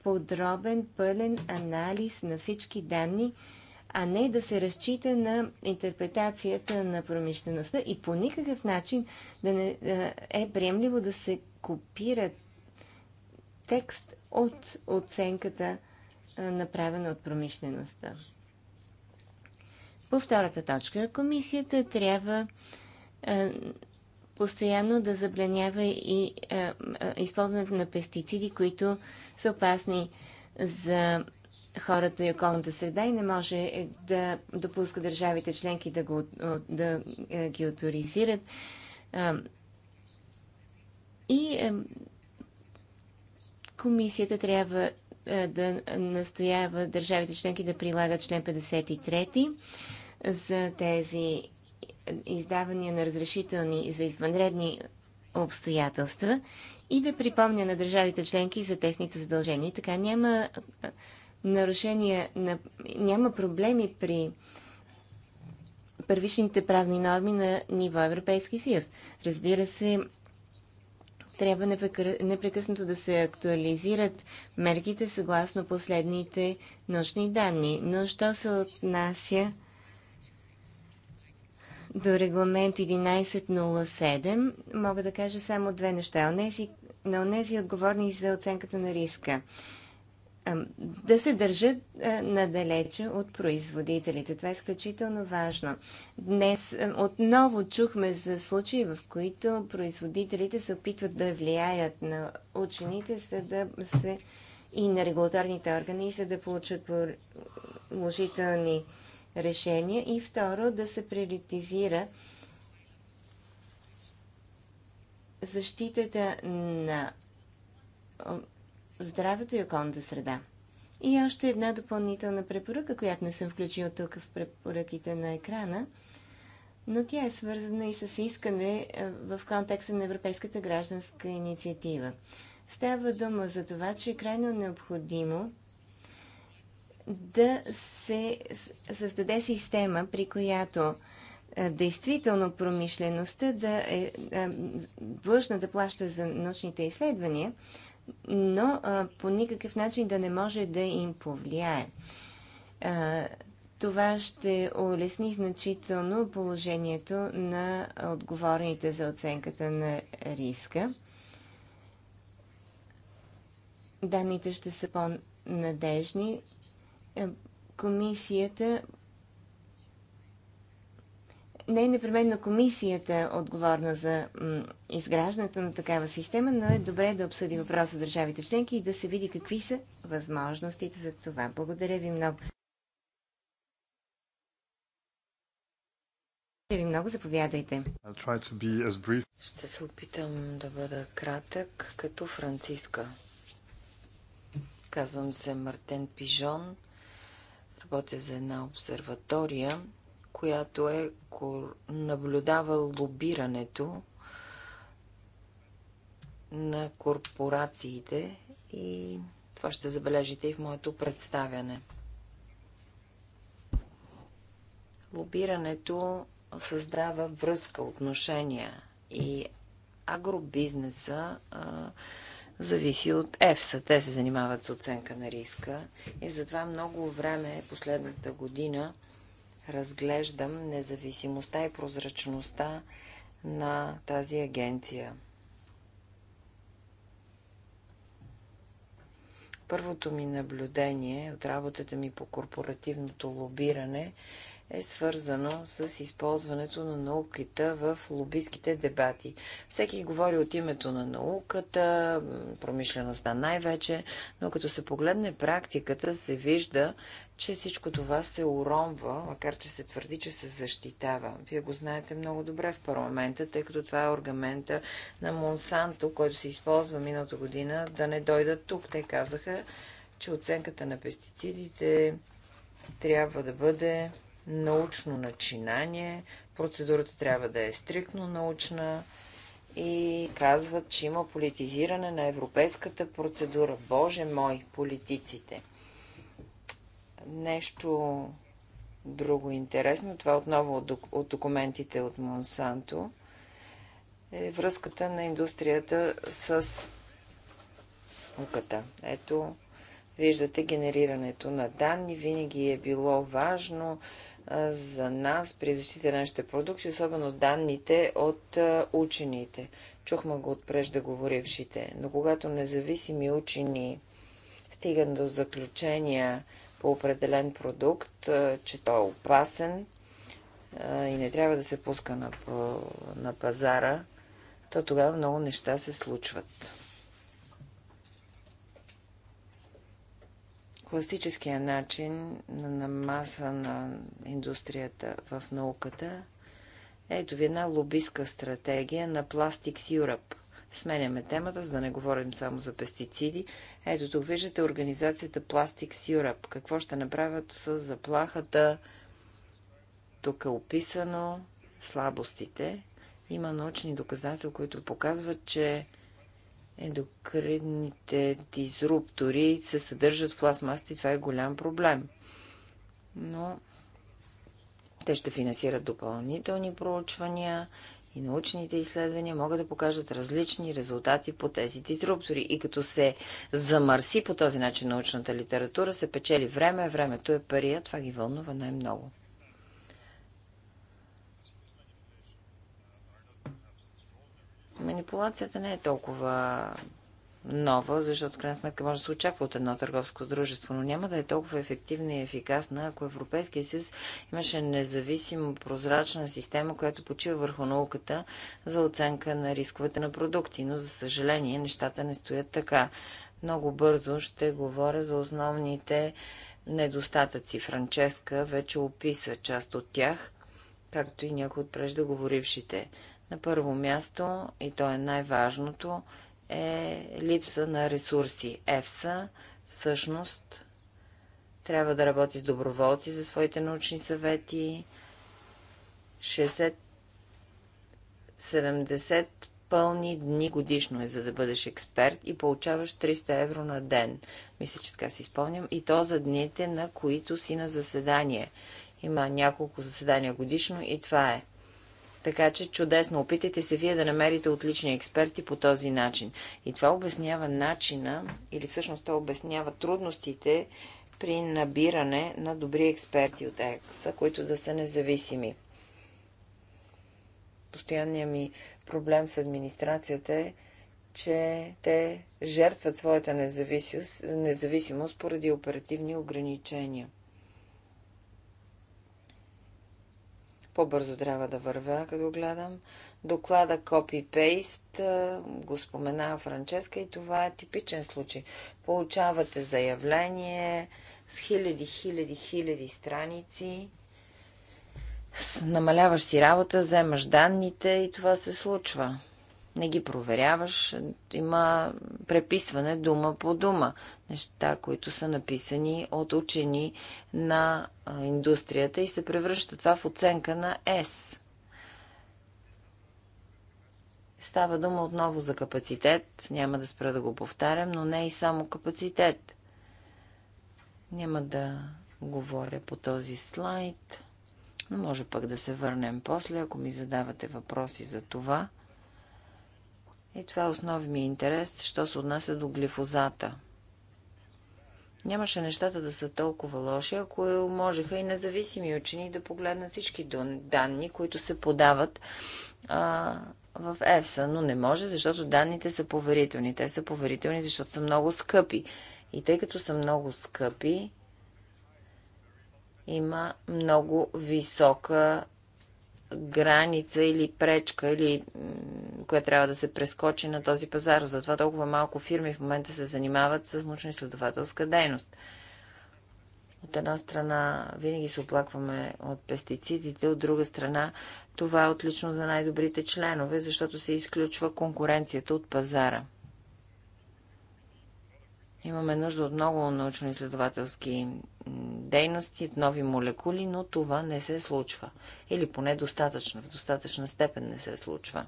подробен, пълен анализ на всички данни, а не да се разчита на интерпретацията на промишлеността и по никакъв начин да не е приемливо да се копира текст от оценката, направена от промишлеността. По втората точка, комисията трябва постоянно да забранява и използването на пестициди, които са опасни за хората и околната среда и не може да допуска държавите членки да, го, да е, ги авторизират. И е, комисията трябва е, да настоява държавите членки да прилагат член 53 за тези издавания на разрешителни за извънредни обстоятелства и да припомня на държавите членки за техните задължения. Така няма нарушения на... няма проблеми при първичните правни норми на ниво Европейски съюз. Разбира се, трябва непрекъснато да се актуализират мерките съгласно последните научни данни. Но що се отнася до регламент 1107, мога да кажа само две неща. на онези отговорни за оценката на риска да се държат надалече от производителите. Това е изключително важно. Днес отново чухме за случаи, в които производителите се опитват да влияят на учените, за да се и на регулаторните органи, за да получат положителни решения. И второ, да се приоритизира защитата на здравето и околната среда. И още една допълнителна препоръка, която не съм включила тук в препоръките на екрана, но тя е свързана и с искане е, в контекста на Европейската гражданска инициатива. Става дума за това, че е крайно необходимо да се създаде система, при която е, действително промишлеността да е, е длъжна да плаща за научните изследвания, но а, по никакъв начин да не може да им повлияе. А, това ще улесни значително положението на отговорните за оценката на риска. Данните ще са по-надежни. Комисията не е непременно комисията отговорна за изграждането на такава система, но е добре да обсъди въпроса с държавите членки и да се види какви са възможностите за това. Благодаря ви много. Благодаря ви много, заповядайте. Ще се опитам да бъда кратък, като Франциска. Казвам се Мартен Пижон, работя за една обсерватория, която е наблюдава лобирането на корпорациите и това ще забележите и в моето представяне. Лобирането създава връзка, отношения и агробизнеса а, зависи от ЕФСА. Те се занимават с оценка на риска и затова много време, е последната година, разглеждам независимостта и прозрачността на тази агенция. Първото ми наблюдение от работата ми по корпоративното лобиране е свързано с използването на науката в лобистските дебати. Всеки говори от името на науката, промишлеността най-вече, но като се погледне практиката, се вижда, че всичко това се уронва, макар че се твърди, че се защитава. Вие го знаете много добре в парламента, тъй като това е аргумента на Монсанто, който се използва миналата година, да не дойдат тук. Те казаха, че оценката на пестицидите трябва да бъде научно начинание. Процедурата трябва да е стриктно научна и казват, че има политизиране на европейската процедура. Боже мой, политиците! Нещо друго интересно, това отново от документите от Монсанто, е връзката на индустрията с науката. Ето, виждате, генерирането на данни винаги е било важно за нас при защита на нашите продукти, особено данните от учените. Чухме го от преждеговорившите, но когато независими учени стигат до заключения по определен продукт, че той е опасен и не трябва да се пуска на, на пазара, то тогава много неща се случват. класическия начин на намазва на индустрията в науката. Ето ви една лобистка стратегия на Plastics Europe. Сменяме темата, за да не говорим само за пестициди. Ето тук виждате организацията Plastics Europe. Какво ще направят с заплахата? Тук е описано слабостите. Има научни доказателства, които показват, че Ендокринните дизруптори се съдържат в пластмасата и това е голям проблем. Но те ще финансират допълнителни проучвания и научните изследвания могат да покажат различни резултати по тези дизруптори. И като се замърси по този начин научната литература, се печели време, времето е пария, това ги вълнува най-много. Манипулацията не е толкова нова, защото с крайна сметка може да се очаква от едно търговско дружество, но няма да е толкова ефективна и ефикасна, ако Европейския съюз имаше независимо прозрачна система, която почива върху науката за оценка на рисковете на продукти. Но, за съжаление, нещата не стоят така. Много бързо ще говоря за основните недостатъци. Франческа вече описа част от тях, както и някои от преждеговорившите. говорившите на първо място, и то е най-важното, е липса на ресурси. ЕФСА всъщност трябва да работи с доброволци за своите научни съвети. 60-70 пълни дни годишно е, за да бъдеш експерт и получаваш 300 евро на ден. Мисля, че така си спомням. И то за дните, на които си на заседание. Има няколко заседания годишно и това е. Така че чудесно, опитайте се вие да намерите отлични експерти по този начин. И това обяснява начина, или всъщност това обяснява трудностите при набиране на добри експерти от ЕКСА, които да са независими. Постоянният ми проблем с администрацията е, че те жертват своята независимост, независимост поради оперативни ограничения. По-бързо трябва да вървя, като гледам. Доклада копи-пейст го спомена Франческа и това е типичен случай. Получавате заявление с хиляди, хиляди, хиляди страници намаляваш си работа, вземаш данните и това се случва не ги проверяваш, има преписване дума по дума. Неща, които са написани от учени на индустрията и се превръща това в оценка на С. Става дума отново за капацитет, няма да спра да го повтарям, но не и само капацитет. Няма да говоря по този слайд, но може пък да се върнем после, ако ми задавате въпроси за това. И това е основният интерес, що се отнася до глифозата. Нямаше нещата да са толкова лоши, ако можеха и независими учени да погледнат всички данни, които се подават а, в ЕФСА, но не може, защото данните са поверителни. Те са поверителни, защото са много скъпи. И тъй като са много скъпи, има много висока граница или пречка, или която трябва да се прескочи на този пазар. Затова толкова малко фирми в момента се занимават с научно-изследователска дейност. От една страна винаги се оплакваме от пестицидите, от друга страна това е отлично за най-добрите членове, защото се изключва конкуренцията от пазара. Имаме нужда от много научно-изследователски дейности, нови молекули, но това не се случва. Или поне достатъчно, в достатъчна степен не се случва.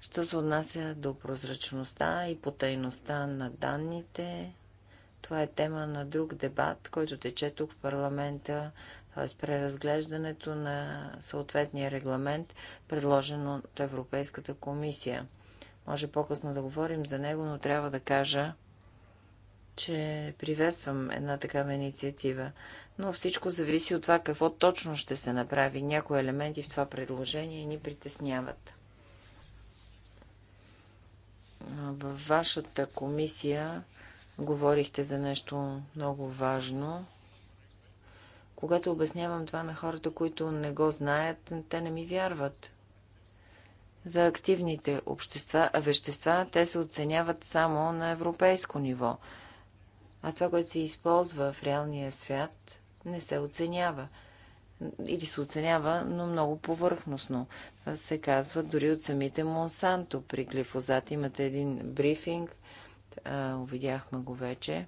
Що се отнася до прозрачността и потайността на данните, това е тема на друг дебат, който тече тук в парламента, т.е. преразглеждането на съответния регламент, предложен от Европейската комисия. Може по-късно да говорим за него, но трябва да кажа, че приветствам една такава инициатива, но всичко зависи от това какво точно ще се направи. Някои елементи в това предложение ни притесняват. Във вашата комисия говорихте за нещо много важно. Когато обяснявам това на хората, които не го знаят, те не ми вярват. За активните общества, вещества те се оценяват само на европейско ниво – а това, което се използва в реалния свят, не се оценява. Или се оценява, но много повърхностно. Това се казва дори от самите Монсанто. При глифозат имате един брифинг, видяхме го вече,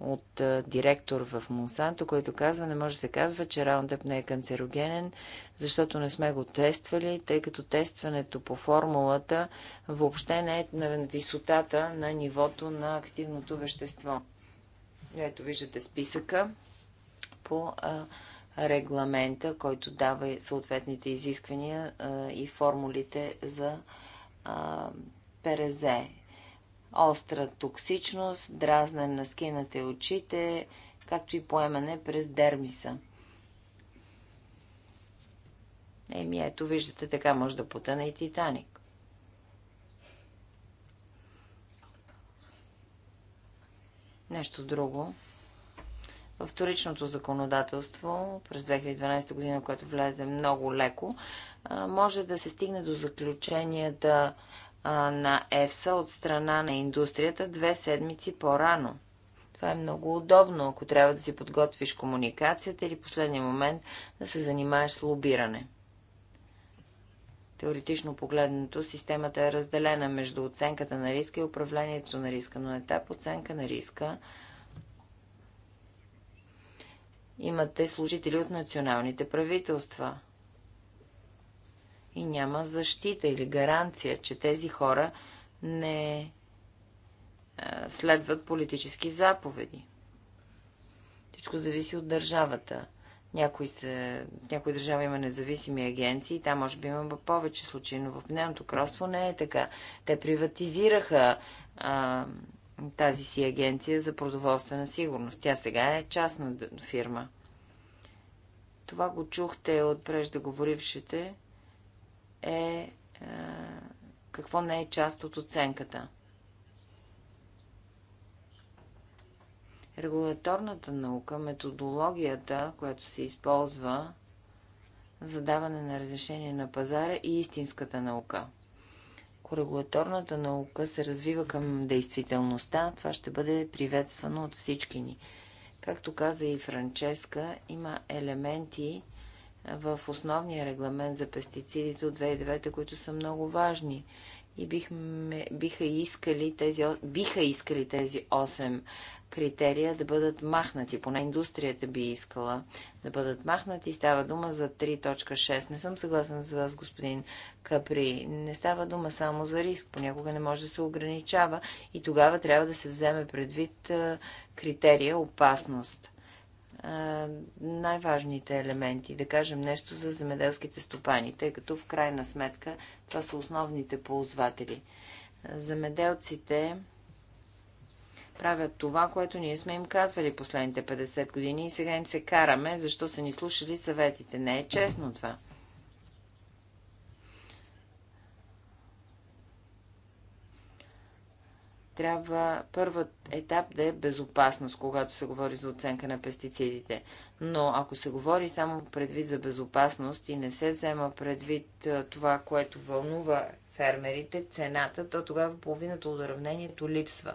от директор в Монсанто, който казва, не може да се казва, че раундъп не е канцерогенен, защото не сме го тествали, тъй като тестването по формулата въобще не е на висотата на нивото на активното вещество. Ето виждате списъка по регламента, който дава съответните изисквания и формулите за перезе. Остра токсичност, дразнен на скината очите, както и поемане през дермиса. Еми ето, виждате, така може да потъне и Титаник. Нещо друго. В вторичното законодателство през 2012 година, което влезе много леко, може да се стигне до заключенията на ЕФСА от страна на индустрията две седмици по-рано. Това е много удобно, ако трябва да си подготвиш комуникацията или последния момент да се занимаеш с лобиране. Теоретично погледнато, системата е разделена между оценката на риска и управлението на риска, но етап оценка на риска имате служители от националните правителства. И няма защита или гаранция, че тези хора не е, следват политически заповеди. Всичко зависи от държавата. Някои, са, някои държави има независими агенции, там може би има повече случаи, но в Обединеното кралство не е така. Те приватизираха а, тази си агенция за продоволствена сигурност. Тя сега е частна фирма. Това го чухте от преждеговорившите е, е какво не е част от оценката. Регулаторната наука, методологията, която се използва за даване на разрешение на пазара и истинската наука. Ако регулаторната наука се развива към действителността, това ще бъде приветствано от всички ни. Както каза и Франческа, има елементи в основния регламент за пестицидите от 2009, които са много важни и бихме, биха, искали тези, биха искали тези 8 критерия да бъдат махнати. Поне индустрията би искала да бъдат махнати. Става дума за 3.6. Не съм съгласен с вас, господин Капри. Не става дума само за риск. Понякога не може да се ограничава и тогава трябва да се вземе предвид критерия опасност най-важните елементи, да кажем нещо за земеделските стопани, тъй като в крайна сметка това са основните ползватели. Земеделците правят това, което ние сме им казвали последните 50 години и сега им се караме, защо са ни слушали съветите. Не е честно това. трябва първият етап да е безопасност, когато се говори за оценка на пестицидите. Но ако се говори само предвид за безопасност и не се взема предвид това, което вълнува фермерите, цената, то тогава половината от уравнението липсва.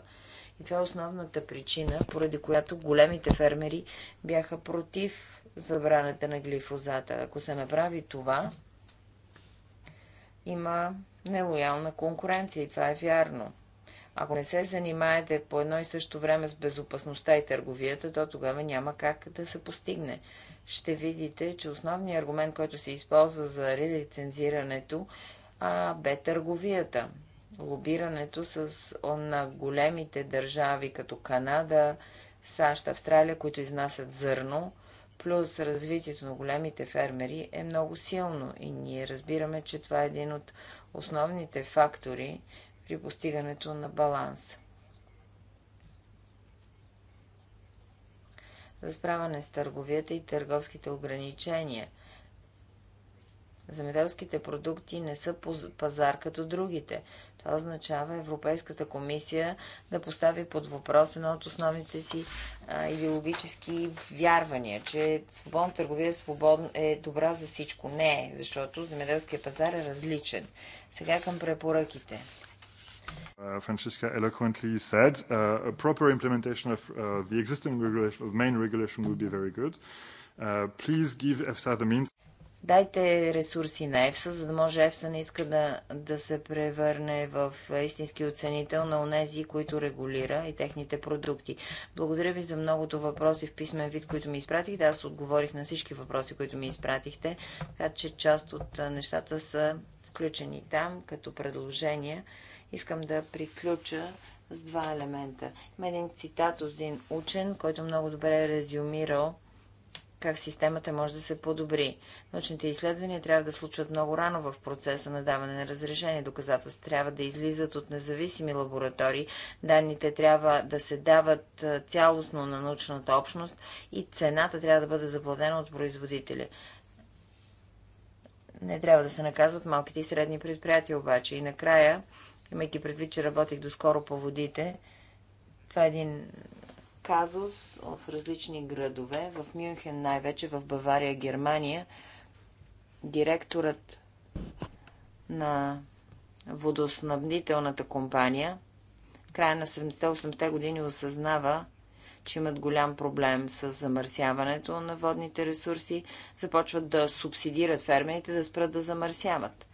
И това е основната причина, поради която големите фермери бяха против забраната на глифозата. Ако се направи това, има нелоялна конкуренция и това е вярно. Ако не се занимаете по едно и също време с безопасността и търговията, то тогава няма как да се постигне. Ще видите, че основният аргумент, който се използва за релицензирането, а, бе търговията. Лобирането с на големите държави, като Канада, САЩ, Австралия, които изнасят зърно, плюс развитието на големите фермери е много силно и ние разбираме, че това е един от основните фактори, при постигането на баланса. За справяне с търговията и търговските ограничения. Земеделските продукти не са пазар като другите. Това означава Европейската комисия да постави под въпрос едно от основните си а, идеологически вярвания, че свободна търговия е свободна, е добра за всичко. Не е, защото земеделският пазар е различен. Сега към препоръките. Uh, Francesca eloquently said, uh, a proper implementation of uh, the existing regulation, of main regulation would be very good. Uh, please give EFSA the means. Дайте ресурси на ЕФСА, за да може ЕФСА не иска да, да се превърне в истински оценител на онези, които регулира и техните продукти. Благодаря ви за многото въпроси в писмен вид, които ми изпратихте. Аз отговорих на всички въпроси, които ми изпратихте, така че част от нещата са включени там като предложения. Искам да приключа с два елемента. Има един цитат от един учен, който много добре е резюмирал как системата може да се подобри. Научните изследвания трябва да случват много рано в процеса на даване на разрешение. Доказателства трябва да излизат от независими лаборатории. Данните трябва да се дават цялостно на научната общност и цената трябва да бъде заплатена от производителя. Не трябва да се наказват малките и средни предприятия обаче. И накрая имайки предвид, че работих доскоро по водите. Това е един казус в различни градове. В Мюнхен, най-вече в Бавария, Германия, директорът на водоснабдителната компания края на 70-80-те години осъзнава, че имат голям проблем с замърсяването на водните ресурси, започват да субсидират фермените да спрат да замърсяват.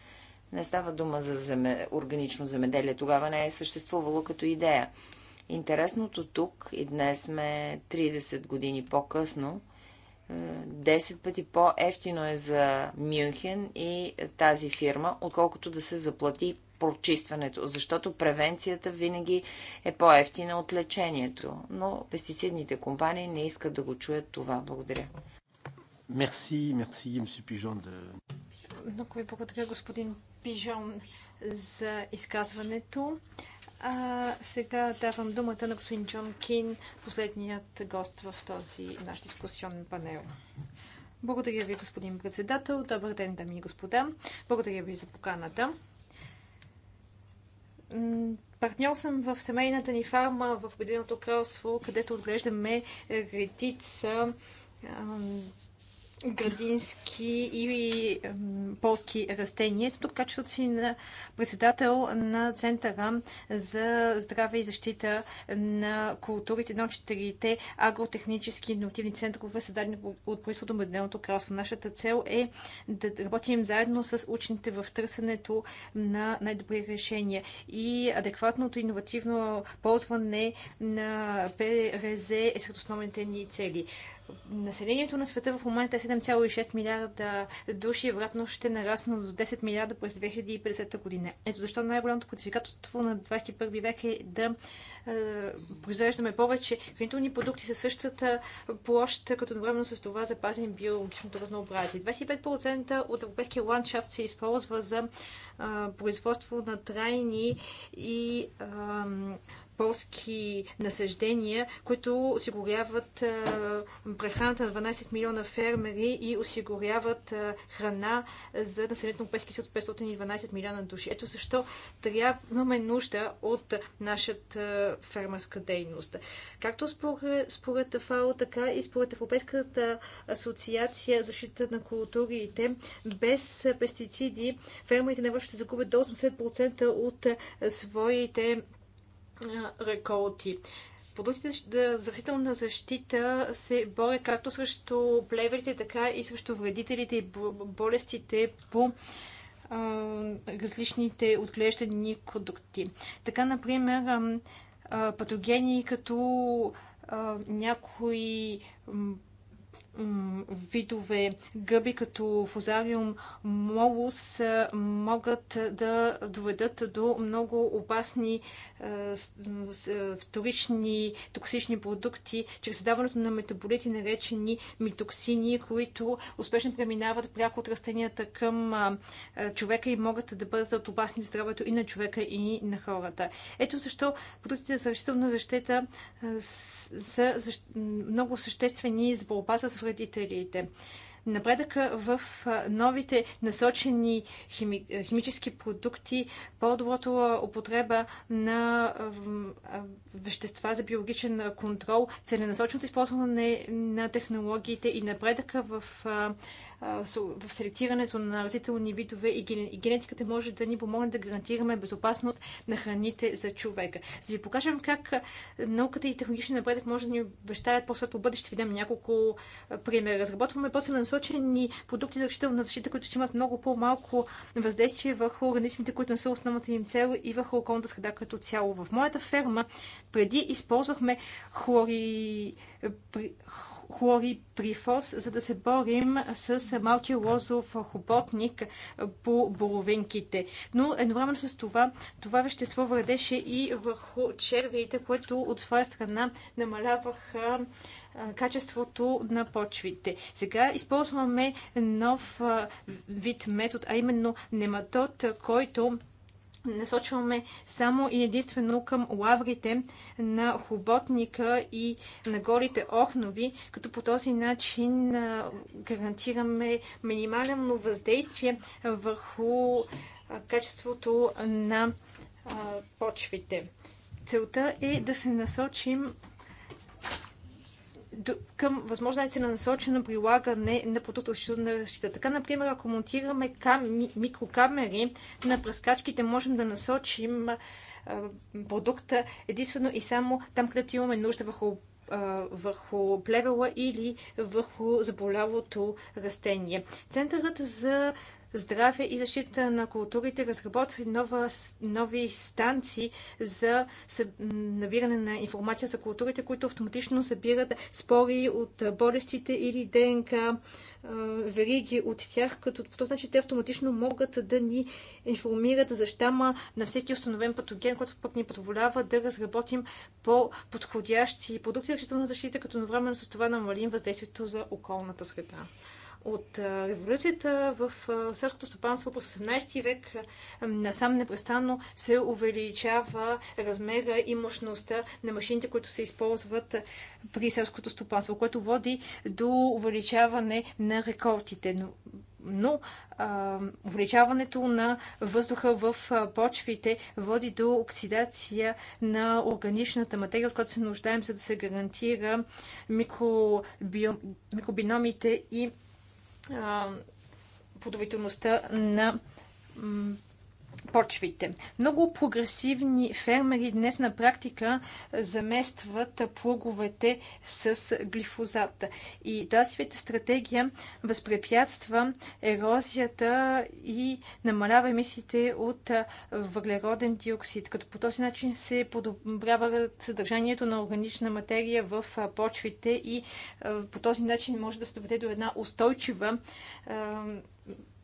Не става дума за земе, органично земеделие. Тогава не е съществувало като идея. Интересното тук, и днес сме 30 години по-късно, 10 е, пъти по-ефтино е за Мюнхен и тази фирма, отколкото да се заплати прочистването, защото превенцията винаги е по-ефтина от лечението. Но пестицидните компании не искат да го чуят това. Благодаря. Мерси, мерси, Пижон. Много ви благодаря, господин Пижон за изказването. А сега давам думата на господин Джон Кин, последният гост в този наш дискусионен панел. Благодаря ви, господин председател. Добър ден, дами и господа. Благодаря ви за поканата. Партньор съм в семейната ни фарма в Обединеното кралство, където отглеждаме редица градински и полски растения. Съм тук качеството си на председател на Центъра за здраве и защита на културите на четирите агротехнически иновативни центрове, създадени от происход от кралство. Нашата цел е да работим заедно с учените в търсенето на най-добри решения и адекватното иновативно ползване на ПРЗ е сред основните ни цели. Населението на света в момента е 7,6 милиарда души, вероятно ще нарасне до 10 милиарда през 2050 година. Ето защо най-голямото предизвикателство на 21 век е да е, произвеждаме повече хранителни продукти със същата площ, като едновременно с това запазим биологичното разнообразие. 25% от европейския ландшафт се използва за е, производство на трайни и е, полски насъждения, които осигуряват прехраната на 12 милиона фермери и осигуряват храна за населението на Европейския съюз от 512 милиона души. Ето защо трябва, имаме нужда от нашата фермерска дейност. Както според, според ФАО, така и според Европейската асоциация защита на културите, без пестициди фермерите на Европа ще загубят до 80% от своите реколти. Продуктите за растителна защита се борят както срещу плеверите, така и срещу вредителите и болестите по различните отглеждани продукти. Така, например, патогени като някои видове гъби, като фузариум молус, могат да доведат до много опасни вторични токсични продукти, чрез създаването на метаболити, наречени митоксини, които успешно преминават пряко от растенията към човека и могат да бъдат опасни за здравето и на човека, и на хората. Ето защо продуктите за растителна защита са много съществени за борба с вредителите. Напредъка в новите насочени хими, химически продукти, по-доброто употреба на вещества за биологичен контрол, целенасоченото използване на технологиите и напредъка в в селектирането на растителни видове и генетиката може да ни помогне да гарантираме безопасност на храните за човека. За да ви покажем как науката и технологичния напредък може да ни обещаят по-светло бъдеще, ще видим няколко примера. Разработваме по-целенасочени продукти за защита на защита, които ще имат много по-малко въздействие върху организмите, които не са основната им цел и върху околната среда като цяло. В моята ферма преди използвахме хлори хлориприфос, за да се борим с малкия лозов хоботник по боровинките. Но едновременно с това, това вещество вредеше и върху червиите, което от своя страна намаляваха качеството на почвите. Сега използваме нов вид метод, а именно нематод, който насочваме само и единствено към лаврите на хоботника и на голите охнови, като по този начин гарантираме минимално въздействие върху качеството на почвите. Целта е да се насочим към възможно е целенасочено насочено прилагане на продукт на защита. Така, например, ако монтираме кам... микрокамери на пръскачките, можем да насочим а, продукта единствено и само там, където имаме нужда върху върху плевела или върху заболявото растение. Центърът за здраве и защита на културите разработи нова, нови станции за набиране на информация за културите, които автоматично събират спори от болестите или ДНК вериги от тях, като по този начин те автоматично могат да ни информират за щама на всеки установен патоген, който пък ни позволява да разработим по-подходящи продукти за защита, като навременно с това намалим въздействието за околната среда от революцията в селското стопанство през 18 век насам непрестанно се увеличава размера и мощността на машините, които се използват при селското стопанство, което води до увеличаване на рекордите. Но, но а, увеличаването на въздуха в почвите води до оксидация на органичната материя, от която се нуждаем, за да се гарантира микробиномите и подовителността на почвите. Много прогресивни фермери днес на практика заместват плуговете с глифозат. И тази стратегия възпрепятства ерозията и намалява емисиите от въглероден диоксид, като по този начин се подобрява съдържанието на органична материя в почвите и по този начин може да се доведе до една устойчива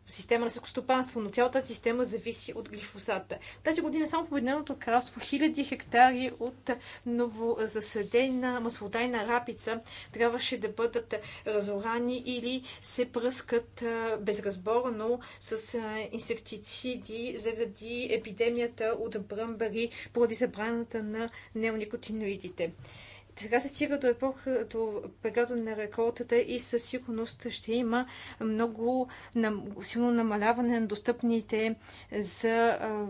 система на сектостопанство, но цялата система зависи от глифосата. Тази година само по Обединеното кралство хиляди хектари от новозаседена маслодайна рапица трябваше да бъдат разорани или се пръскат безразборно с инсектициди заради епидемията от бръмбари поради забраната на неоникотиноидите. Сега се стига до, епоха, до периода на реколтата и със сигурност ще има много нам, силно намаляване на достъпните за а,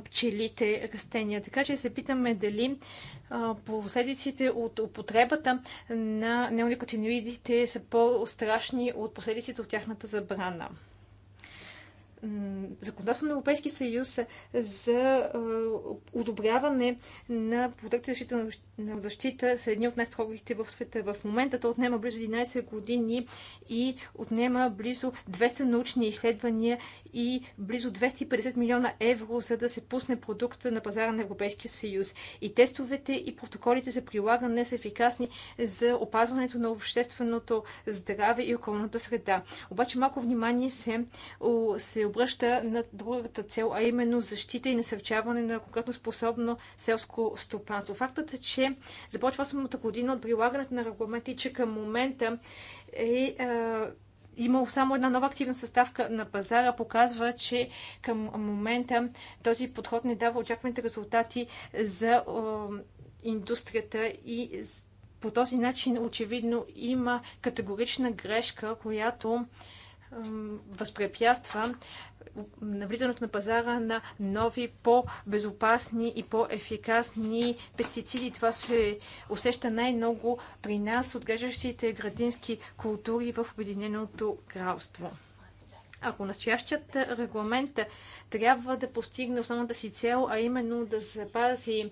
пчелите растения. Така че се питаме дали последиците от употребата на неоникотиноидите са по-страшни от последиците от тяхната забрана законодателство на Европейския съюз за одобряване на продукти защита, на защита са едни от най-строгите в света. В момента то отнема близо 11 години и отнема близо 200 научни изследвания и близо 250 милиона евро, за да се пусне продукт на пазара на Европейския съюз. И тестовете и протоколите за прилагане са ефикасни за опазването на общественото здраве и околната среда. Обаче малко внимание се, се обръща на другата цел, а именно защита и насърчаване на конкретно способно селско стопанство. Фактът е, че започва 8-та година от прилагането на регламента и че към момента е, е има само една нова активна съставка на пазара, показва, че към момента този подход не дава очакваните резултати за е, индустрията и по този начин очевидно има категорична грешка, която възпрепятства навлизането на пазара на нови, по-безопасни и по-ефикасни пестициди. Това се усеща най-много при нас, отглеждащите градински култури в Обединеното кралство. Ако настоящият регламент трябва да постигне основната си цел, а именно да запази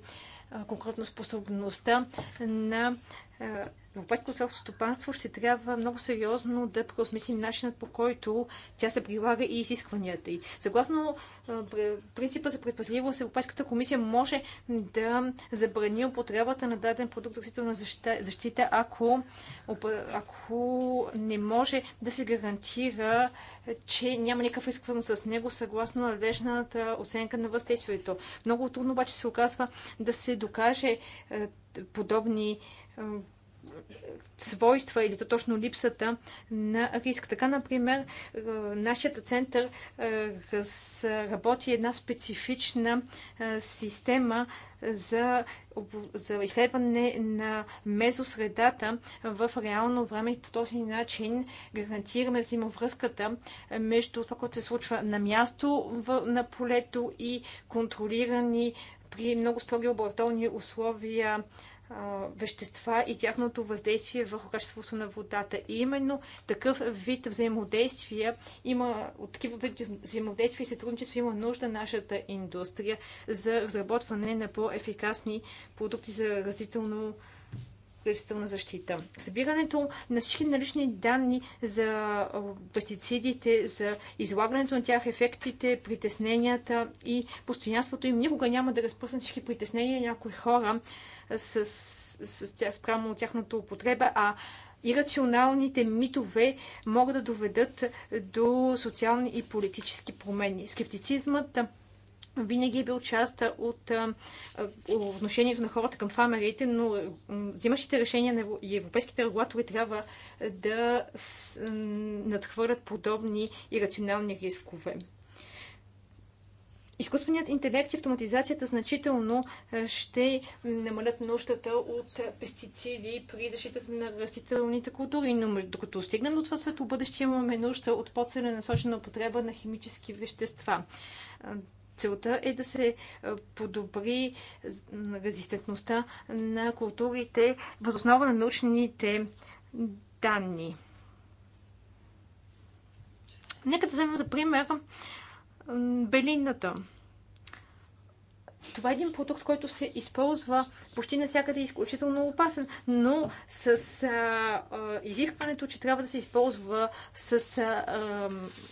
конкретно способността на е, Европейското селско стопанство ще трябва много сериозно да преосмислим начинът по който тя се прилага и изискванията й. Съгласно е, принципа за предпазливост, Европейската комисия може да забрани употребата на даден продукт за растителна защита, ако, ако не може да се гарантира, че няма никакъв риск с него, съгласно надежната оценка на въздействието. Много трудно обаче се оказва да се докаже е, подобни свойства или то точно липсата на риск. Така, например, е, нашият център е, разработи една специфична е, система за, за изследване на мезосредата в реално време и по този начин гарантираме взаимовръзката между това, което се случва на място в, на полето и контролирани при много строги лабораторни условия вещества и тяхното въздействие върху качеството на водата. И именно такъв вид взаимодействия има, от такива вид взаимодействия и сътрудничество има нужда нашата индустрия за разработване на по-ефикасни продукти за разително растителна защита. Събирането на всички налични данни за пестицидите, за излагането на тях, ефектите, притесненията и постоянството им никога няма да разпръснат всички притеснения някои хора с, с, с, спрямо тяхното употреба, а Ирационалните митове могат да доведат до социални и политически промени. Скептицизмът винаги е бил част от отношението на хората към фамерите, но взимащите решения на европейските регулатори трябва да надхвърлят подобни ирационални рискове изкуственият интелект и автоматизацията значително е, ще намалят нуждата от пестициди при защитата на растителните култури, но докато стигнем до това светло бъдеще, имаме нужда от по-целенасочена употреба на химически вещества. Целта е да се подобри резистентността на културите възоснова на научните данни. Нека да вземем за пример Белинната. Това е един продукт, който се използва почти навсякъде е изключително опасен, но с а, а, изискването, че трябва да се използва с а, а,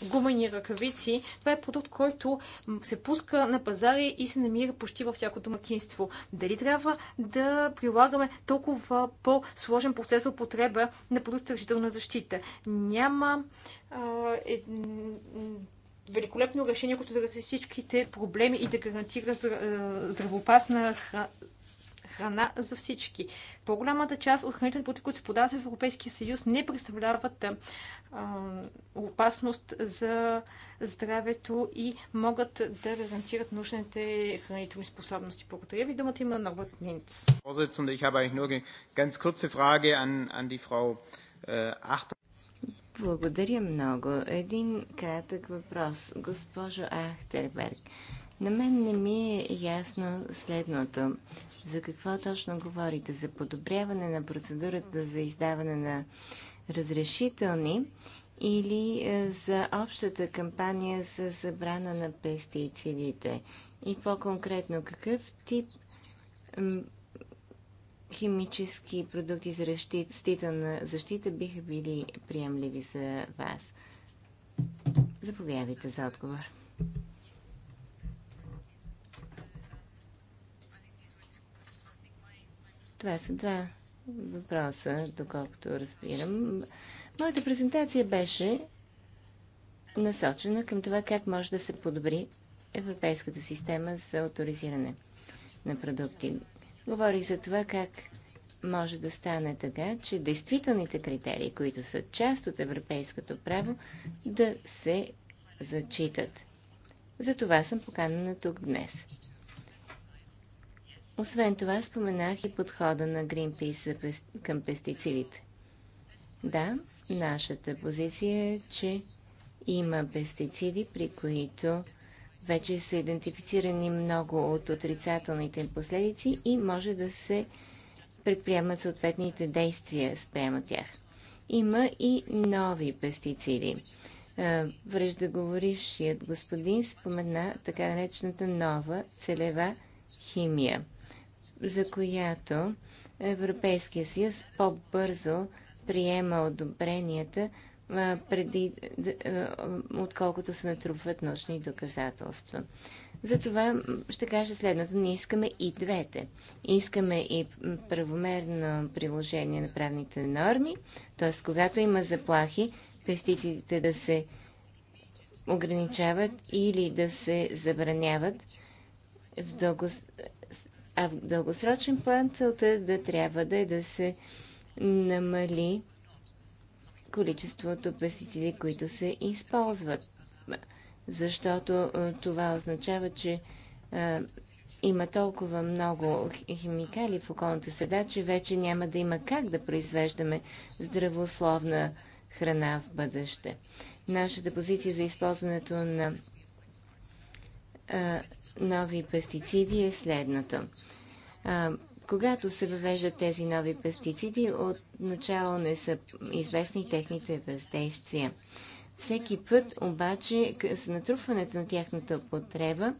гумени ръкавици, това е продукт, който се пуска на пазари и се намира почти във всяко домакинство. Дали трябва да прилагаме толкова по-сложен процес употреба на продукт за защита? Няма а, е, великолепно решение, което да разреши всичките проблеми и да гарантира е, здравопасна храна за всички. По-голямата част от хранителните продукти, които се подават в Европейския съюз, не представляват а, е, е, опасност за здравето и могат да гарантират нужните хранителни способности. Благодаря ви. Думата има Норбът Минц. Благодаря много. Един кратък въпрос, госпожо Ахтерберг. На мен не ми е ясно следното. За какво точно говорите? За подобряване на процедурата за издаване на разрешителни или е, за общата кампания за забрана на пестицидите? И по-конкретно, какъв тип химически продукти за защита на защита биха били приемливи за вас? Заповядайте за отговор. Това са два въпроса, доколкото разбирам. Моята презентация беше насочена към това как може да се подобри европейската система за авторизиране на продукти. Говорих за това как може да стане така, че действителните критерии, които са част от европейското право, да се зачитат. За това съм поканена тук днес. Освен това, споменах и подхода на Greenpeace към пестицидите. Да, нашата позиция е, че има пестициди, при които вече са идентифицирани много от отрицателните последици и може да се предприемат съответните действия спрямо тях. Има и нови пестициди. Е, връждаговорившият господин спомена така наречената нова целева химия, за която Европейския съюз по-бързо приема одобренията, преди, отколкото се натрупват научни доказателства. Затова ще кажа следното. Ние искаме и двете. Искаме и правомерно приложение на правните норми, т.е. когато има заплахи, пестицидите да се ограничават или да се забраняват, в дългос... а в дългосрочен план целта да трябва да е да се намали количеството пестициди, които се използват. Защото е, това означава, че а, е, има толкова много химикали в околната среда, че вече няма да има как да произвеждаме здравословна храна в бъдеще. Нашата позиция за използването на а, е, нови пестициди е следната. А, когато се въвеждат тези нови пестициди, отначало не са известни техните въздействия. Всеки път обаче с натрупването на тяхната потреба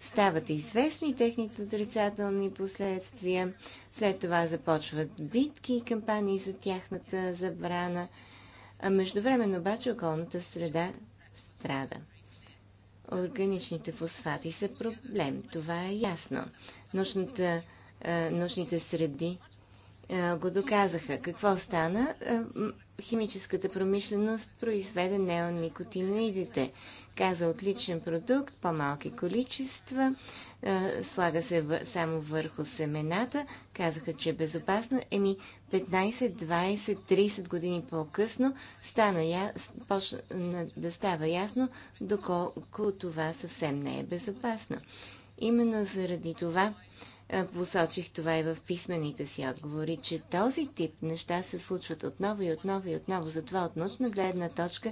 стават известни техните отрицателни последствия, след това започват битки и кампании за тяхната забрана, а междувременно обаче околната среда страда. Органичните фосфати са проблем, това е ясно. Нощната е, научните среди е, го доказаха. Какво стана? Е, химическата промишленост произведе неоникотиноидите. Каза отличен продукт, по-малки количества, слага се само върху семената. Казаха, че е безопасно. Еми, 15, 20, 30 години по-късно стана я... почна да става ясно, доколко това съвсем не е безопасно. Именно заради това е, посочих това и в писмените си отговори, че този тип неща се случват отново и отново и отново. Затова от научна гледна точка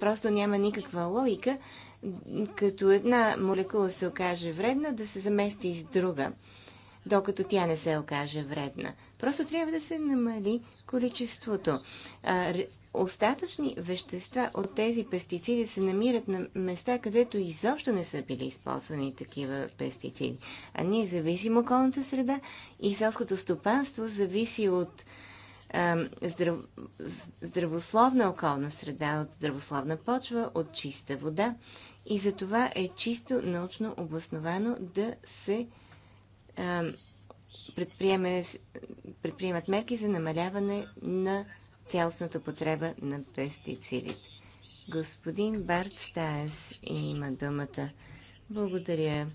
просто няма никаква логика, като една молекула се окаже вредна, да се замести с друга, докато тя не се окаже вредна. Просто трябва да се намали количеството остатъчни вещества от тези пестициди се намират на места, където изобщо не са били използвани такива пестициди. А ние зависим околната среда и селското стопанство зависи от а, здрав... здравословна околна среда, от здравословна почва, от чиста вода. И за това е чисто научно обосновано да се а, предприемат мерки за намаляване на цялостната потреба на пестицидите. Господин Барт Стаес има думата. Благодаря,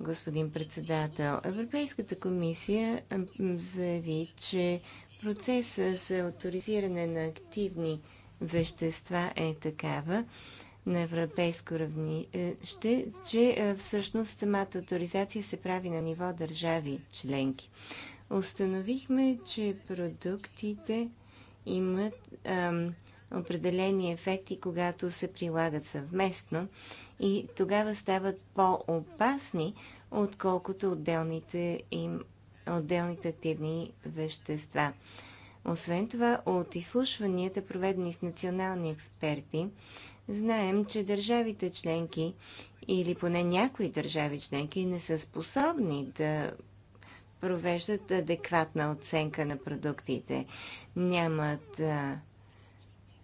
господин председател. Европейската комисия заяви, че процеса за авторизиране на активни вещества е такава на европейско равнище, е, че е, всъщност самата авторизация се прави на ниво държави членки. Установихме, че продуктите имат ам, определени ефекти, когато се прилагат съвместно и тогава стават по-опасни, отколкото отделните, им, отделните активни вещества. Освен това, от изслушванията, проведени с национални експерти, знаем, че държавите членки или поне някои държави членки не са способни да провеждат адекватна оценка на продуктите. Нямат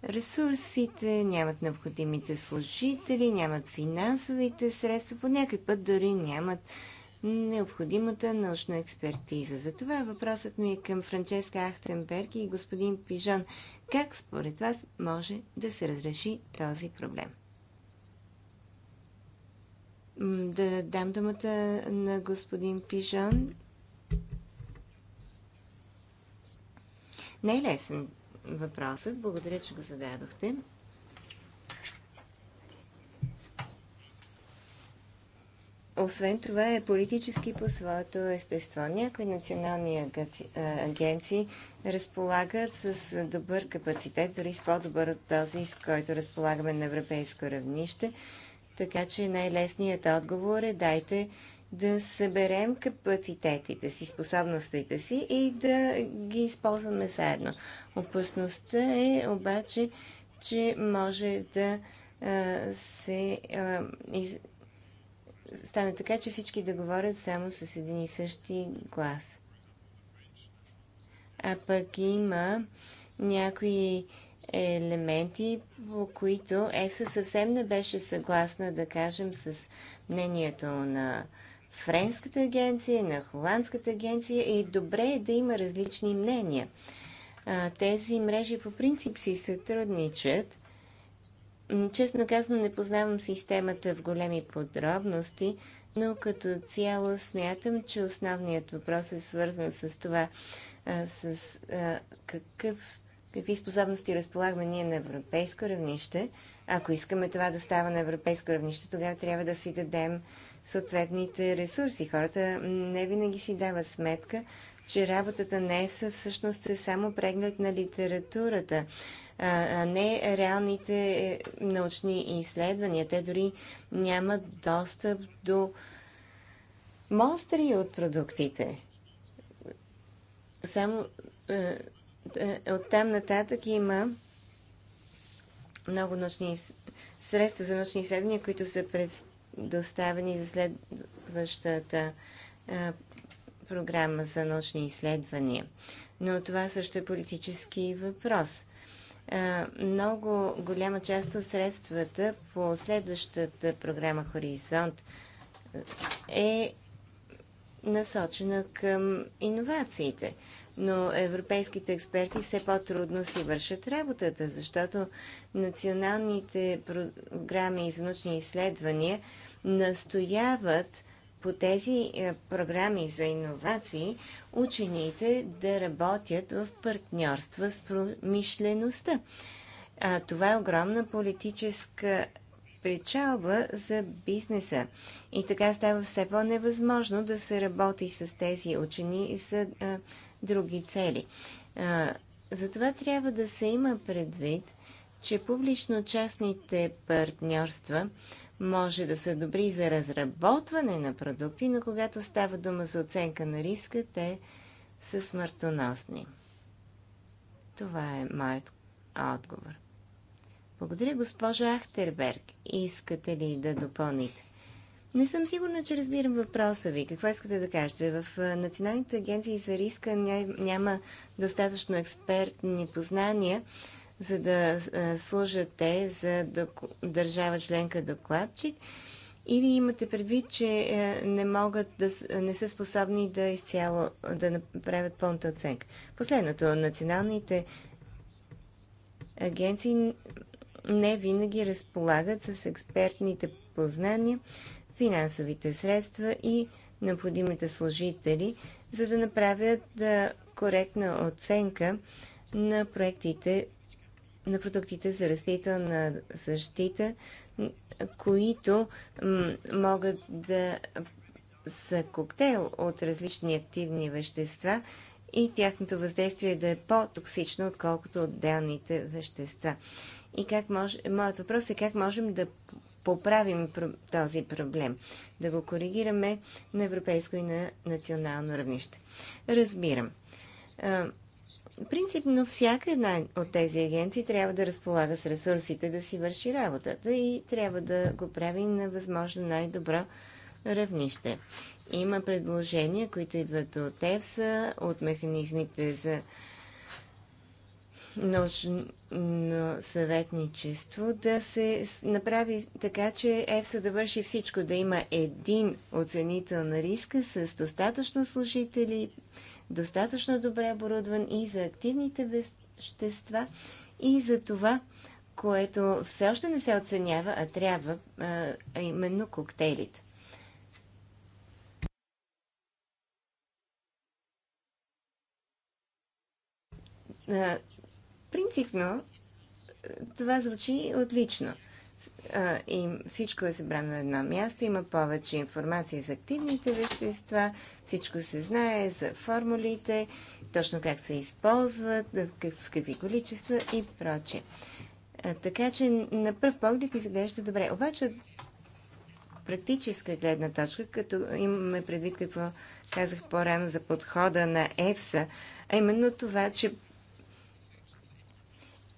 ресурсите, нямат необходимите служители, нямат финансовите средства, по някой път дори нямат необходимата научна експертиза. Затова въпросът ми е към Франческа Ахтенберг и господин Пижон. Как според вас може да се разреши този проблем? Да дам думата на господин Пижон не е лесен въпросът. Благодаря, че го зададохте. Освен това е политически по своето естество. Някои национални агенции разполагат с добър капацитет, дори с по-добър от този, с който разполагаме на европейско равнище. Така че най-лесният отговор е дайте да съберем капацитетите си, способностите си и да ги използваме заедно. Опасността е обаче, че може да а, се а, из... стане така, че всички да говорят само с един и същи глас. А пък има някои елементи, по които Евса съвсем не беше съгласна, да кажем, с мнението на френската агенция, на холандската агенция и добре е да има различни мнения. Тези мрежи по принцип си сътрудничат. Честно казвам, не познавам системата в големи подробности, но като цяло смятам, че основният въпрос е свързан с това, с какъв, какви способности разполагаме ние на европейско равнище. Ако искаме това да става на европейско равнище, тогава трябва да си дадем съответните ресурси. Хората не винаги си дават сметка, че работата на е всъщност е само преглед на литературата, а не реалните е, научни изследвания. Те дори нямат достъп до мостри от продуктите. Само е, е, от оттам нататък има много научни средства за научни изследвания, които са представени доставени за следващата а, програма за научни изследвания. Но това също е политически въпрос. А, много голяма част от средствата по следващата програма Хоризонт е насочена към иновациите. Но европейските експерти все по-трудно си вършат работата, защото националните програми за научни изследвания настояват по тези е, програми за иновации учените да работят в партньорства с промишлеността. А, това е огромна политическа печалба за бизнеса. И така става все по-невъзможно да се работи с тези учени за а, други цели. А, затова трябва да се има предвид, че публично-частните партньорства може да са добри за разработване на продукти, но когато става дума за оценка на риска, те са смъртоносни. Това е моят отговор. Благодаря, госпожа Ахтерберг. Искате ли да допълните? Не съм сигурна, че разбирам въпроса ви. Какво искате да кажете? В националните агенции за риска няма достатъчно експертни познания, за да служат те за държава членка докладчик? Или имате предвид, че е, не могат да не са способни да изцяло да направят пълната оценка? Последното, националните агенции не винаги разполагат с експертните познания, финансовите средства и необходимите служители, за да направят коректна оценка на проектите на продуктите за растителна защита, които могат да са коктейл от различни активни вещества и тяхното въздействие да е по-токсично, отколкото отделните вещества. И как може, моят въпрос е как можем да поправим този проблем, да го коригираме на европейско и на национално равнище. Разбирам. Принципно всяка една от тези агенции трябва да разполага с ресурсите да си върши работата и трябва да го прави на възможно най-добро равнище. Има предложения, които идват от Евса, от механизмите за научно съветничество, да се направи така, че ЕФСА да върши всичко, да има един оценител на риска с достатъчно служители, достатъчно добре оборудван и за активните вещества, и за това, което все още не се оценява, а трябва, а именно коктейлите. Принципно това звучи отлично и всичко е събрано на едно място, има повече информация за активните вещества, всичко се знае за формулите, точно как се използват, в какви количества и прочее. Така че на пръв поглед изглежда добре. Обаче от практическа гледна точка, като имаме предвид какво казах по-рано за подхода на ЕФСА, а именно това, че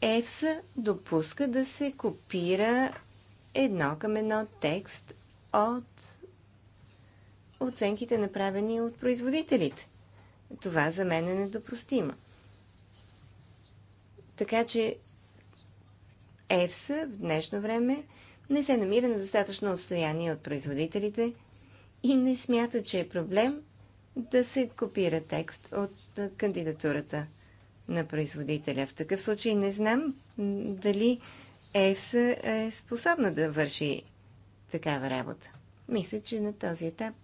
ЕФСА допуска да се копира едно към едно текст от оценките направени от производителите. Това за мен е недопустимо. Така че ЕФСА в днешно време не се намира на достатъчно отстояние от производителите и не смята, че е проблем да се копира текст от кандидатурата на производителя. В такъв случай не знам дали ЕС е способна да върши такава работа. Мисля, че на този етап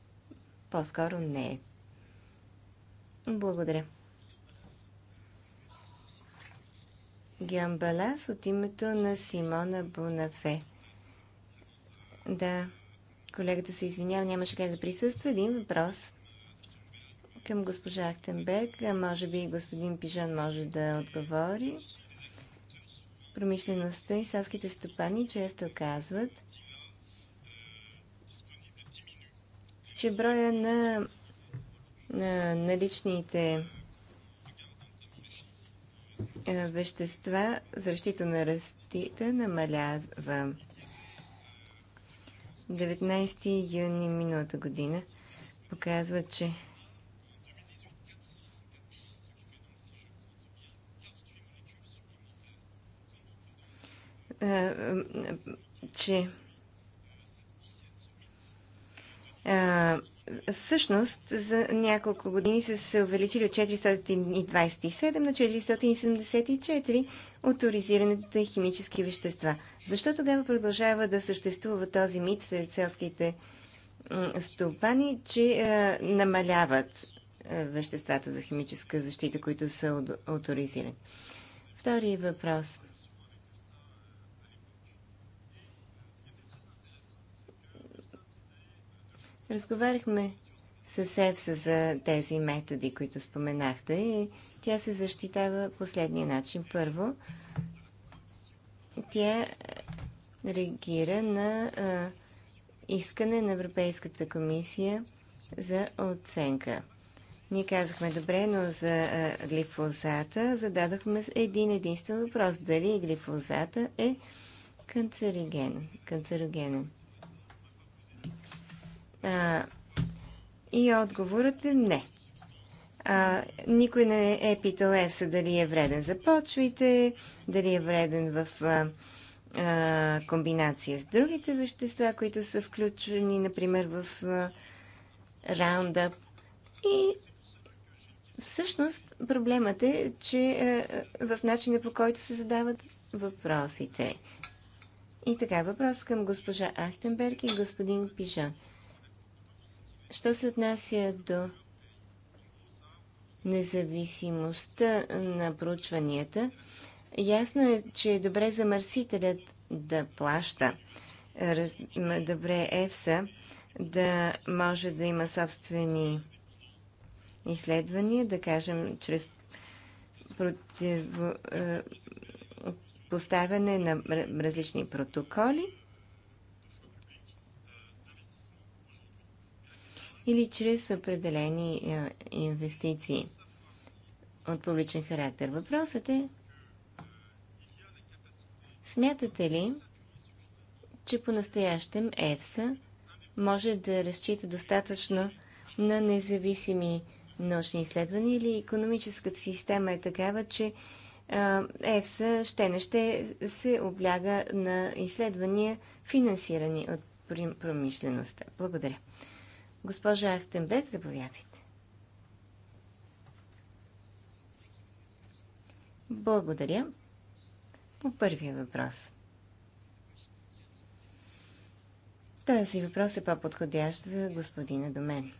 по-скоро не е. Благодаря. Геон Балас от името на Симона Бонафе. Да, колегата се извинява, нямаше как да присъства. Един въпрос към госпожа Ахтенберг, А може би господин Пижан може да отговори. Промишлеността и селските стопани често казват, че броя на, на наличните е, вещества за защита на растите намалява. 19 юни миналата година показва, че Е, че всъщност за няколко години са се увеличили от 427 на 474 авторизираните химически вещества. Защо тогава продължава да съществува този мит сред селските стопани, че намаляват веществата за химическа защита, които са авторизирани? Втори въпрос – Разговаряхме с Евса за тези методи, които споменахте и тя се защитава последния начин. Първо, тя реагира на а, искане на Европейската комисия за оценка. Ние казахме добре, но за а, глифозата зададохме един единствен въпрос. Дали глифозата е канцерогенен? канцерогенен. А, и отговорът е не. А, никой не е питал ЕФСА дали е вреден за почвите, дали е вреден в а, а, комбинация с другите вещества, които са включени, например, в раундъп. Roundup. И всъщност проблемът е, че а, в начина по който се задават въпросите. И така, въпрос към госпожа Ахтенберг и господин Пижан. Що се отнася до независимостта на проучванията, ясно е, че е добре замърсителят да плаща. Раз... Добре е ЕФСА да може да има собствени изследвания, да кажем, чрез против... Е, поставяне на различни протоколи – или чрез определени е, инвестиции от публичен характер. Въпросът е, смятате ли, че по-настоящем ЕФСА може да разчита достатъчно на независими научни изследвания или економическата система е такава, че е, ЕФСА ще не ще се обляга на изследвания, финансирани от промишлеността. Благодаря. Госпожа Ахтенбек, заповядайте. Благодаря. По първия въпрос. Този въпрос е по-подходящ за господина до мен.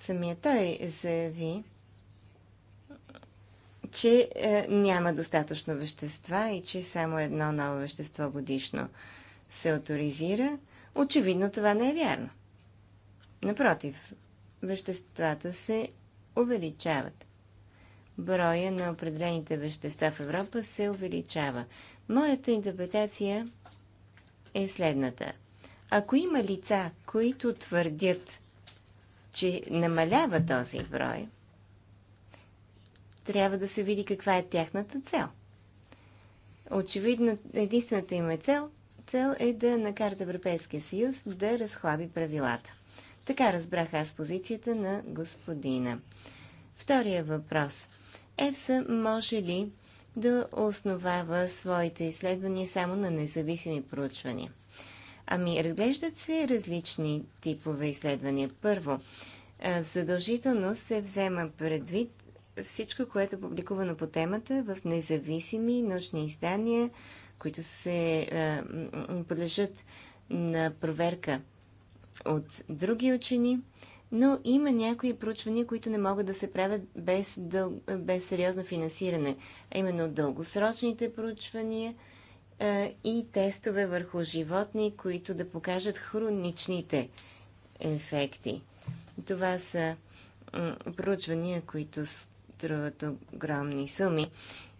Самия той заяви, че е, няма достатъчно вещества и че само едно ново вещество годишно се авторизира. Очевидно това не е вярно. Напротив, веществата се увеличават. Броя на определените вещества в Европа се увеличава. Моята интерпретация е следната. Ако има лица, които твърдят, че намалява този брой, трябва да се види каква е тяхната цел. Очевидно, единствената им е цел, цел е да накарат Европейския съюз да разхлаби правилата. Така разбрах аз позицията на господина. Втория въпрос. ЕФСА може ли да основава своите изследвания само на независими проучвания? Ами, разглеждат се различни типове изследвания. Първо, задължително се взема предвид всичко, което е публикувано по темата в независими научни издания, които се е, подлежат на проверка от други учени, но има някои проучвания, които не могат да се правят без, дъл... без сериозно финансиране, а именно дългосрочните проучвания е, и тестове върху животни, които да покажат хроничните ефекти. Това са проучвания, които струват огромни суми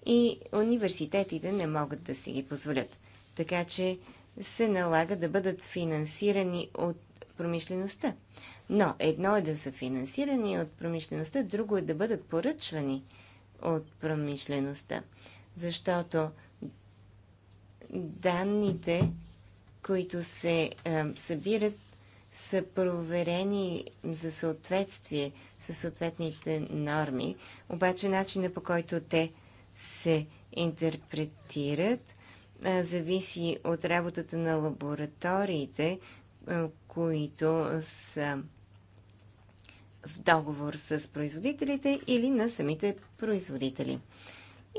и университетите не могат да си ги позволят. Така че се налага да бъдат финансирани от промишлеността. Но едно е да са финансирани от промишлеността, друго е да бъдат поръчвани от промишлеността. Защото данните, които се е, събират, са проверени за съответствие с съответните норми, обаче начина по който те се интерпретират зависи от работата на лабораториите, които са в договор с производителите или на самите производители.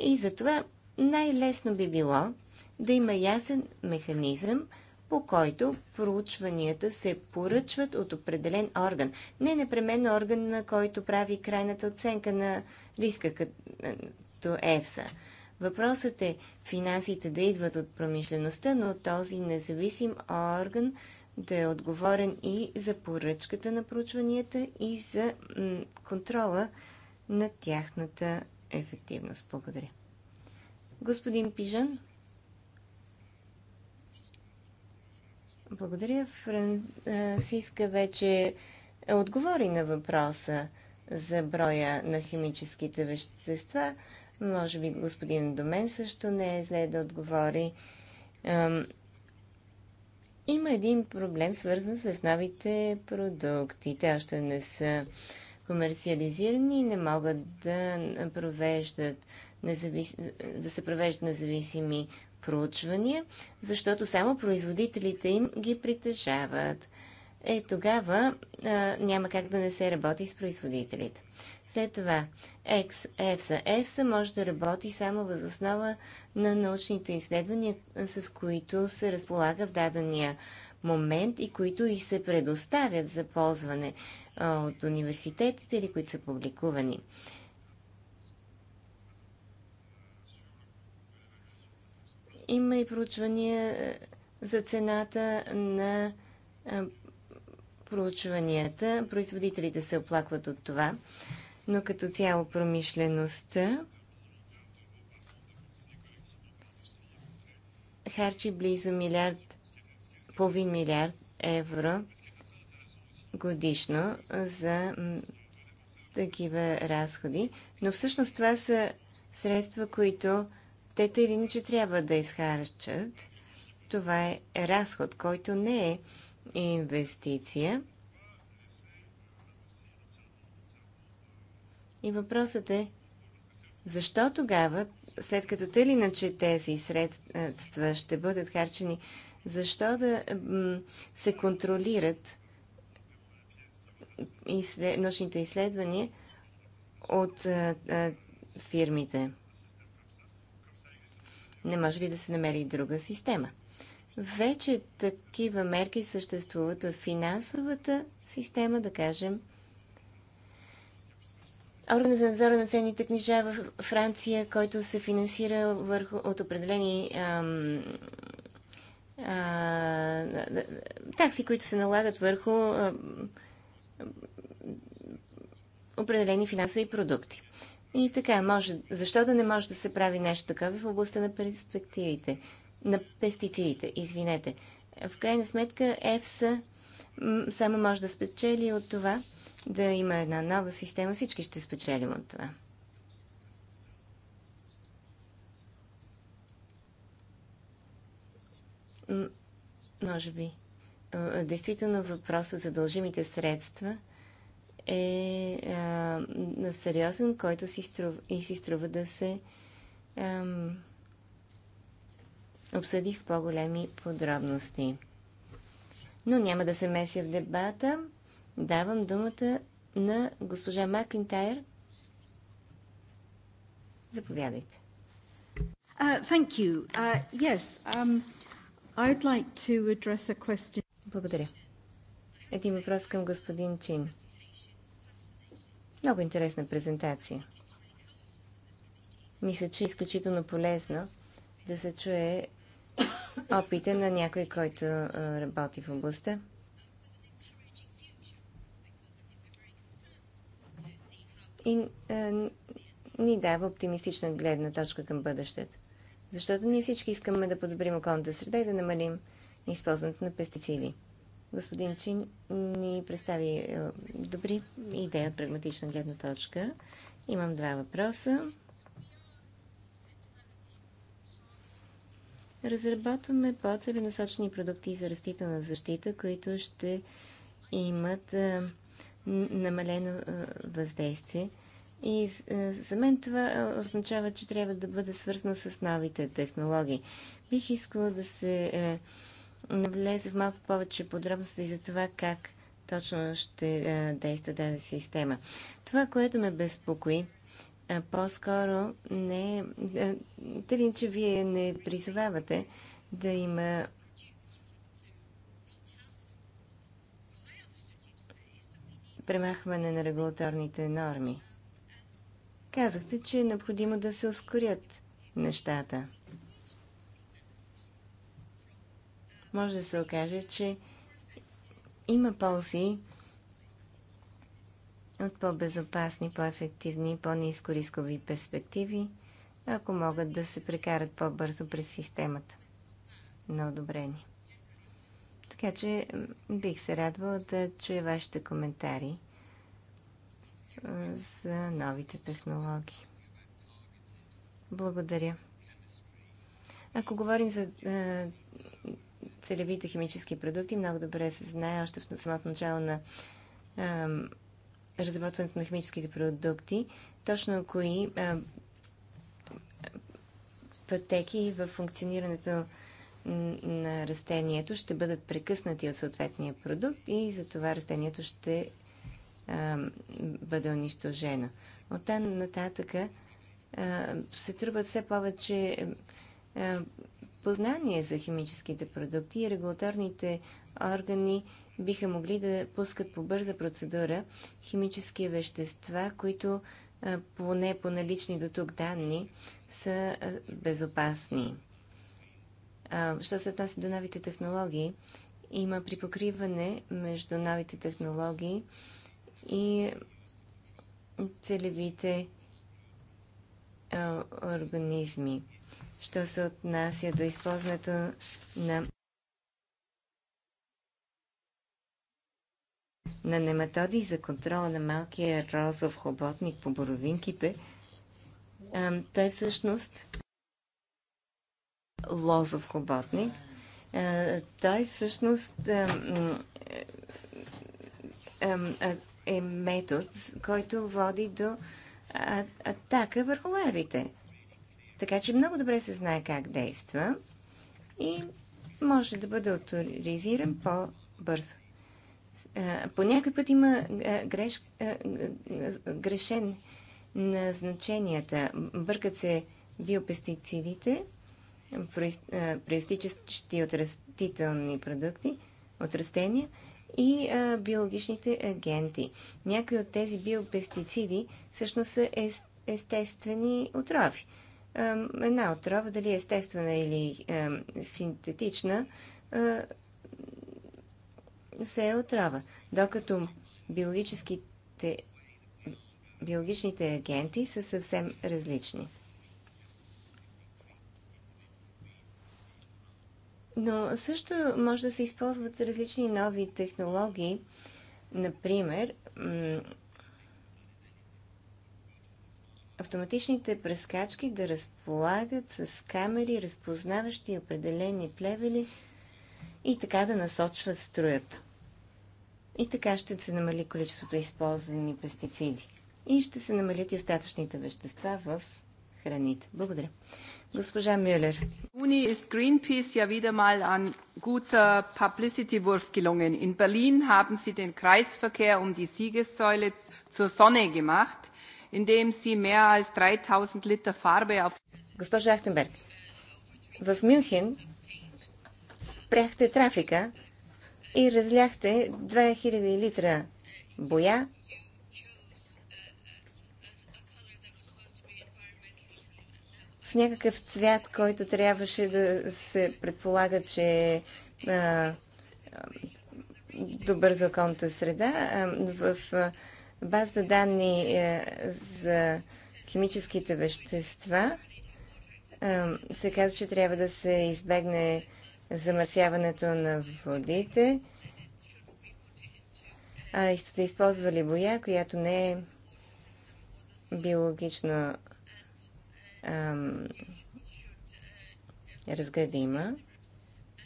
И затова най-лесно би било да има ясен механизъм, по който проучванията се поръчват от определен орган. Не непременно орган, на който прави крайната оценка на риска като ЕФСА. Въпросът е финансите да идват от промишлеността, но този независим орган да е отговорен и за поръчката на проучванията и за контрола на тяхната ефективност. Благодаря. Господин Пижан. Благодаря. Франциска вече отговори на въпроса за броя на химическите вещества. Може би господин Домен също не е зле да отговори. Има един проблем, свързан с новите продукти. Те още не са комерциализирани и не могат да, провеждат независ... да се провеждат независими проучвания, защото само производителите им ги притежават. Е, тогава а, няма как да не се работи с производителите. След това, x EFSA. EFSA може да работи само въз основа на научните изследвания, с които се разполага в дадения момент и които и се предоставят за ползване а, от университетите или които са публикувани. Има и проучвания е, за цената на е, проучванията. Производителите се оплакват от това, но като цяло промишлеността харчи близо милиард, половин милиард евро годишно за такива разходи. Но всъщност това са средства, които те тъй или иначе трябва да изхарчат. Това е разход, който не е инвестиция. И въпросът е, защо тогава, след като тъй или иначе тези средства ще бъдат харчени, защо да се контролират научните изследвания от фирмите? Не може ли да се намери друга система? Вече такива мерки съществуват в финансовата система, да кажем. органът за надзор на ценните книжа в Франция, който се финансира върху, от определени ам, а, такси, които се налагат върху ам, определени финансови продукти. И така, може, защо да не може да се прави нещо такова в областта на перспективите, на пестицидите, извинете. В крайна сметка ЕФСА само може да спечели от това, да има една нова система, всички ще спечелим от това. М може би. Действително въпросът за дължимите средства – е а, сериозен, който си струва, и си струва да се ам, обсъди в по-големи подробности. Но няма да се меся в дебата. Давам думата на госпожа Макинтайр. Заповядайте. Uh, thank you. Uh, yes, um, I'd like to address a question. Благодаря. Един въпрос към господин Чин. Много интересна презентация. Мисля, че е изключително полезно да се чуе опита на някой, който работи в областта. И е, ни дава оптимистична гледна точка към бъдещето. Защото ние всички искаме да подобрим околната среда и да намалим използването на пестициди господин Чин ни представи е, добри идеи от прагматична гледна точка. Имам два въпроса. Разработваме по-целенасочени продукти за растителна защита, които ще имат е, намалено е, въздействие. И за мен това означава, че трябва да бъде свързано с новите технологии. Бих искала да се влезе в малко повече подробности за това как точно ще действа тази система. Това, което ме безпокои, по-скоро не е... Тъй, че вие не призовавате да има премахване на регулаторните норми. Казахте, че е необходимо да се ускорят нещата. може да се окаже, че има ползи от по-безопасни, по-ефективни, по-низко рискови перспективи, ако могат да се прекарат по-бързо през системата на одобрение. Така че бих се радвала да чуя вашите коментари за новите технологии. Благодаря. Ако говорим за е, целевите химически продукти много добре се знае още в самото начало на а, разработването на химическите продукти, точно кои а, пътеки в функционирането на растението ще бъдат прекъснати от съответния продукт и за това растението ще а, бъде унищожено. От там нататъка се тръбват все повече Познание за химическите продукти и регулаторните органи биха могли да пускат по бърза процедура химически вещества, които поне по налични до тук данни са безопасни. Що се отнася до новите технологии, има припокриване между новите технологии и целевите организми що се отнася до използването на на нематоди за контрола на малкия розов хоботник по боровинките, а, той всъщност лозов хоботник, а, той всъщност а, е метод, който води до атака върху ларвите. Така че много добре се знае как действа и може да бъде авторизиран по-бързо. По някой път има греш, грешен на значенията. Бъркат се биопестицидите, проистичащи от растителни продукти, от растения и биологичните агенти. Някои от тези биопестициди всъщност са естествени отрови една отрова, дали е естествена или синтетична, се е отрова. Докато биологическите, биологичните агенти са съвсем различни. Но също може да се използват различни нови технологии. Например, автоматичните прескачки да разполагат с камери, разпознаващи определени плевели и така да насочват струята. И така ще се намали количеството използвани пестициди. И ще се намалят и остатъчните вещества в храните. Благодаря. Госпожа Мюлер. Juni ist Greenpeace ja wieder mal an guter Publicity-Wurf gelungen. In Berlin haben sie den Kreisverkehr um die Siegessäule zur Sonne gemacht indem sie mehr als 3000 Liter Farbe auf. Госпожа Ахтенберг, в Мюнхен спряхте трафика и разляхте 2000 литра боя в някакъв цвят, който трябваше да се предполага, че е добър за околната среда. в а, база данни е, за химическите вещества е, се казва, че трябва да се избегне замърсяването на водите, а сте използвали боя, която не е биологично ам, разградима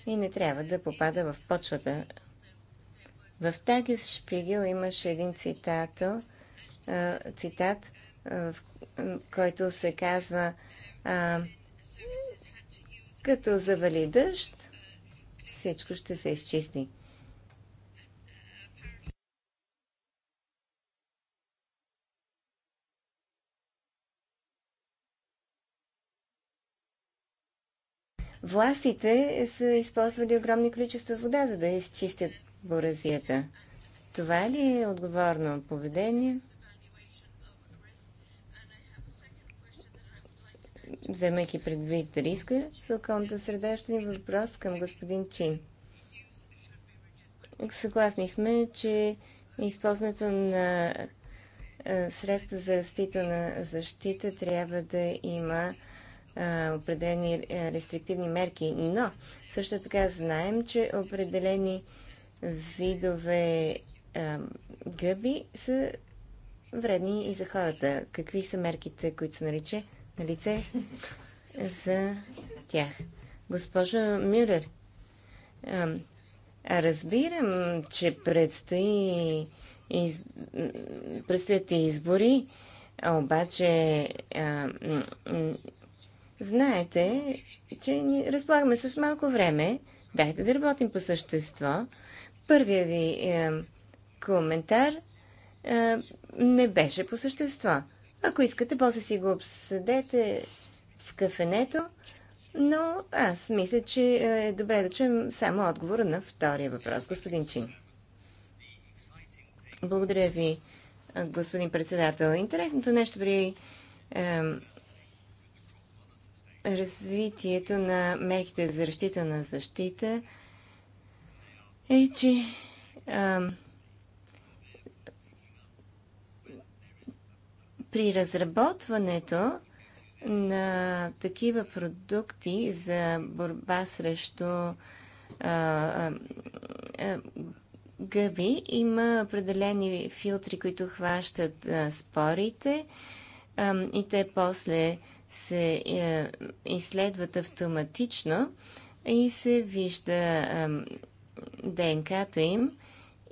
и не трябва да попада в почвата в Тагис Шпигел имаше един цитатъл, цитат, в който се казва а, като завали дъжд, всичко ще се изчисти. Власите са използвали огромни количества вода, за да изчистят буразията. Това ли е отговорно поведение? Вземайки предвид риска с околната среда, ще ни въпрос към господин Чин. Съгласни сме, че използването на средства за растителна защита трябва да има определени рестриктивни мерки, но също така знаем, че определени видове а, гъби са вредни и за хората. Какви са мерките, които са лице, на лице за тях? Госпожа Мюрер, а, разбирам, че предстои, из, предстоят и избори, обаче а, знаете, че ни разполагаме с малко време. Дайте да работим по същество Първия ви е, коментар е, не беше по същество. Ако искате, после си го обсъдете в кафенето, но аз мисля, че е, е добре да чуем само отговора на втория въпрос, господин Чин. Благодаря ви, е, господин председател. Интересното нещо при е, развитието на мерките за защита на защита е, че а, при разработването на такива продукти за борба срещу а, а, а, гъби има определени филтри, които хващат а, спорите а, и те после се а, е, изследват автоматично и се вижда а, ДНК-то им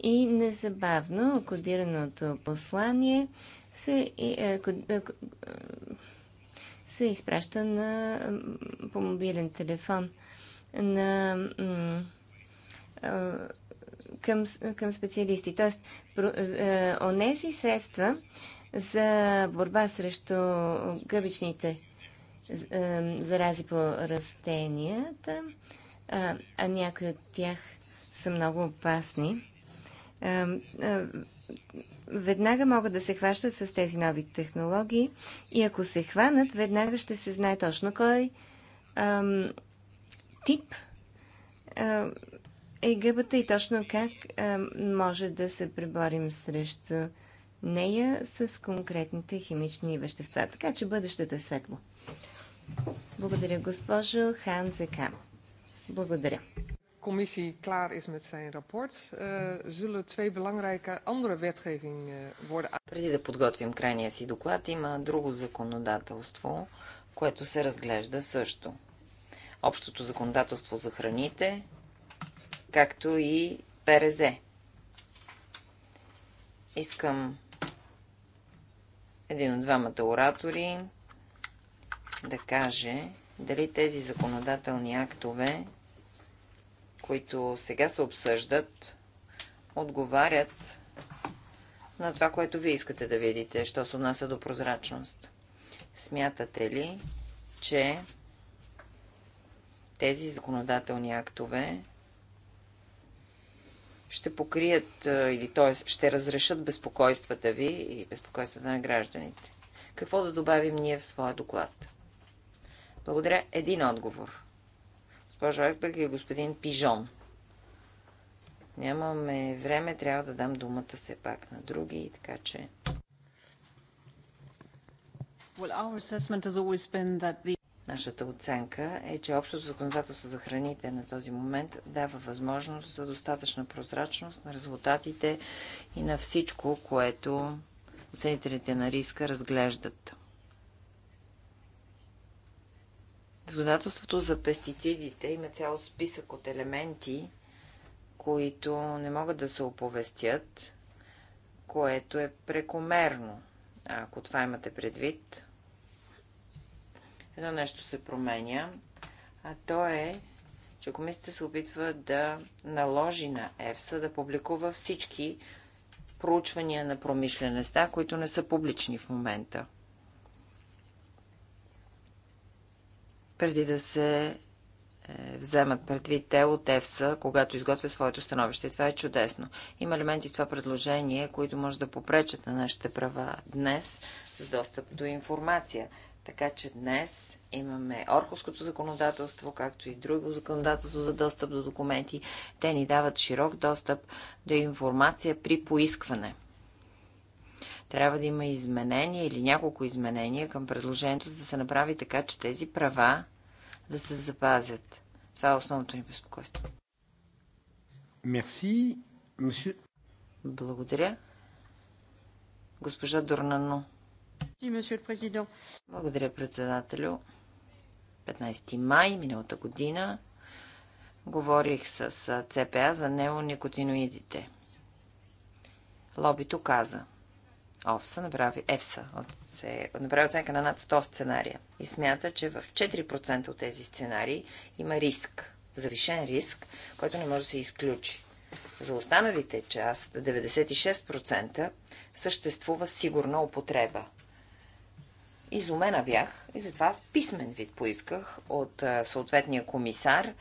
и незабавно кодираното послание се, е, е, се изпраща на, по мобилен телефон на, към, към специалисти. Тоест, е, онези средства за борба срещу гъбичните зарази по растенията, а, а някои от тях са много опасни, е, е, веднага могат да се хващат с тези нови технологии и ако се хванат, веднага ще се знае точно кой тип е, е гъбата и точно как може да се преборим срещу нея с конкретните химични вещества. Така че бъдещето е светло. Благодаря, госпожо Ханзека. Благодаря commissie klaar is met zijn rapport, eh, zullen twee belangrijke andere wetgeving eh, worden... Преди да подготвим крайния си доклад, има друго законодателство, което се разглежда също. Общото законодателство за храните, както и ПРЗ. Искам един от двамата оратори да каже дали тези законодателни актове които сега се обсъждат, отговарят на това, което вие искате да видите, що се отнася до прозрачност. Смятате ли, че тези законодателни актове ще покрият или т.е. ще разрешат безпокойствата ви и безпокойствата на гражданите? Какво да добавим ние в своя доклад? Благодаря. Един отговор госпожо Айсберг и господин Пижон. Нямаме време, трябва да дам думата все пак на други, така че... Нашата оценка е, че общото законодателство за храните на този момент дава възможност за достатъчна прозрачност на резултатите и на всичко, което оценителите на риска разглеждат. Законодателството за пестицидите има цял списък от елементи, които не могат да се оповестят, което е прекомерно. ако това имате предвид, едно нещо се променя, а то е, че комисията се опитва да наложи на ЕФСА да публикува всички проучвания на промишлен които не са публични в момента. преди да се е, вземат предвид те от ЕФСА, когато изготвя своето становище. Това е чудесно. Има елементи в това предложение, които може да попречат на нашите права днес с достъп до информация. Така че днес имаме орховското законодателство, както и друго законодателство за достъп до документи. Те ни дават широк достъп до информация при поискване. Трябва да има изменения или няколко изменения към предложението, за да се направи така, че тези права да се запазят. Това е основното ни безпокойство. Мерси, месье. Благодаря. Госпожа Дорнано. Благодаря, председателю. 15 май миналата година говорих с ЦПА за неоникотиноидите. Лобито каза, ОВСА направи, ЕФСА се, направи оценка на над 100 сценария и смята, че в 4% от тези сценарии има риск, завишен риск, който не може да се изключи. За останалите част, 96%, съществува сигурна употреба. Изумена бях и затова в писмен вид поисках от съответния комисар,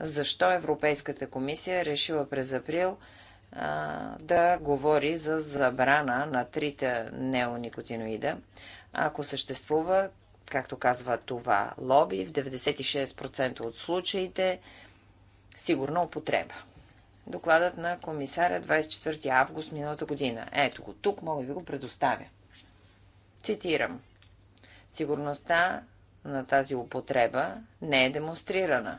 защо Европейската комисия е решила през април да говори за забрана на трите неоникотиноида, ако съществува, както казва това лоби, в 96% от случаите сигурна употреба. Докладът на комисаря 24 август миналата година. Ето го, тук мога да ви го предоставя. Цитирам. Сигурността на тази употреба не е демонстрирана.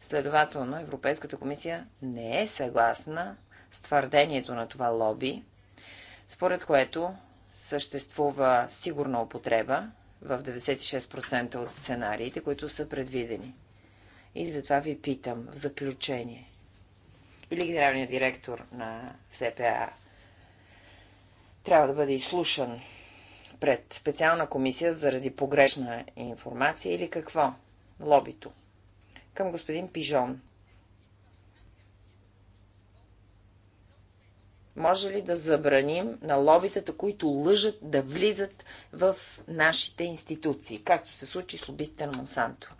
Следователно, Европейската комисия не е съгласна с твърдението на това лоби, според което съществува сигурна употреба в 96% от сценариите, които са предвидени. И затова ви питам в заключение. Или генералният директор на СПА трябва да бъде изслушан пред специална комисия заради погрешна информация или какво? Лобито. Към господин Пижон. Може ли да забраним на лобитата, които лъжат, да влизат в нашите институции, както се случи с лобистите на Монсанто?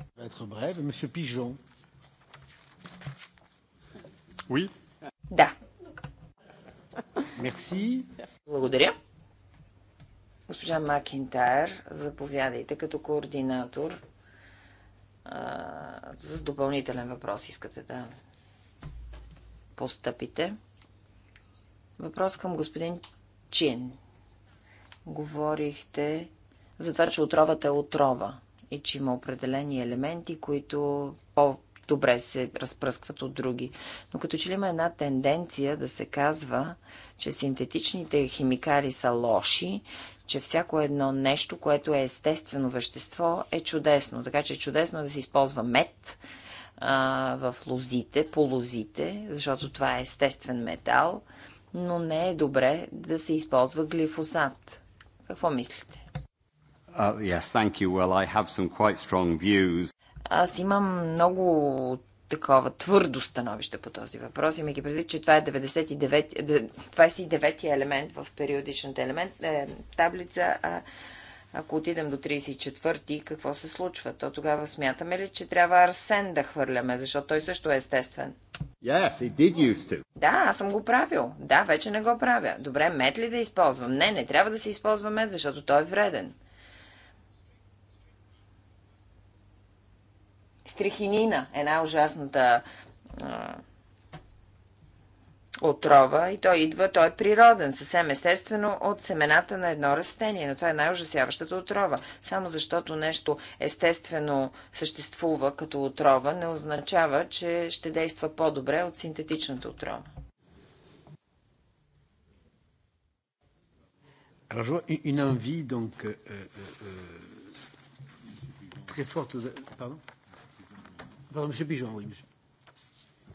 Да. Мерси. Благодаря. Госпожа Макинтайр, заповядайте като координатор а, с допълнителен въпрос искате да постъпите. Въпрос към господин Чин. Говорихте за това, че отровата е отрова и че има определени елементи, които по-добре се разпръскват от други. Но като че ли има една тенденция да се казва, че синтетичните химикали са лоши, че всяко едно нещо, което е естествено вещество, е чудесно. Така че е чудесно да се използва мед а, в лозите, по лозите, защото това е естествен метал – но не е добре да се използва глифосат. Какво мислите? Uh, yes, thank you. Well, I have some quite strong views. Аз имам много такова твърдо становище по този въпрос, имайки предвид, че това е 29, 29 елемент в периодичната елемент, е, таблица, а ако отидем до 34-ти, какво се случва? То тогава смятаме ли, че трябва Арсен да хвърляме, защото той също е естествен? Yes, he did used to. Да, аз съм го правил. Да, вече не го правя. Добре, мед ли да използвам? Не, не трябва да се използва мед, защото той е вреден. Стрихинина, една ужасната а, отрова и той идва, той е природен, съвсем естествено от семената на едно растение, но това е най-ужасяващата отрова. Само защото нещо естествено съществува като отрова, не означава, че ще действа по-добре от синтетичната отрова. Alors j'ai une envie donc euh, euh, euh, très forte. De... Pardon. Pardon, Monsieur Pigeon, oui. Monsieur.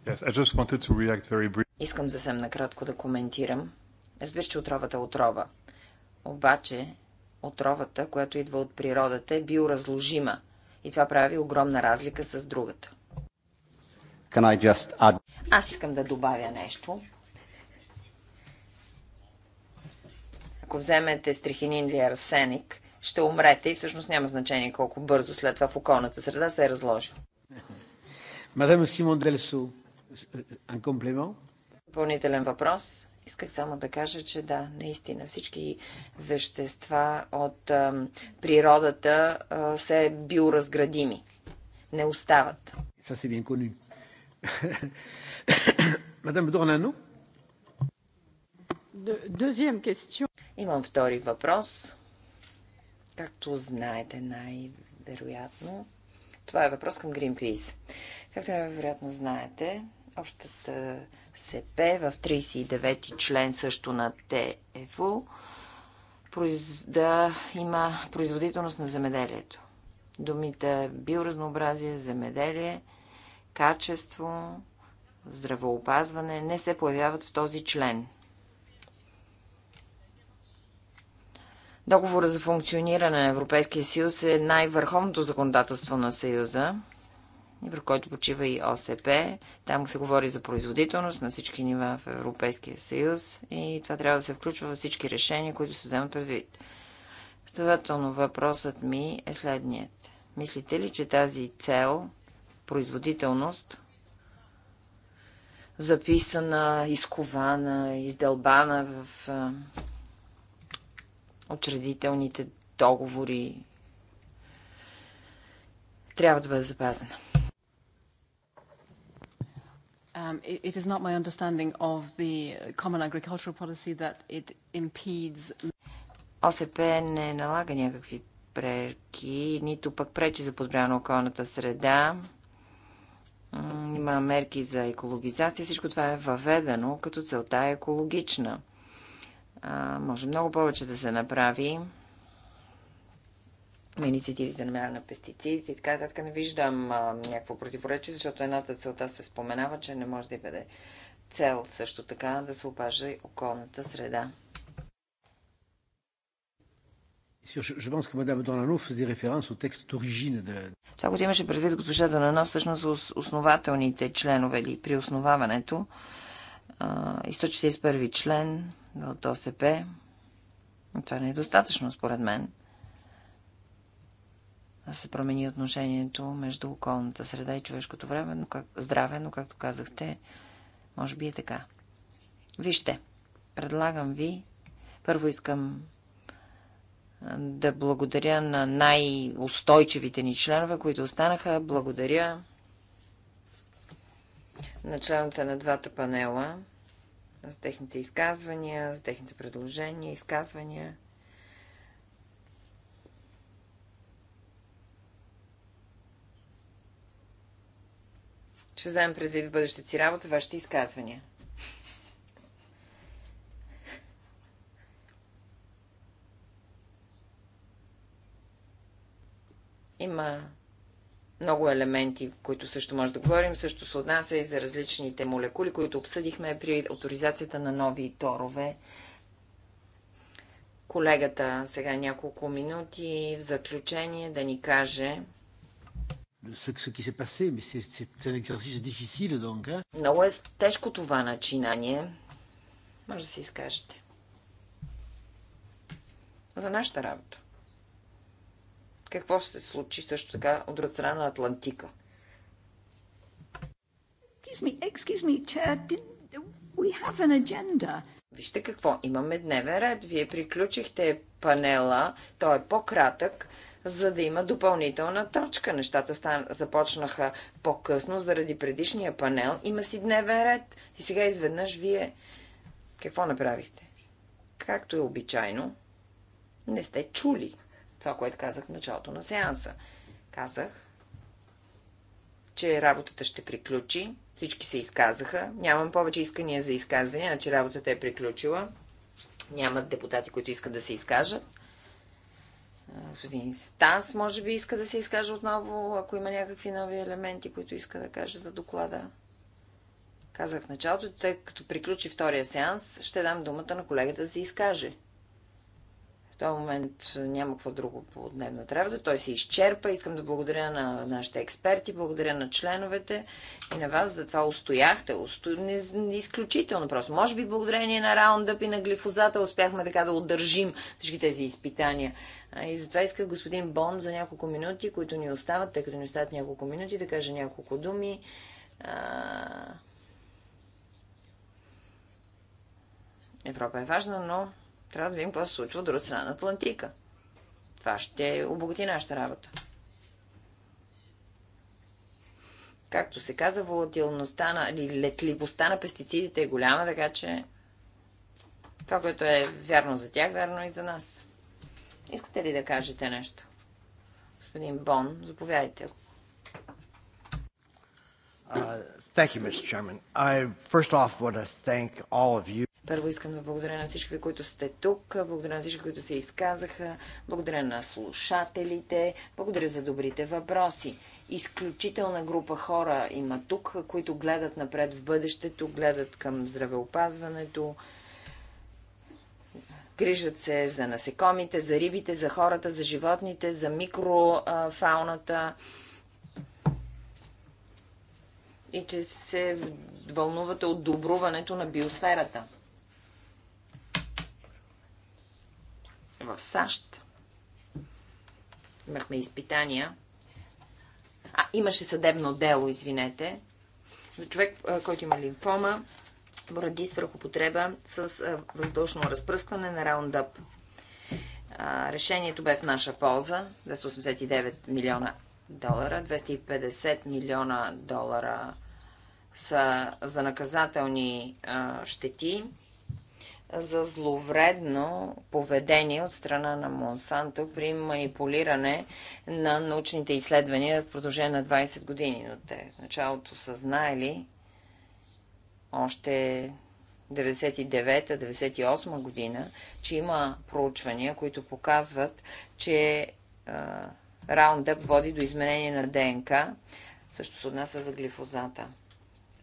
Yes, I just wanted to react very briefly. Искам съвсем накратко да коментирам. Разбира, че отровата е отрова. Обаче, отровата, която идва от природата, е биоразложима. И това прави огромна разлика с другата. Add... Аз искам да добавя нещо. Ако вземете стрихинин или арсеник, ще умрете и всъщност няма значение колко бързо след това в околната среда се е разложил. Мадам Симон Делесо, un complément Допълнителен въпрос. Исках само да кажа, че да, наистина всички вещества от а, природата а, се биоразградими. Не остават. Са си бен connu. Мадам Dornano? Дозием question. Имам втори въпрос. Както знаете най-вероятно, това е въпрос към Greenpeace. Както най-вероятно знаете, общата СП в 39-ти член също на ТФУ да има производителност на земеделието. Думите биоразнообразие, земеделие, качество, здравоопазване не се появяват в този член. Договора за функциониране на Европейския съюз е най-върховното законодателство на Съюза при който почива и ОСП. Там се говори за производителност на всички нива в Европейския съюз и това трябва да се включва във всички решения, които се вземат предвид. Следователно въпросът ми е следният. Мислите ли, че тази цел, производителност, записана, изкована, издълбана в учредителните договори, трябва да бъде запазена? Um, it, it is not my understanding of the common agricultural policy that it impedes... ОСП не налага някакви преки, нито пък пречи за подбряна околната среда. Има мерки за екологизация. Всичко това е въведено, като целта е екологична. А, може много повече да се направи инициативи за намяна на пестицидите и така нататък. Не виждам а, някакво противоречие, защото едната целта се споменава, че не може да бъде цел също така да се опажа и околната среда. Това, което имаше предвид госпожа Донано, всъщност основателните членове или при основаването и 141 член от ОСП. Това не е достатъчно, според мен да се промени отношението между околната среда и човешкото време, но как, здраве, но както казахте, може би е така. Вижте, предлагам ви, първо искам да благодаря на най-устойчивите ни членове, които останаха. Благодаря на членовете на двата панела за техните изказвания, за техните предложения, изказвания. Ще вземем предвид в бъдещата си работа вашите изказвания. Има много елементи, които също може да говорим. Също се отнася и за различните молекули, които обсъдихме при авторизацията на нови торове. Колегата сега няколко минути в заключение да ни каже ce, ce qui s'est passé, mais c'est c'est un exercice difficile, donc. Hein? Много е тежко това начинание. Може да си изкажете. За нашата работа. Какво ще се случи също така от друга страна на Атлантика? Excuse me, excuse me, chair, did... we have an agenda. Вижте какво, имаме дневен ред. Вие приключихте панела, той е по-кратък за да има допълнителна точка. Нещата стан... започнаха по-късно заради предишния панел. Има си дневен ред. И сега изведнъж вие какво направихте? Както е обичайно, не сте чули това, което казах в началото на сеанса. Казах, че работата ще приключи. Всички се изказаха. Нямам повече искания за изказвания, иначе работата е приключила. Нямат депутати, които искат да се изкажат. Господин Стас, може би, иска да се изкаже отново, ако има някакви нови елементи, които иска да каже за доклада. Казах в началото, тъй като приключи втория сеанс, ще дам думата на колегата да се изкаже. В този момент няма какво друго по дневна работа. Той се изчерпа. Искам да благодаря на нашите експерти, благодаря на членовете и на вас. за това устояхте. Усто... Не, изключително просто. Може би благодарение на раундъп и на глифозата успяхме така да удържим всички тези изпитания. И затова иска господин Бон за няколко минути, които ни остават, тъй като ни остават няколко минути, да каже няколко думи. Европа е важна, но трябва да видим какво се случва от друга страна на Атлантика. Това ще обогати нашата работа. Както се каза, волатилността на, или летливостта на пестицидите е голяма, така че това, което е вярно за тях, вярно и за нас. Искате ли да кажете нещо? Господин Бон, заповядайте. Uh, thank you, Mr. Chairman. I first off want to thank all of you. Първо искам да благодаря на всички, които сте тук, благодаря на всички, които се изказаха, благодаря на слушателите, благодаря за добрите въпроси. Изключителна група хора има тук, които гледат напред в бъдещето, гледат към здравеопазването, грижат се за насекомите, за рибите, за хората, за животните, за микрофауната и че се вълнувате от добруването на биосферата. в САЩ. Имахме изпитания. А, имаше съдебно дело, извинете, за човек, който има лимфома, поради свръхопотреба с въздушно разпръскване на раундъп. Решението бе в наша полза 289 милиона долара, 250 милиона долара са за наказателни а, щети за зловредно поведение от страна на Монсанто при манипулиране на научните изследвания в продължение на 20 години. Но те в началото са знаели още 99-98 година, че има проучвания, които показват, че Раундъп води до изменение на ДНК, също се отнася за глифозата.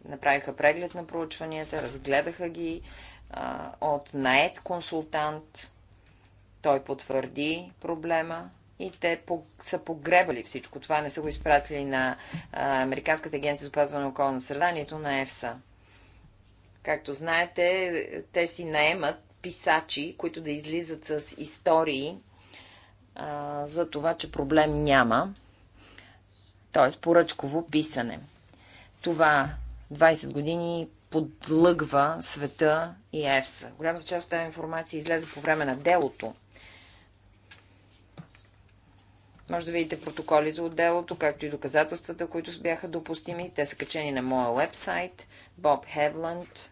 Направиха преглед на проучванията, разгледаха ги, от наед консултант. Той потвърди проблема и те по, са погребали всичко това. Не са го изпратили на а, Американската агенция за опазване на околна среда, нито на ЕФСА. Както знаете, те си наемат писачи, които да излизат с истории а, за това, че проблем няма. Тоест поръчково писане. Това 20 години подлъгва света и ЕФСА. Голяма част от тази информация излезе по време на делото. Може да видите протоколите от делото, както и доказателствата, които бяха допустими. Те са качени на моя вебсайт. Боб Хевланд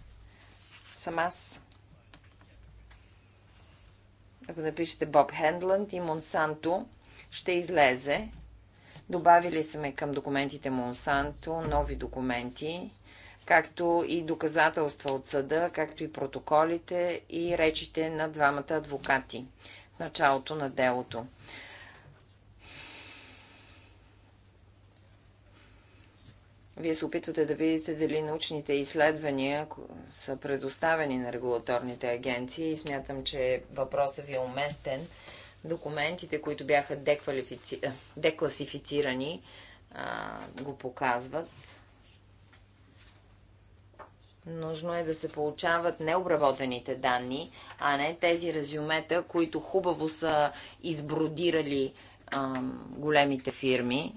съм аз. Ако напишете Боб Хендланд и Монсанто, ще излезе. Добавили сме към документите Монсанто нови документи както и доказателства от съда, както и протоколите и речите на двамата адвокати в началото на делото. Вие се опитвате да видите дали научните изследвания са предоставени на регулаторните агенции и смятам, че въпросът ви е уместен. Документите, които бяха деквалифици... декласифицирани, а, го показват. Нужно е да се получават необработените данни, а не тези резюмета, които хубаво са избродирали ам, големите фирми.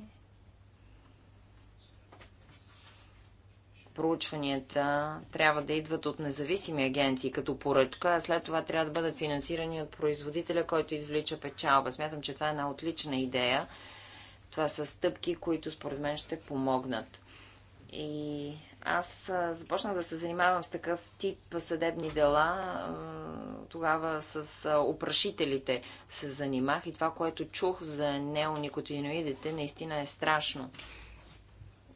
Проучванията трябва да идват от независими агенции като поръчка, а след това трябва да бъдат финансирани от производителя, който извлича печалба. Смятам, че това е една отлична идея. Това са стъпки, които според мен ще помогнат. И аз започнах да се занимавам с такъв тип съдебни дела. Тогава с опрашителите се занимах и това, което чух за неоникотиноидите, наистина е страшно.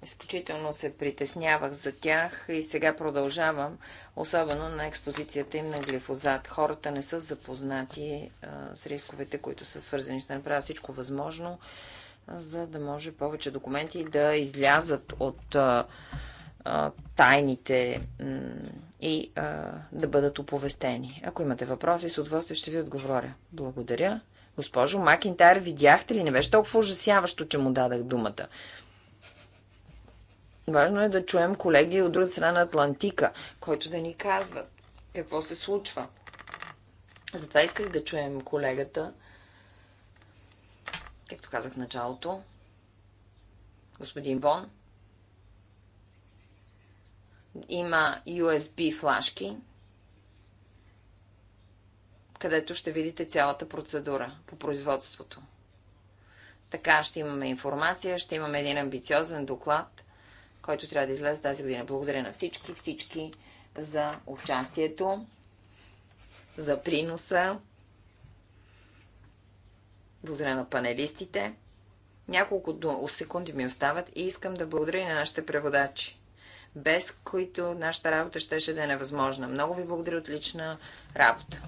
Изключително се притеснявах за тях и сега продължавам, особено на експозицията им на глифозат. Хората не са запознати с рисковете, които са свързани. Ще направя всичко възможно, за да може повече документи да излязат от тайните и да бъдат оповестени. Ако имате въпроси, с удоволствие ще ви отговоря. Благодаря. Госпожо Макинтайр, видяхте ли? Не беше толкова ужасяващо, че му дадах думата. Важно е да чуем колеги от друга страна на Атлантика, който да ни казват какво се случва. Затова исках да чуем колегата, както казах в началото, господин Бон. Има USB флашки, където ще видите цялата процедура по производството. Така ще имаме информация, ще имаме един амбициозен доклад, който трябва да излезе тази година. Благодаря на всички, всички за участието, за приноса. Благодаря на панелистите. Няколко секунди ми остават и искам да благодаря и на нашите преводачи без които нашата работа щеше да е невъзможна. Много ви благодаря, отлична работа!